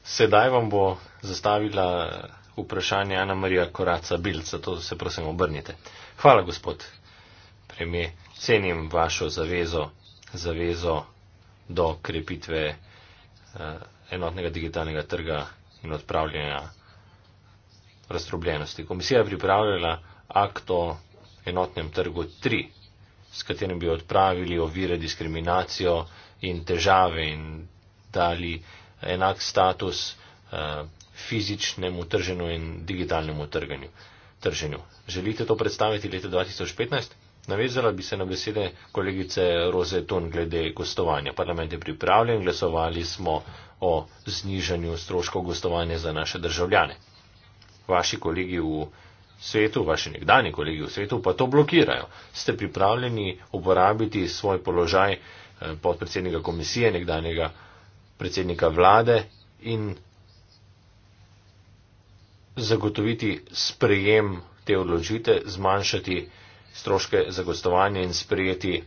Sedaj vam bo zastavila vprašanje Ana Marija Koraca Bilc, zato se prosim obrnite. Hvala, gospod premije. Cenim vašo zavezo, zavezo do krepitve uh, enotnega digitalnega trga in odpravljanja razdrobljenosti. Komisija je pripravljala akt o enotnem trgu 3 s katerim bi odpravili ovire diskriminacijo in težave in dali enak status eh, fizičnemu trženju in digitalnemu trženju. trženju. Želite to predstaviti leta 2015? Navezala bi se na besede kolegice Roze Tun glede gostovanja. Parlament je pripravljen, glasovali smo o znižanju stroškov gostovanja za naše državljane. Vaši kolegi v svetu, vaši nekdani kolegi v svetu, pa to blokirajo. Ste pripravljeni uporabiti svoj položaj eh, podpredsednika komisije, nekdanjega predsednika vlade in zagotoviti sprejem te odločitve, zmanjšati stroške za gostovanje in sprejeti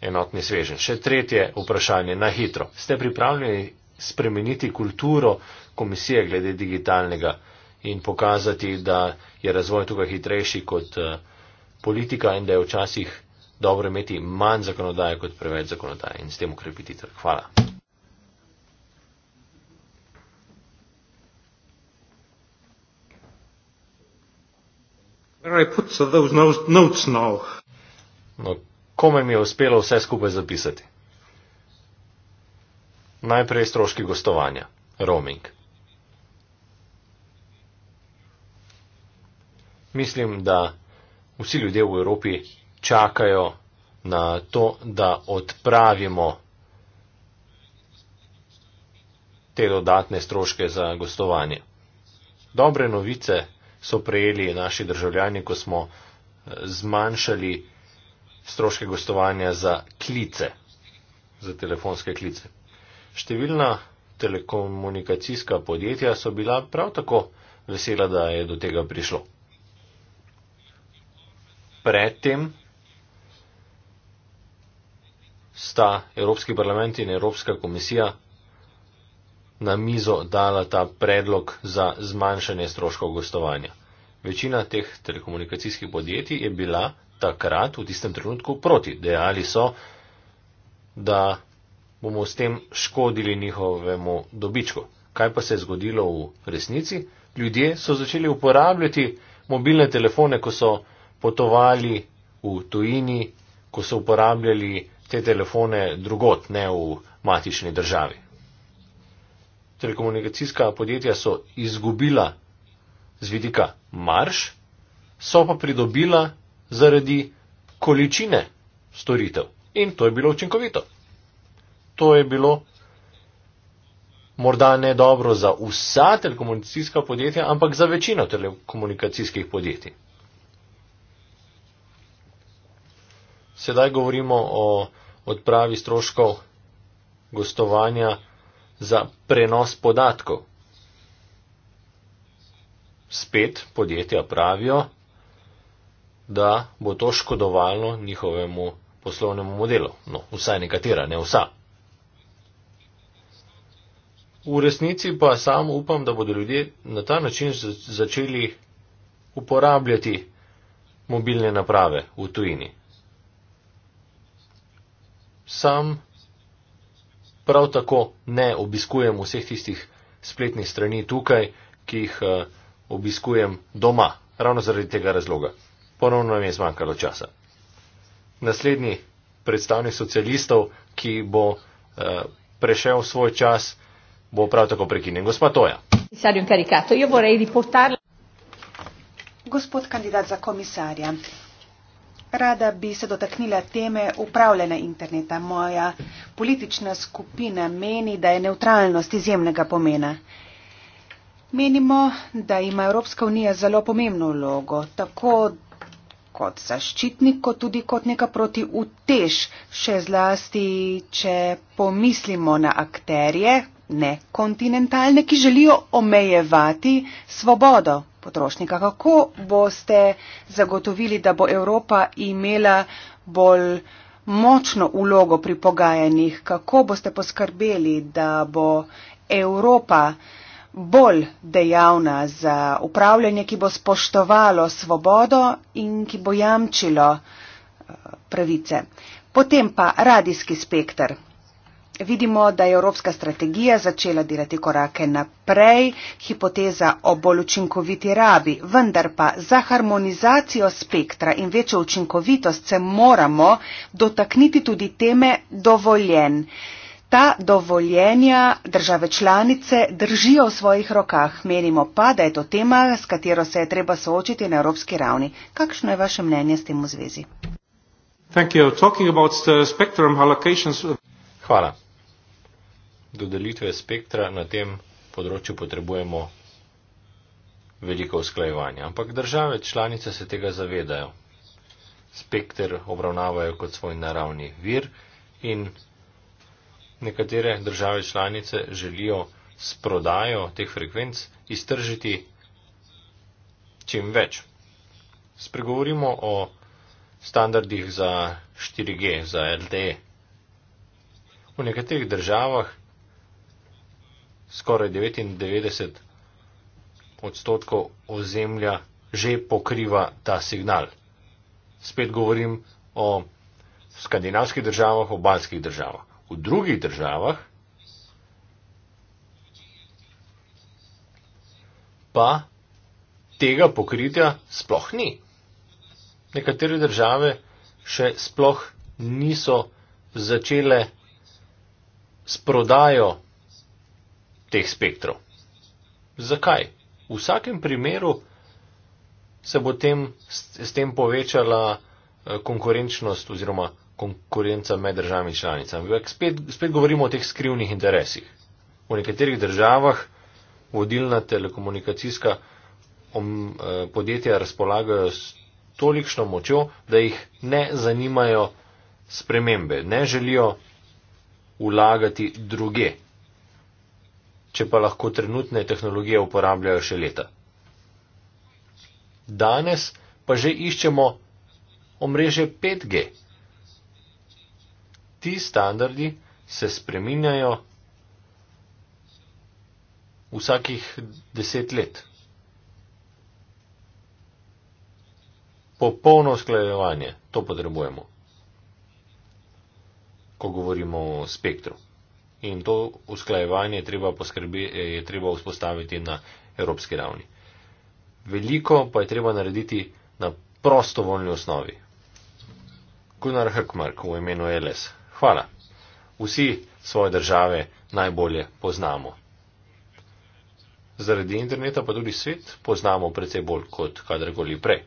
enotni svežen. Še tretje vprašanje na hitro. Ste pripravljeni spremeniti kulturo komisije glede digitalnega in pokazati, da je razvoj tukaj hitrejši kot eh, politika in da je včasih dobro imeti manj zakonodaje kot preveč zakonodaje in s tem ukrepiti trg. Hvala. No, kome mi je uspelo vse skupaj zapisati? Najprej stroški gostovanja, roaming. mislim, da vsi ljudje v Evropi čakajo na to, da odpravimo te dodatne stroške za gostovanje. Dobre novice so prejeli naši državljani, ko smo eh, zmanjšali stroške gostovanja za klice, za telefonske klice. Številna telekomunikacijska podjetja so bila prav tako vesela, da je do tega prišlo predtem sta Evropski parlament in Evropska komisija na mizo dala ta predlog za zmanjšanje stroškov gostovanja. Večina teh telekomunikacijskih podjetij je bila takrat v tistem trenutku proti. Dejali so, da bomo s tem škodili njihovemu dobičku. Kaj pa se je zgodilo v resnici? Ljudje so začeli uporabljati mobilne telefone, ko so potovali v tujini, ko so uporabljali te telefone drugot, ne v matični državi. Telekomunikacijska podjetja so izgubila z vidika marš, so pa pridobila zaradi količine storitev. In to je bilo učinkovito. To je bilo morda ne dobro za vsa telekomunikacijska podjetja, ampak za večino telekomunikacijskih podjetij. Sedaj govorimo o odpravi stroškov gostovanja za prenos podatkov. Spet podjetja pravijo, da bo to škodovalno njihovemu poslovnemu modelu. No, vsaj nekatera, ne vsa. V resnici pa sam upam, da bodo ljudje na ta način začeli uporabljati mobilne naprave v tujini sam prav tako ne obiskujem vseh tistih spletnih strani tukaj, ki jih eh, obiskujem doma. Ravno zaradi tega razloga. Ponovno nam je zmanjkalo časa. Naslednji predstavnik socialistov, ki bo eh, prešel svoj čas, bo prav tako prekinjen. Gospa Toja. Gospod kandidat za komisarja. Rada bi se dotaknila teme upravljanja interneta. Moja politična skupina meni, da je neutralnost izjemnega pomena. Menimo, da ima Evropska unija zelo pomembno vlogo, tako kot zaščitnik, kot tudi kot neka proti utež, še zlasti, če pomislimo na akterje, nekontinentalne, ki želijo omejevati svobodo potrošnika. Kako boste zagotovili, da bo Evropa imela bolj močno ulogo pri pogajanjih? Kako boste poskrbeli, da bo Evropa bolj dejavna za upravljanje, ki bo spoštovalo svobodo in ki bo jamčilo eh, pravice? Potem pa radijski spektr vidimo, da je evropska strategija začela delati korake naprej, hipoteza o bolj učinkoviti rabi, vendar pa za harmonizacijo spektra in večjo učinkovitost se moramo dotakniti tudi teme dovoljen. Ta dovoljenja države članice držijo v svojih rokah. Menimo pa, da je to tema, s katero se je treba soočiti na evropski ravni. Kakšno je vaše mnenje s tem v zvezi? Hvala dodelitve spektra na tem področju potrebujemo veliko usklajevanja. Ampak države članice se tega zavedajo. Spekter obravnavajo kot svoj naravni vir in nekatere države članice želijo s prodajo teh frekvenc iztržiti čim več. Spregovorimo o standardih za 4G, za LTE. V nekaterih državah skoraj 99 odstotkov ozemlja že pokriva ta signal. Spet govorim o skandinavskih državah, o balskih državah. V drugih državah pa tega pokritja sploh ni. Nekatere države še sploh niso začele s prodajo teh spektrov. Zakaj? V vsakem primeru se bo tem, s tem povečala eh, konkurenčnost oziroma konkurenca med državami članicami. Spet, spet govorimo o teh skrivnih interesih. V nekaterih državah vodilna telekomunikacijska eh, podjetja razpolagajo s tolikšno močjo, da jih ne zanimajo spremembe, ne želijo vlagati druge, če pa lahko trenutne tehnologije uporabljajo še leta. Danes pa že iščemo omrežje 5G. Ti standardi se spreminjajo vsakih deset let. Popolno usklajevanje, to potrebujemo, ko govorimo o spektru in to usklajevanje treba poskrbi, eh, je treba vzpostaviti na evropski ravni. Veliko pa je treba narediti na prostovoljni osnovi. Gunnar Hökmark v imenu LS. Hvala. Vsi svoje države najbolje poznamo. Zaradi interneta pa tudi svet poznamo precej bolj kot kadarkoli prej.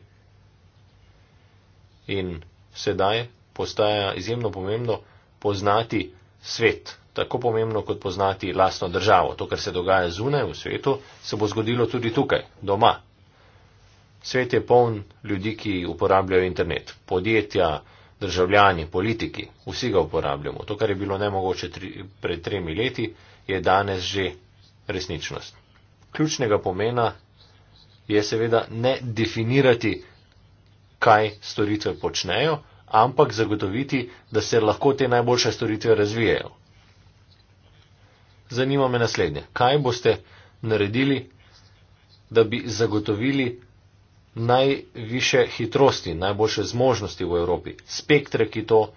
In sedaj postaja izjemno pomembno poznati svet tako pomembno kot poznati lastno državo. To, kar se dogaja zunaj v svetu, se bo zgodilo tudi tukaj, doma. Svet je poln ljudi, ki uporabljajo internet. Podjetja, državljani, politiki, vsi ga uporabljamo. To, kar je bilo nemogoče tri, pred tremi leti, je danes že resničnost. Ključnega pomena je seveda ne definirati, kaj storitve počnejo, ampak zagotoviti, da se lahko te najboljše storitve razvijajo zanima me naslednje. Kaj boste naredili, da bi zagotovili najviše hitrosti, najboljše zmožnosti v Evropi, spektre, ki to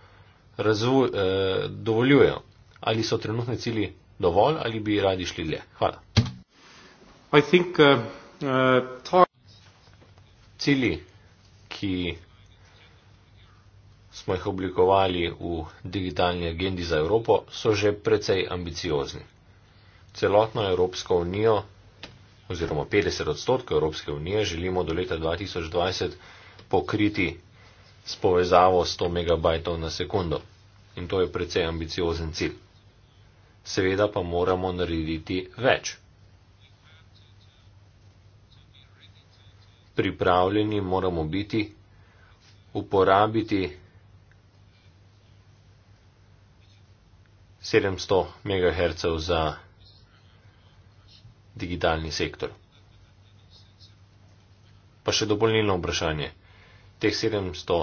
razvo, eh, dovoljujejo? Ali so trenutni cilji dovolj ali bi radi šli dlje? Hvala. Uh, uh, cilji, ki smo jih oblikovali v digitalni agendi za Evropo, so že precej ambiciozni celotno Evropsko unijo oziroma 50 odstotkov Evropske unije želimo do leta 2020 pokriti s povezavo 100 megabajtov na sekundo. In to je precej ambiciozen cilj. Seveda pa moramo narediti več. Pripravljeni moramo biti, uporabiti 700 MHz za digitalni sektor. Pa še dopolnilno vprašanje. Teh 700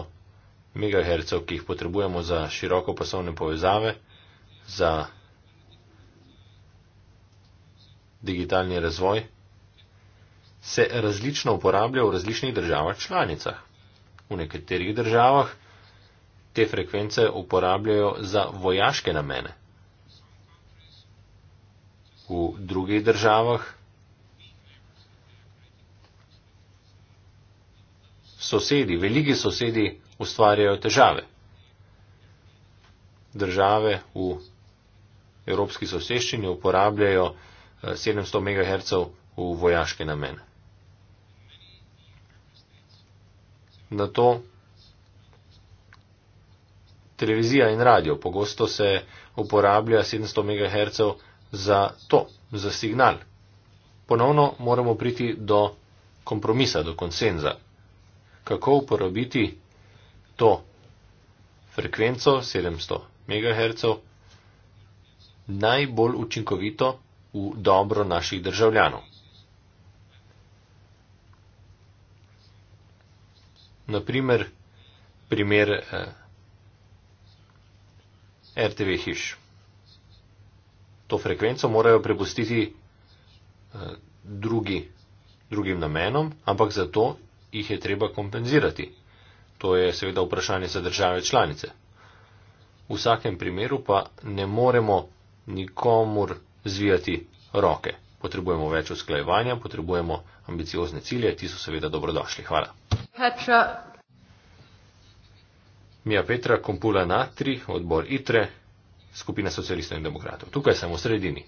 MHz, ki jih potrebujemo za široko pasovne povezave, za digitalni razvoj, se različno uporablja v različnih državah članicah. V nekaterih državah te frekvence uporabljajo za vojaške namene, v drugih državah, sosedi, veliki sosedi ustvarjajo težave. Države v evropski soseščini uporabljajo 700 eh, MHz v vojaške namene. Na to televizija in radio pogosto se uporablja 700 MHz za to, za signal. Ponovno moramo priti do kompromisa, do konsenza. Kako uporabiti to frekvenco 700 MHz najbolj učinkovito v dobro naših državljanov. Naprimer, primer eh, RTV hiš to frekvenco morajo prepustiti eh, drugi, drugim namenom, ampak zato jih je treba kompenzirati. To je seveda vprašanje za države članice. V vsakem primeru pa ne moremo nikomur zvijati roke. Potrebujemo več usklajevanja, potrebujemo ambiciozne cilje, ti so seveda dobrodošli. Hvala. Petra. Mija Petra, Kompula Natri, odbor ITRE skupina socialistov in demokratov. Tukaj sem v sredini.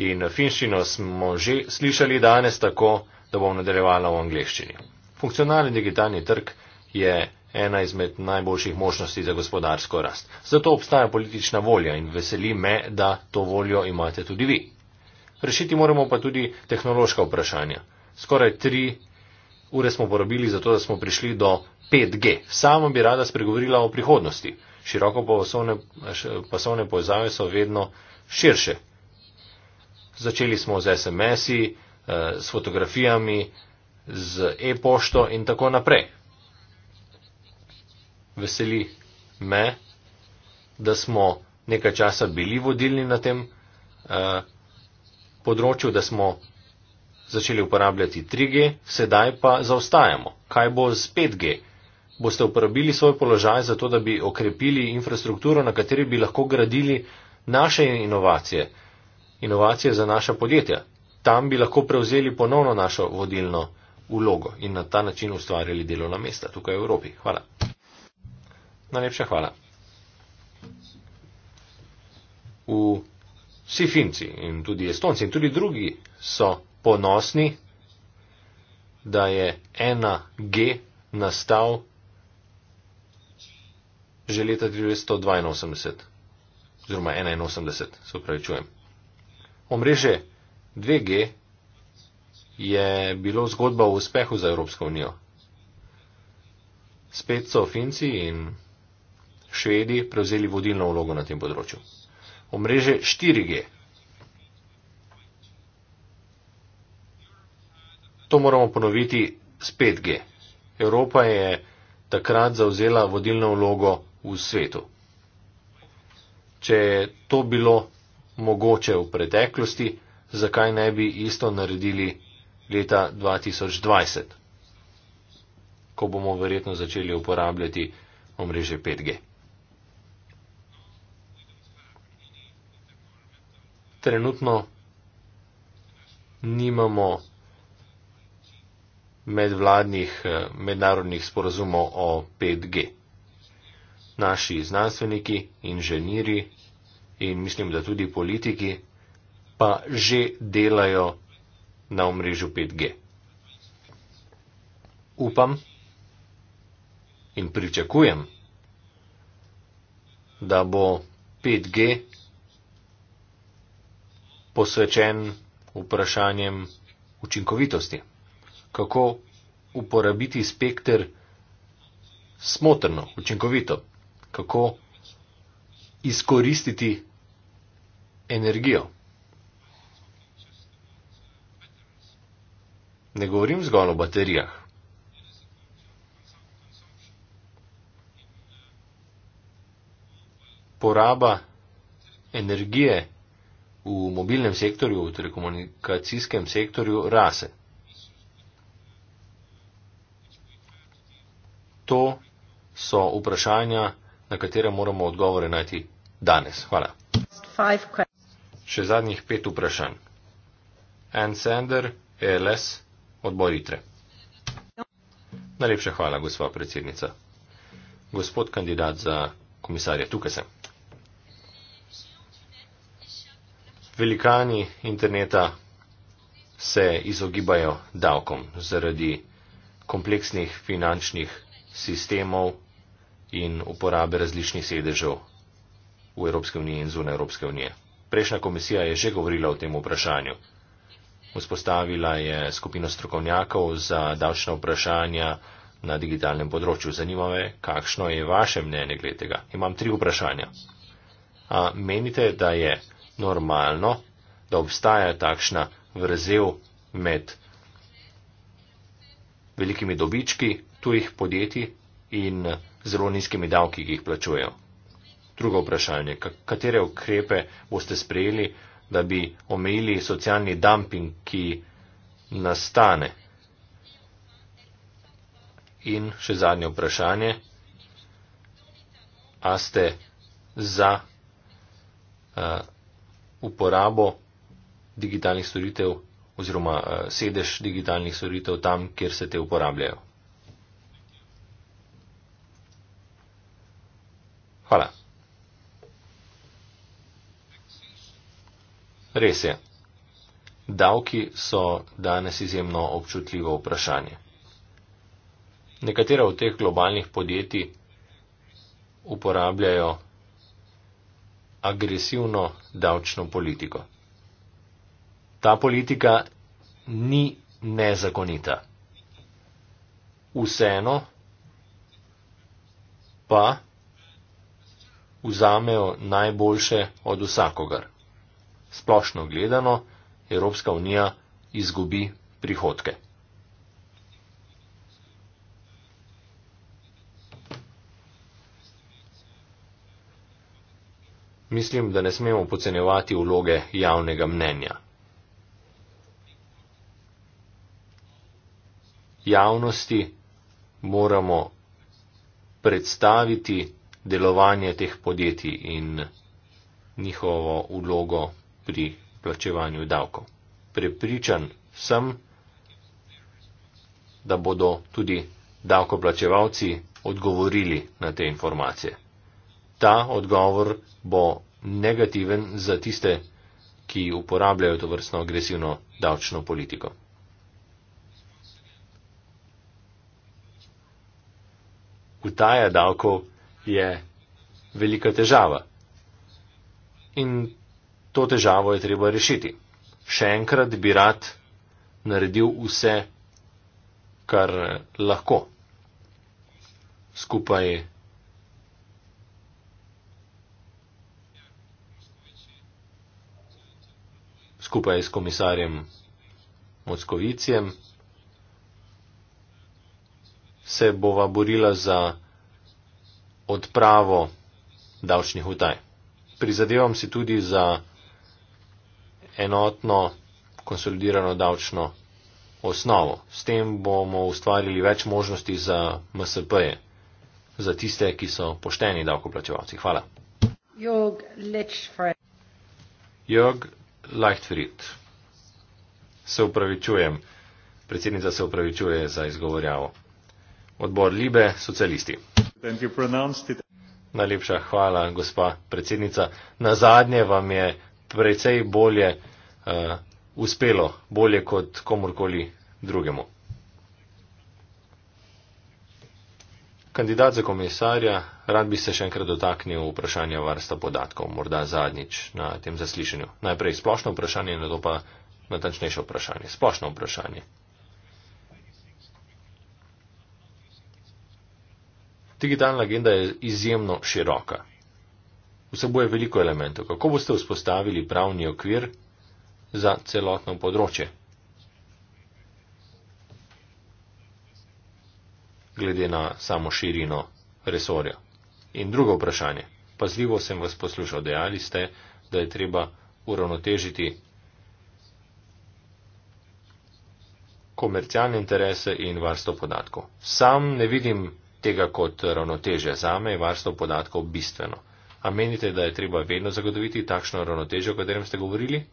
In finščino smo že slišali danes tako, da bom nadaljevala v angleščini. Funkcionalni digitalni trg je ena izmed najboljših možnosti za gospodarsko rast. Zato obstaja politična volja in veseli me, da to voljo imate tudi vi. Rešiti moramo pa tudi tehnološka vprašanja. Skoraj tri ure smo porabili za to, da smo prišli do 5G. Sama bi rada spregovorila o prihodnosti široko pasovne, pasovne povezave so vedno širše. Začeli smo z SMS-i, eh, s fotografijami, z e-pošto in tako naprej. Veseli me, da smo nekaj časa bili vodilni na tem eh, področju, da smo začeli uporabljati 3G, sedaj pa zaostajamo. Kaj bo z 5G? boste uporabili svoj položaj za to, da bi okrepili infrastrukturo, na kateri bi lahko gradili naše inovacije, inovacije za naša podjetja. Tam bi lahko prevzeli ponovno našo vodilno ulogo in na ta način ustvarjali delovna mesta tukaj v Evropi. Hvala. Najlepša hvala. V vsi Finci in tudi Estonci in tudi drugi so ponosni, da je 1G nastal že leta 1982, oziroma 1981, se upravičujem. Omrežje 2G je bilo zgodba o uspehu za Evropsko unijo. Spet so Finci in Švedi prevzeli vodilno vlogo na tem področju. Omrežje 4G. To moramo ponoviti s 5G. Evropa je takrat zauzela vodilno vlogo v svetu. Če je to bilo mogoče v preteklosti, zakaj ne bi isto naredili leta 2020, ko bomo verjetno začeli uporabljati omrežje 5G. Trenutno nimamo medvladnih eh, mednarodnih sporazumov o 5G naši znanstveniki, inženiri in mislim, da tudi politiki pa že delajo na omrežju 5G. Upam in pričakujem, da bo 5G posvečen vprašanjem učinkovitosti, kako uporabiti spektr smotrno, učinkovito kako izkoristiti energijo. Ne govorim zgolj o baterijah. Poraba energije v mobilnem sektorju, v telekomunikacijskem sektorju rase. To so vprašanja, na katere moramo odgovore najti danes. Hvala. Še zadnjih pet vprašanj. Ann Sander, ELS, odbor ITRE. Najlepša hvala, gospa predsednica. Gospod kandidat za komisarja, tukaj sem. Velikani interneta se izogibajo davkom zaradi kompleksnih finančnih sistemov in uporabe različnih sedežev v Evropske unije in zunaj Evropske unije. Prejšnja komisija je že govorila o tem vprašanju. Vzpostavila je skupino strokovnjakov za davčna vprašanja na digitalnem področju. Zanima me, kakšno je vaše mnenje glede tega. Imam tri vprašanja. A menite, da je normalno, da obstaja takšna vrzel med velikimi dobički tujih podjetij in zelo nizkimi davki, ki jih plačujejo. Drugo vprašanje, katere ukrepe boste sprejeli, da bi omejili socialni dumping, ki nastane? In še zadnje vprašanje, a ste za uh, uporabo digitalnih storitev oziroma uh, sedež digitalnih storitev tam, kjer se te uporabljajo? Hvala. Res je. Davki so danes izjemno občutljivo vprašanje. Nekatera od teh globalnih podjetij uporabljajo agresivno davčno politiko. Ta politika ni nezakonita. Vseeno pa vzamejo najboljše od vsakogar. Splošno gledano, Evropska unija izgubi prihodke. Mislim, da ne smemo pocenevati vloge javnega mnenja. Javnosti moramo predstaviti delovanje teh podjetij in njihovo ulogo pri plačevanju davkov. Prepričan sem, da bodo tudi davkoplačevalci odgovorili na te informacije. Ta odgovor bo negativen za tiste, ki uporabljajo to vrstno agresivno davčno politiko. Utaja davkov je velika težava. In to težavo je treba rešiti. Še enkrat bi rad naredil vse, kar lahko. Skupaj skupaj s komisarjem Moskovicijem se bova borila za odpravo davčnih utaj. Prizadevam si tudi za enotno konsolidirano davčno osnovo. S tem bomo ustvarili več možnosti za MSP-je, za tiste, ki so pošteni davkoplačevalci. Hvala. Jörg Lechfried. Jörg Lechfried. Se upravičujem. Predsednica se upravičuje za izgovorjavo. Odbor Libe, socialisti. Najlepša hvala, gospa predsednica. Na zadnje vam je precej bolje uh, uspelo, bolje kot komorkoli drugemu. Kandidat za komisarja, rad bi se še enkrat dotaknil vprašanja varstva podatkov, morda zadnjič na tem zaslišanju. Najprej splošno vprašanje, nato pa natančnejše vprašanje. Splošno vprašanje. Digitalna agenda je izjemno široka. Vsebuje veliko elementov. Kako boste vzpostavili pravni okvir za celotno področje? Glede na samo širino resorja. In drugo vprašanje. Pazljivo sem vas poslušal. Dejali ste, da je treba uravnotežiti komercialne interese in varstvo podatkov. Sam ne vidim tega kot ravnoteže zame je varstvo podatkov bistveno. A menite, da je treba vedno zagotoviti takšno ravnoteže, o katerem ste govorili?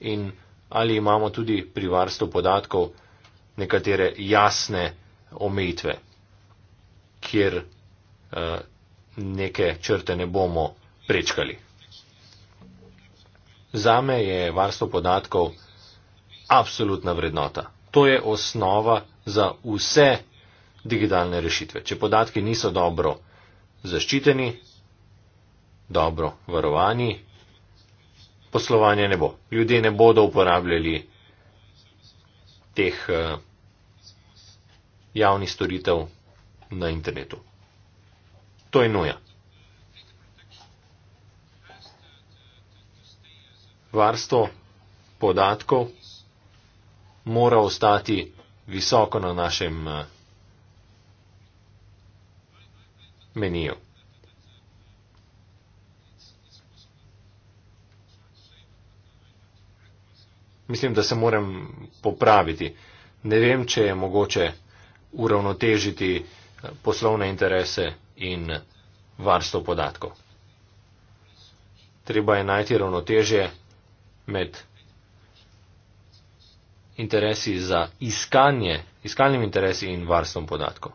In ali imamo tudi pri varstvu podatkov nekatere jasne omejitve, kjer uh, neke črte ne bomo prečkali? Zame je varstvo podatkov absolutna vrednota. To je osnova za vse digitalne rešitve. Če podatki niso dobro zaščiteni, dobro varovani, poslovanje ne bo. Ljudje ne bodo uporabljali teh eh, javnih storitev na internetu. To je nuja. Varstvo podatkov mora ostati visoko na našem eh, menijo. Mislim, da se moram popraviti. Ne vem, če je mogoče uravnotežiti eh, poslovne interese in varstvo podatkov. Treba je najti ravnotežje med interesi za iskanje, iskanjem interesi in varstvom podatkov.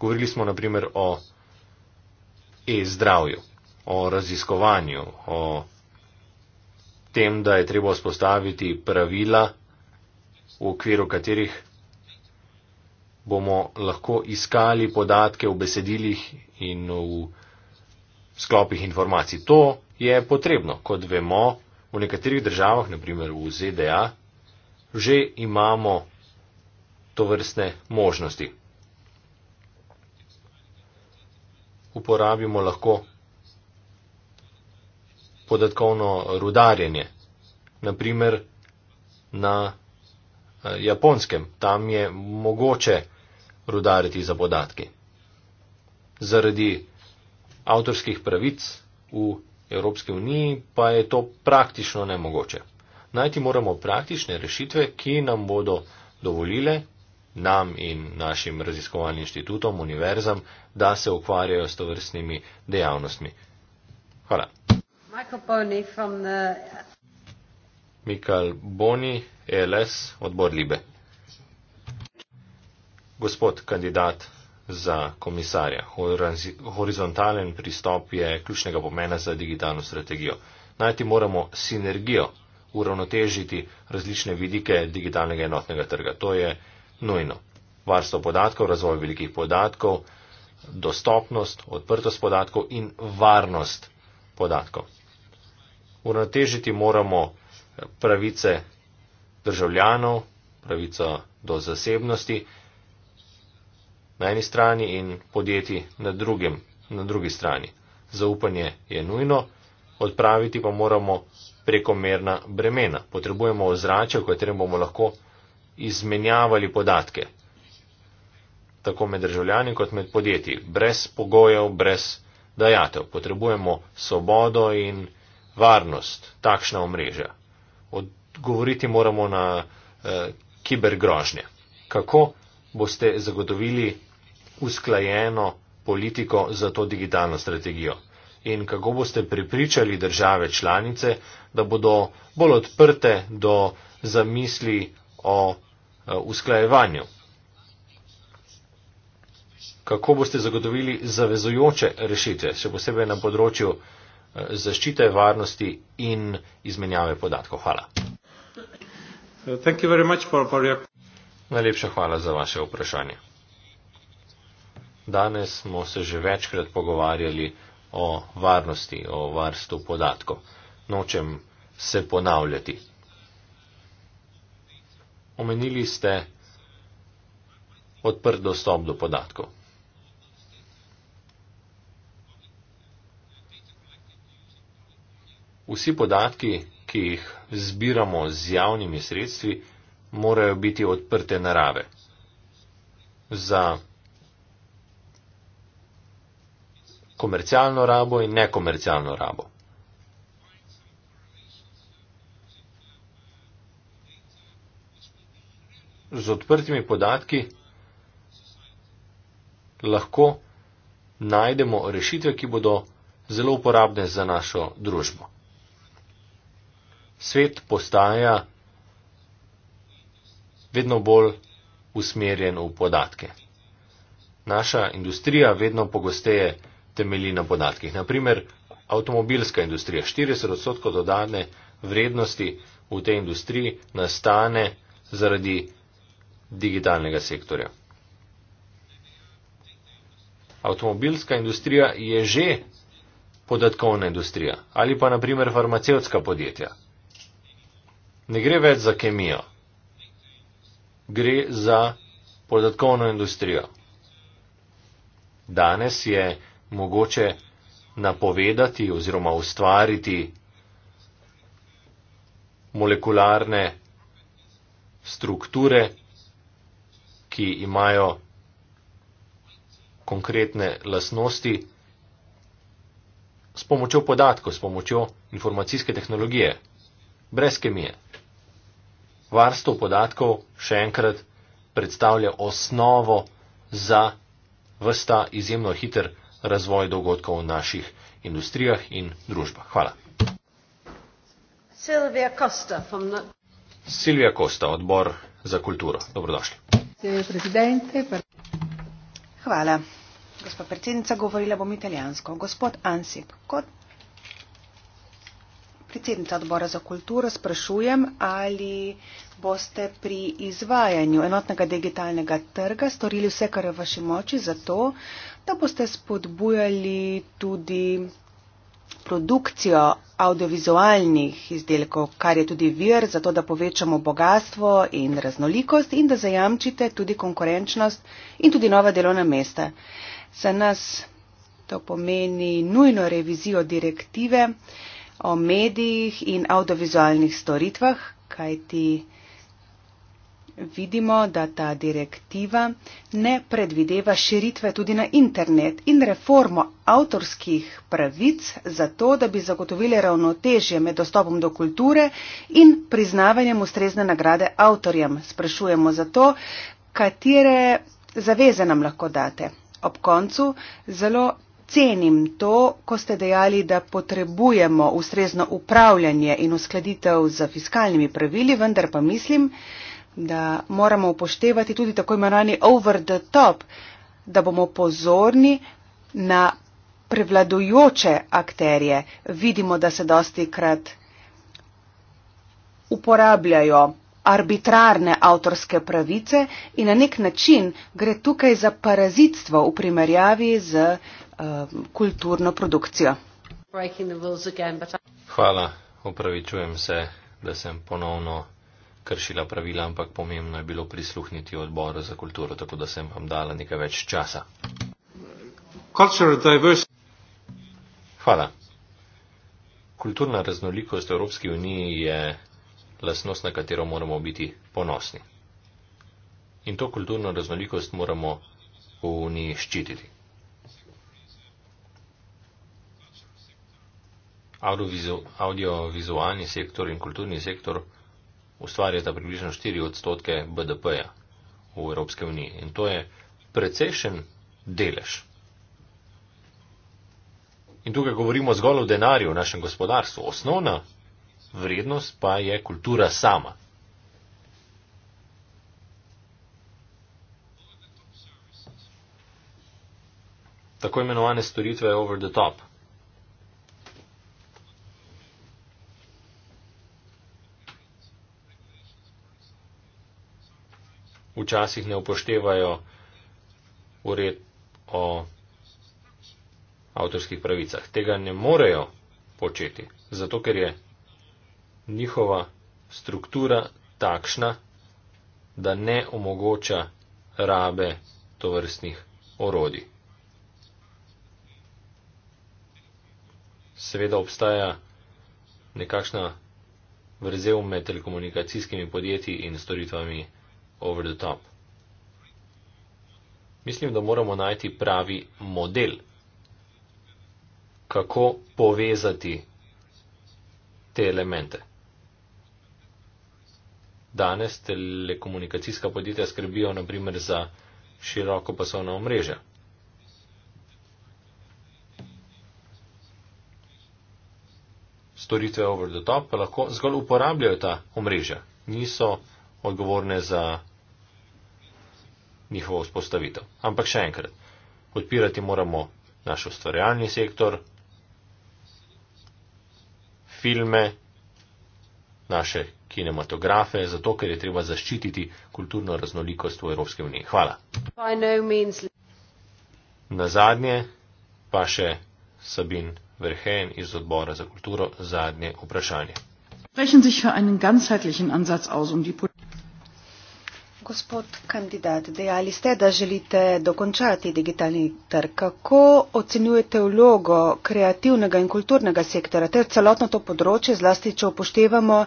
Govorili smo naprimer o e-zdravju, o raziskovanju, o tem, da je treba vzpostaviti pravila, v okviru katerih bomo lahko iskali podatke v besedilih in v sklopih informacij. To je potrebno, kot vemo, v nekaterih državah, naprimer v ZDA, že imamo to vrstne možnosti. uporabimo lahko podatkovno rudarjenje. Naprimer na eh, japonskem, tam je mogoče rudariti za podatke. Zaradi avtorskih pravic v Evropski uniji pa je to praktično nemogoče. Najti moramo praktične rešitve, ki nam bodo dovolile nam in našim raziskovalnim inštitutom, univerzam, da se ukvarjajo s to vrstnimi dejavnostmi. Hvala. Mikal Boni, LS, odbor Libe. Gospod kandidat za komisarja, horizontalen pristop je ključnega pomena za digitalno strategijo. Najti moramo sinergijo, uravnotežiti različne vidike digitalnega enotnega trga. To je nujno. Varstvo podatkov, razvoj velikih podatkov, dostopnost, odprtost podatkov in varnost podatkov. Uravnotežiti moramo pravice državljanov, pravico do zasebnosti na eni strani in podjetji na, drugem, na drugi strani. Zaupanje je nujno, odpraviti pa moramo prekomerna bremena. Potrebujemo ozračje, v katerem bomo lahko izmenjavali podatke, tako med državljani kot med podjetji, brez pogojev, brez dajatev. Potrebujemo svobodo in varnost, takšna omrežja. Odgovoriti moramo na eh, kibergrožnje. Kako boste zagotovili usklajeno politiko za to digitalno strategijo? In kako boste pripričali države članice, da bodo bolj odprte do zamisli o Eh, usklajevanju. Kako boste zagotovili zavezujoče rešitve, še posebej na področju eh, zaščite varnosti in izmenjave podatkov? Hvala. Najlepša hvala za vaše vprašanje. Danes smo se že večkrat pogovarjali o varnosti, o varstvu podatkov. Nočem se ponavljati omenili ste odprt dostop do podatkov. Vsi podatki, ki jih zbiramo z javnimi sredstvi, morajo biti odprte narave. Za komercialno rabo in nekomercialno rabo. z odprtimi podatki lahko najdemo rešitve, ki bodo zelo uporabne za našo družbo. Svet postaja vedno bolj usmerjen v podatke. Naša industrija vedno pogosteje temelji na podatkih. Naprimer, avtomobilska industrija. 40 odstotkov dodane vrednosti v tej industriji nastane zaradi digitalnega sektorja. Avtomobilska industrija je že podatkovna industrija ali pa naprimer farmacevtska podjetja. Ne gre več za kemijo, gre za podatkovno industrijo. Danes je mogoče napovedati oziroma ustvariti molekularne strukture, ki imajo konkretne lasnosti s pomočjo podatkov, s pomočjo informacijske tehnologije, brez kemije. Varstvo podatkov še enkrat predstavlja osnovo za vsta izjemno hiter razvoj dogodkov v naših industrijah in družbah. Hvala. Silvija Kosta, the... odbor za kulturo. Dobrodošli. Hvala. Gospod predsednica, govorila bom italijansko. Gospod Ansip, kot predsednica odbora za kulturo sprašujem, ali boste pri izvajanju enotnega digitalnega trga storili vse, kar je v vaši moči, zato, da boste spodbujali tudi produkcijo audiovizualnih izdelkov, kar je tudi vir za to, da povečamo bogatstvo in raznolikost in da zajamčite tudi konkurenčnost in tudi nova delovna mesta. Za nas to pomeni nujno revizijo direktive o medijih in audiovizualnih storitvah, kajti vidimo, da ta direktiva ne predvideva širitve tudi na internet in reformo avtorskih pravic za to, da bi zagotovili ravnotežje med dostopom do kulture in priznavanjem ustrezne nagrade avtorjem. Sprašujemo zato, katere zaveze nam lahko date. Ob koncu zelo cenim to, ko ste dejali, da potrebujemo ustrezno upravljanje in uskladitev z fiskalnimi pravili, vendar pa mislim, da moramo upoštevati tudi tako imenovani over the top, da bomo pozorni na prevladujoče akterje. Vidimo, da se dosti krat uporabljajo arbitrarne avtorske pravice in na nek način gre tukaj za parazitstvo v primerjavi z uh, kulturno produkcijo. Hvala, upravičujem se, da sem ponovno kršila pravila, ampak pomembno je bilo prisluhniti odboru za kulturo, tako da sem vam dala nekaj več časa. Hvala. Kulturna raznolikost v Evropski uniji je lasnost, na katero moramo biti ponosni. In to kulturno raznolikost moramo v uniji ščititi. Audiovizualni sektor in kulturni sektor ustvarjata približno 4 odstotke BDP-ja v Evropske unije. In to je precejšen delež. In tukaj govorimo zgolj o denarju v našem gospodarstvu. Osnovna vrednost pa je kultura sama. Tako imenovane storitve over the top. včasih ne upoštevajo ured o avtorskih pravicah. Tega ne morejo početi, zato ker je njihova struktura takšna, da ne omogoča rabe tovrstnih orodij. Seveda obstaja nekakšna vrzel med telekomunikacijskimi podjetji in storitvami over the top. Mislim, da moramo najti pravi model, kako povezati te elemente. Danes telekomunikacijska podjetja skrbijo naprimer za široko pasovno omrežje. Storitve over the top pa lahko zgolj uporabljajo ta omrežja. Niso odgovorne za njihovo vzpostavitev. Ampak še enkrat, podpirati moramo naš ustvarjalni sektor, filme, naše kinematografe, zato ker je treba zaščititi kulturno raznolikost v Evropske unije. Hvala. No Na zadnje pa še Sabin Verheyen iz odbora za kulturo zadnje vprašanje. Gospod kandidat, dejali ste, da želite dokončati digitalni trg. Kako ocenjujete vlogo kreativnega in kulturnega sektora ter celotno to področje, zlasti če upoštevamo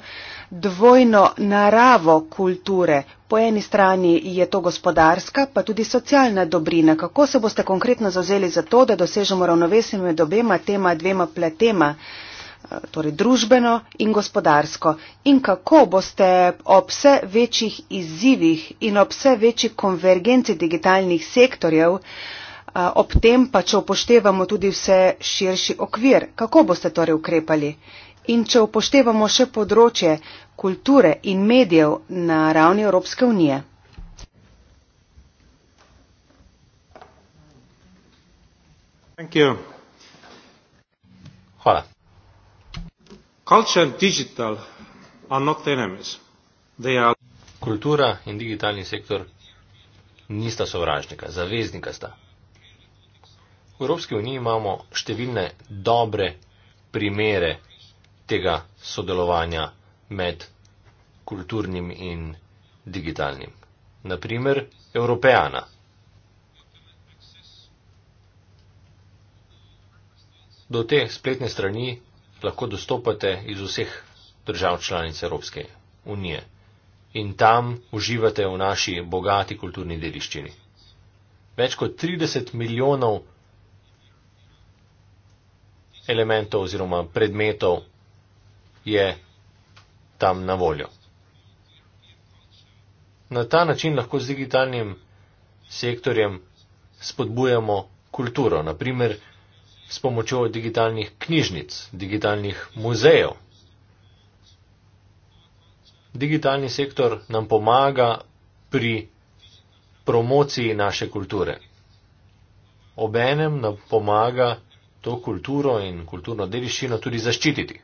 dvojno naravo kulture? Po eni strani je to gospodarska, pa tudi socialna dobrina. Kako se boste konkretno zauzeli za to, da dosežemo ravnovesje med obema tema dvema pletema? torej družbeno in gospodarsko. In kako boste ob vse večjih izzivih in ob vse večji konvergenci digitalnih sektorjev, ob tem pa, če upoštevamo tudi vse širši okvir, kako boste torej ukrepali? In če upoštevamo še področje kulture in medijev na ravni Evropske unije? Hvala. Culture and digital are not enemies. They are. Kultura in digitalni sektor nista sovražnika, zaveznika sta. V Evropski uniji imamo številne dobre primere tega sodelovanja med kulturnim in digitalnim. Naprimer, Evropejana. Do te spletne strani lahko dostopate iz vseh držav članic Evropske unije in tam uživate v naši bogati kulturni dediščini. Več kot 30 milijonov elementov oziroma predmetov je tam na voljo. Na ta način lahko z digitalnim sektorjem spodbujamo kulturo. Naprimer, s pomočjo digitalnih knjižnic, digitalnih muzejev. Digitalni sektor nam pomaga pri promociji naše kulture. Obenem nam pomaga to kulturo in kulturno dediščino tudi zaščititi.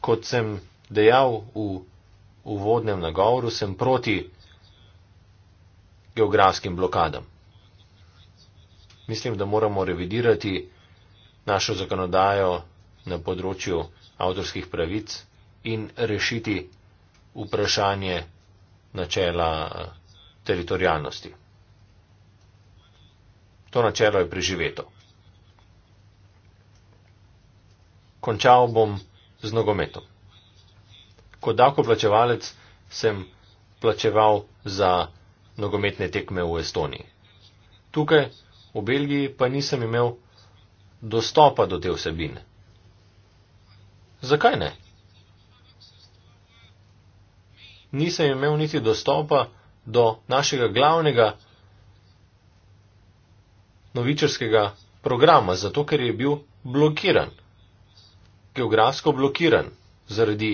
Kot sem dejal v uvodnem nagovoru, sem proti geografskim blokadam mislim, da moramo revidirati našo zakonodajo na področju avtorskih pravic in rešiti vprašanje načela eh, teritorijalnosti. To načelo je preživeto. Končal bom z nogometom. Kot davkoplačevalec sem plačeval za nogometne tekme v Estoniji. Tukaj v Belgiji pa nisem imel dostopa do te vsebine. Zakaj ne? Nisem imel niti dostopa do našega glavnega novičarskega programa, zato ker je bil blokiran, geografsko blokiran, zaradi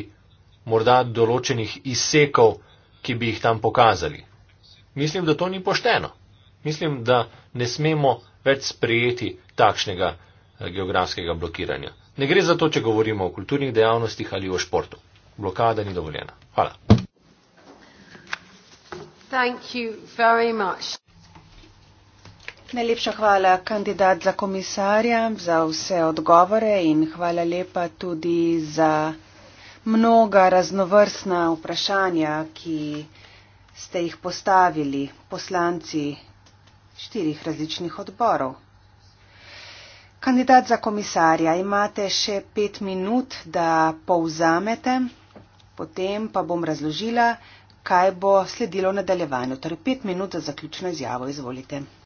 morda določenih izsekov, ki bi jih tam pokazali. Mislim, da to ni pošteno. Mislim, da ne smemo več sprejeti takšnega eh, geografskega blokiranja. Ne gre za to, če govorimo o kulturnih dejavnostih ali o športu. Blokada ni dovoljena. Hvala. Najlepša hvala, kandidat za komisarja, za vse odgovore in hvala lepa tudi za mnoga raznovrstna vprašanja, ki ste jih postavili poslanci štirih različnih odborov. Kandidat za komisarja, imate še pet minut, da povzamete, potem pa bom razložila, kaj bo sledilo v nadaljevanju. Torej pet minut za zaključno izjavo, izvolite.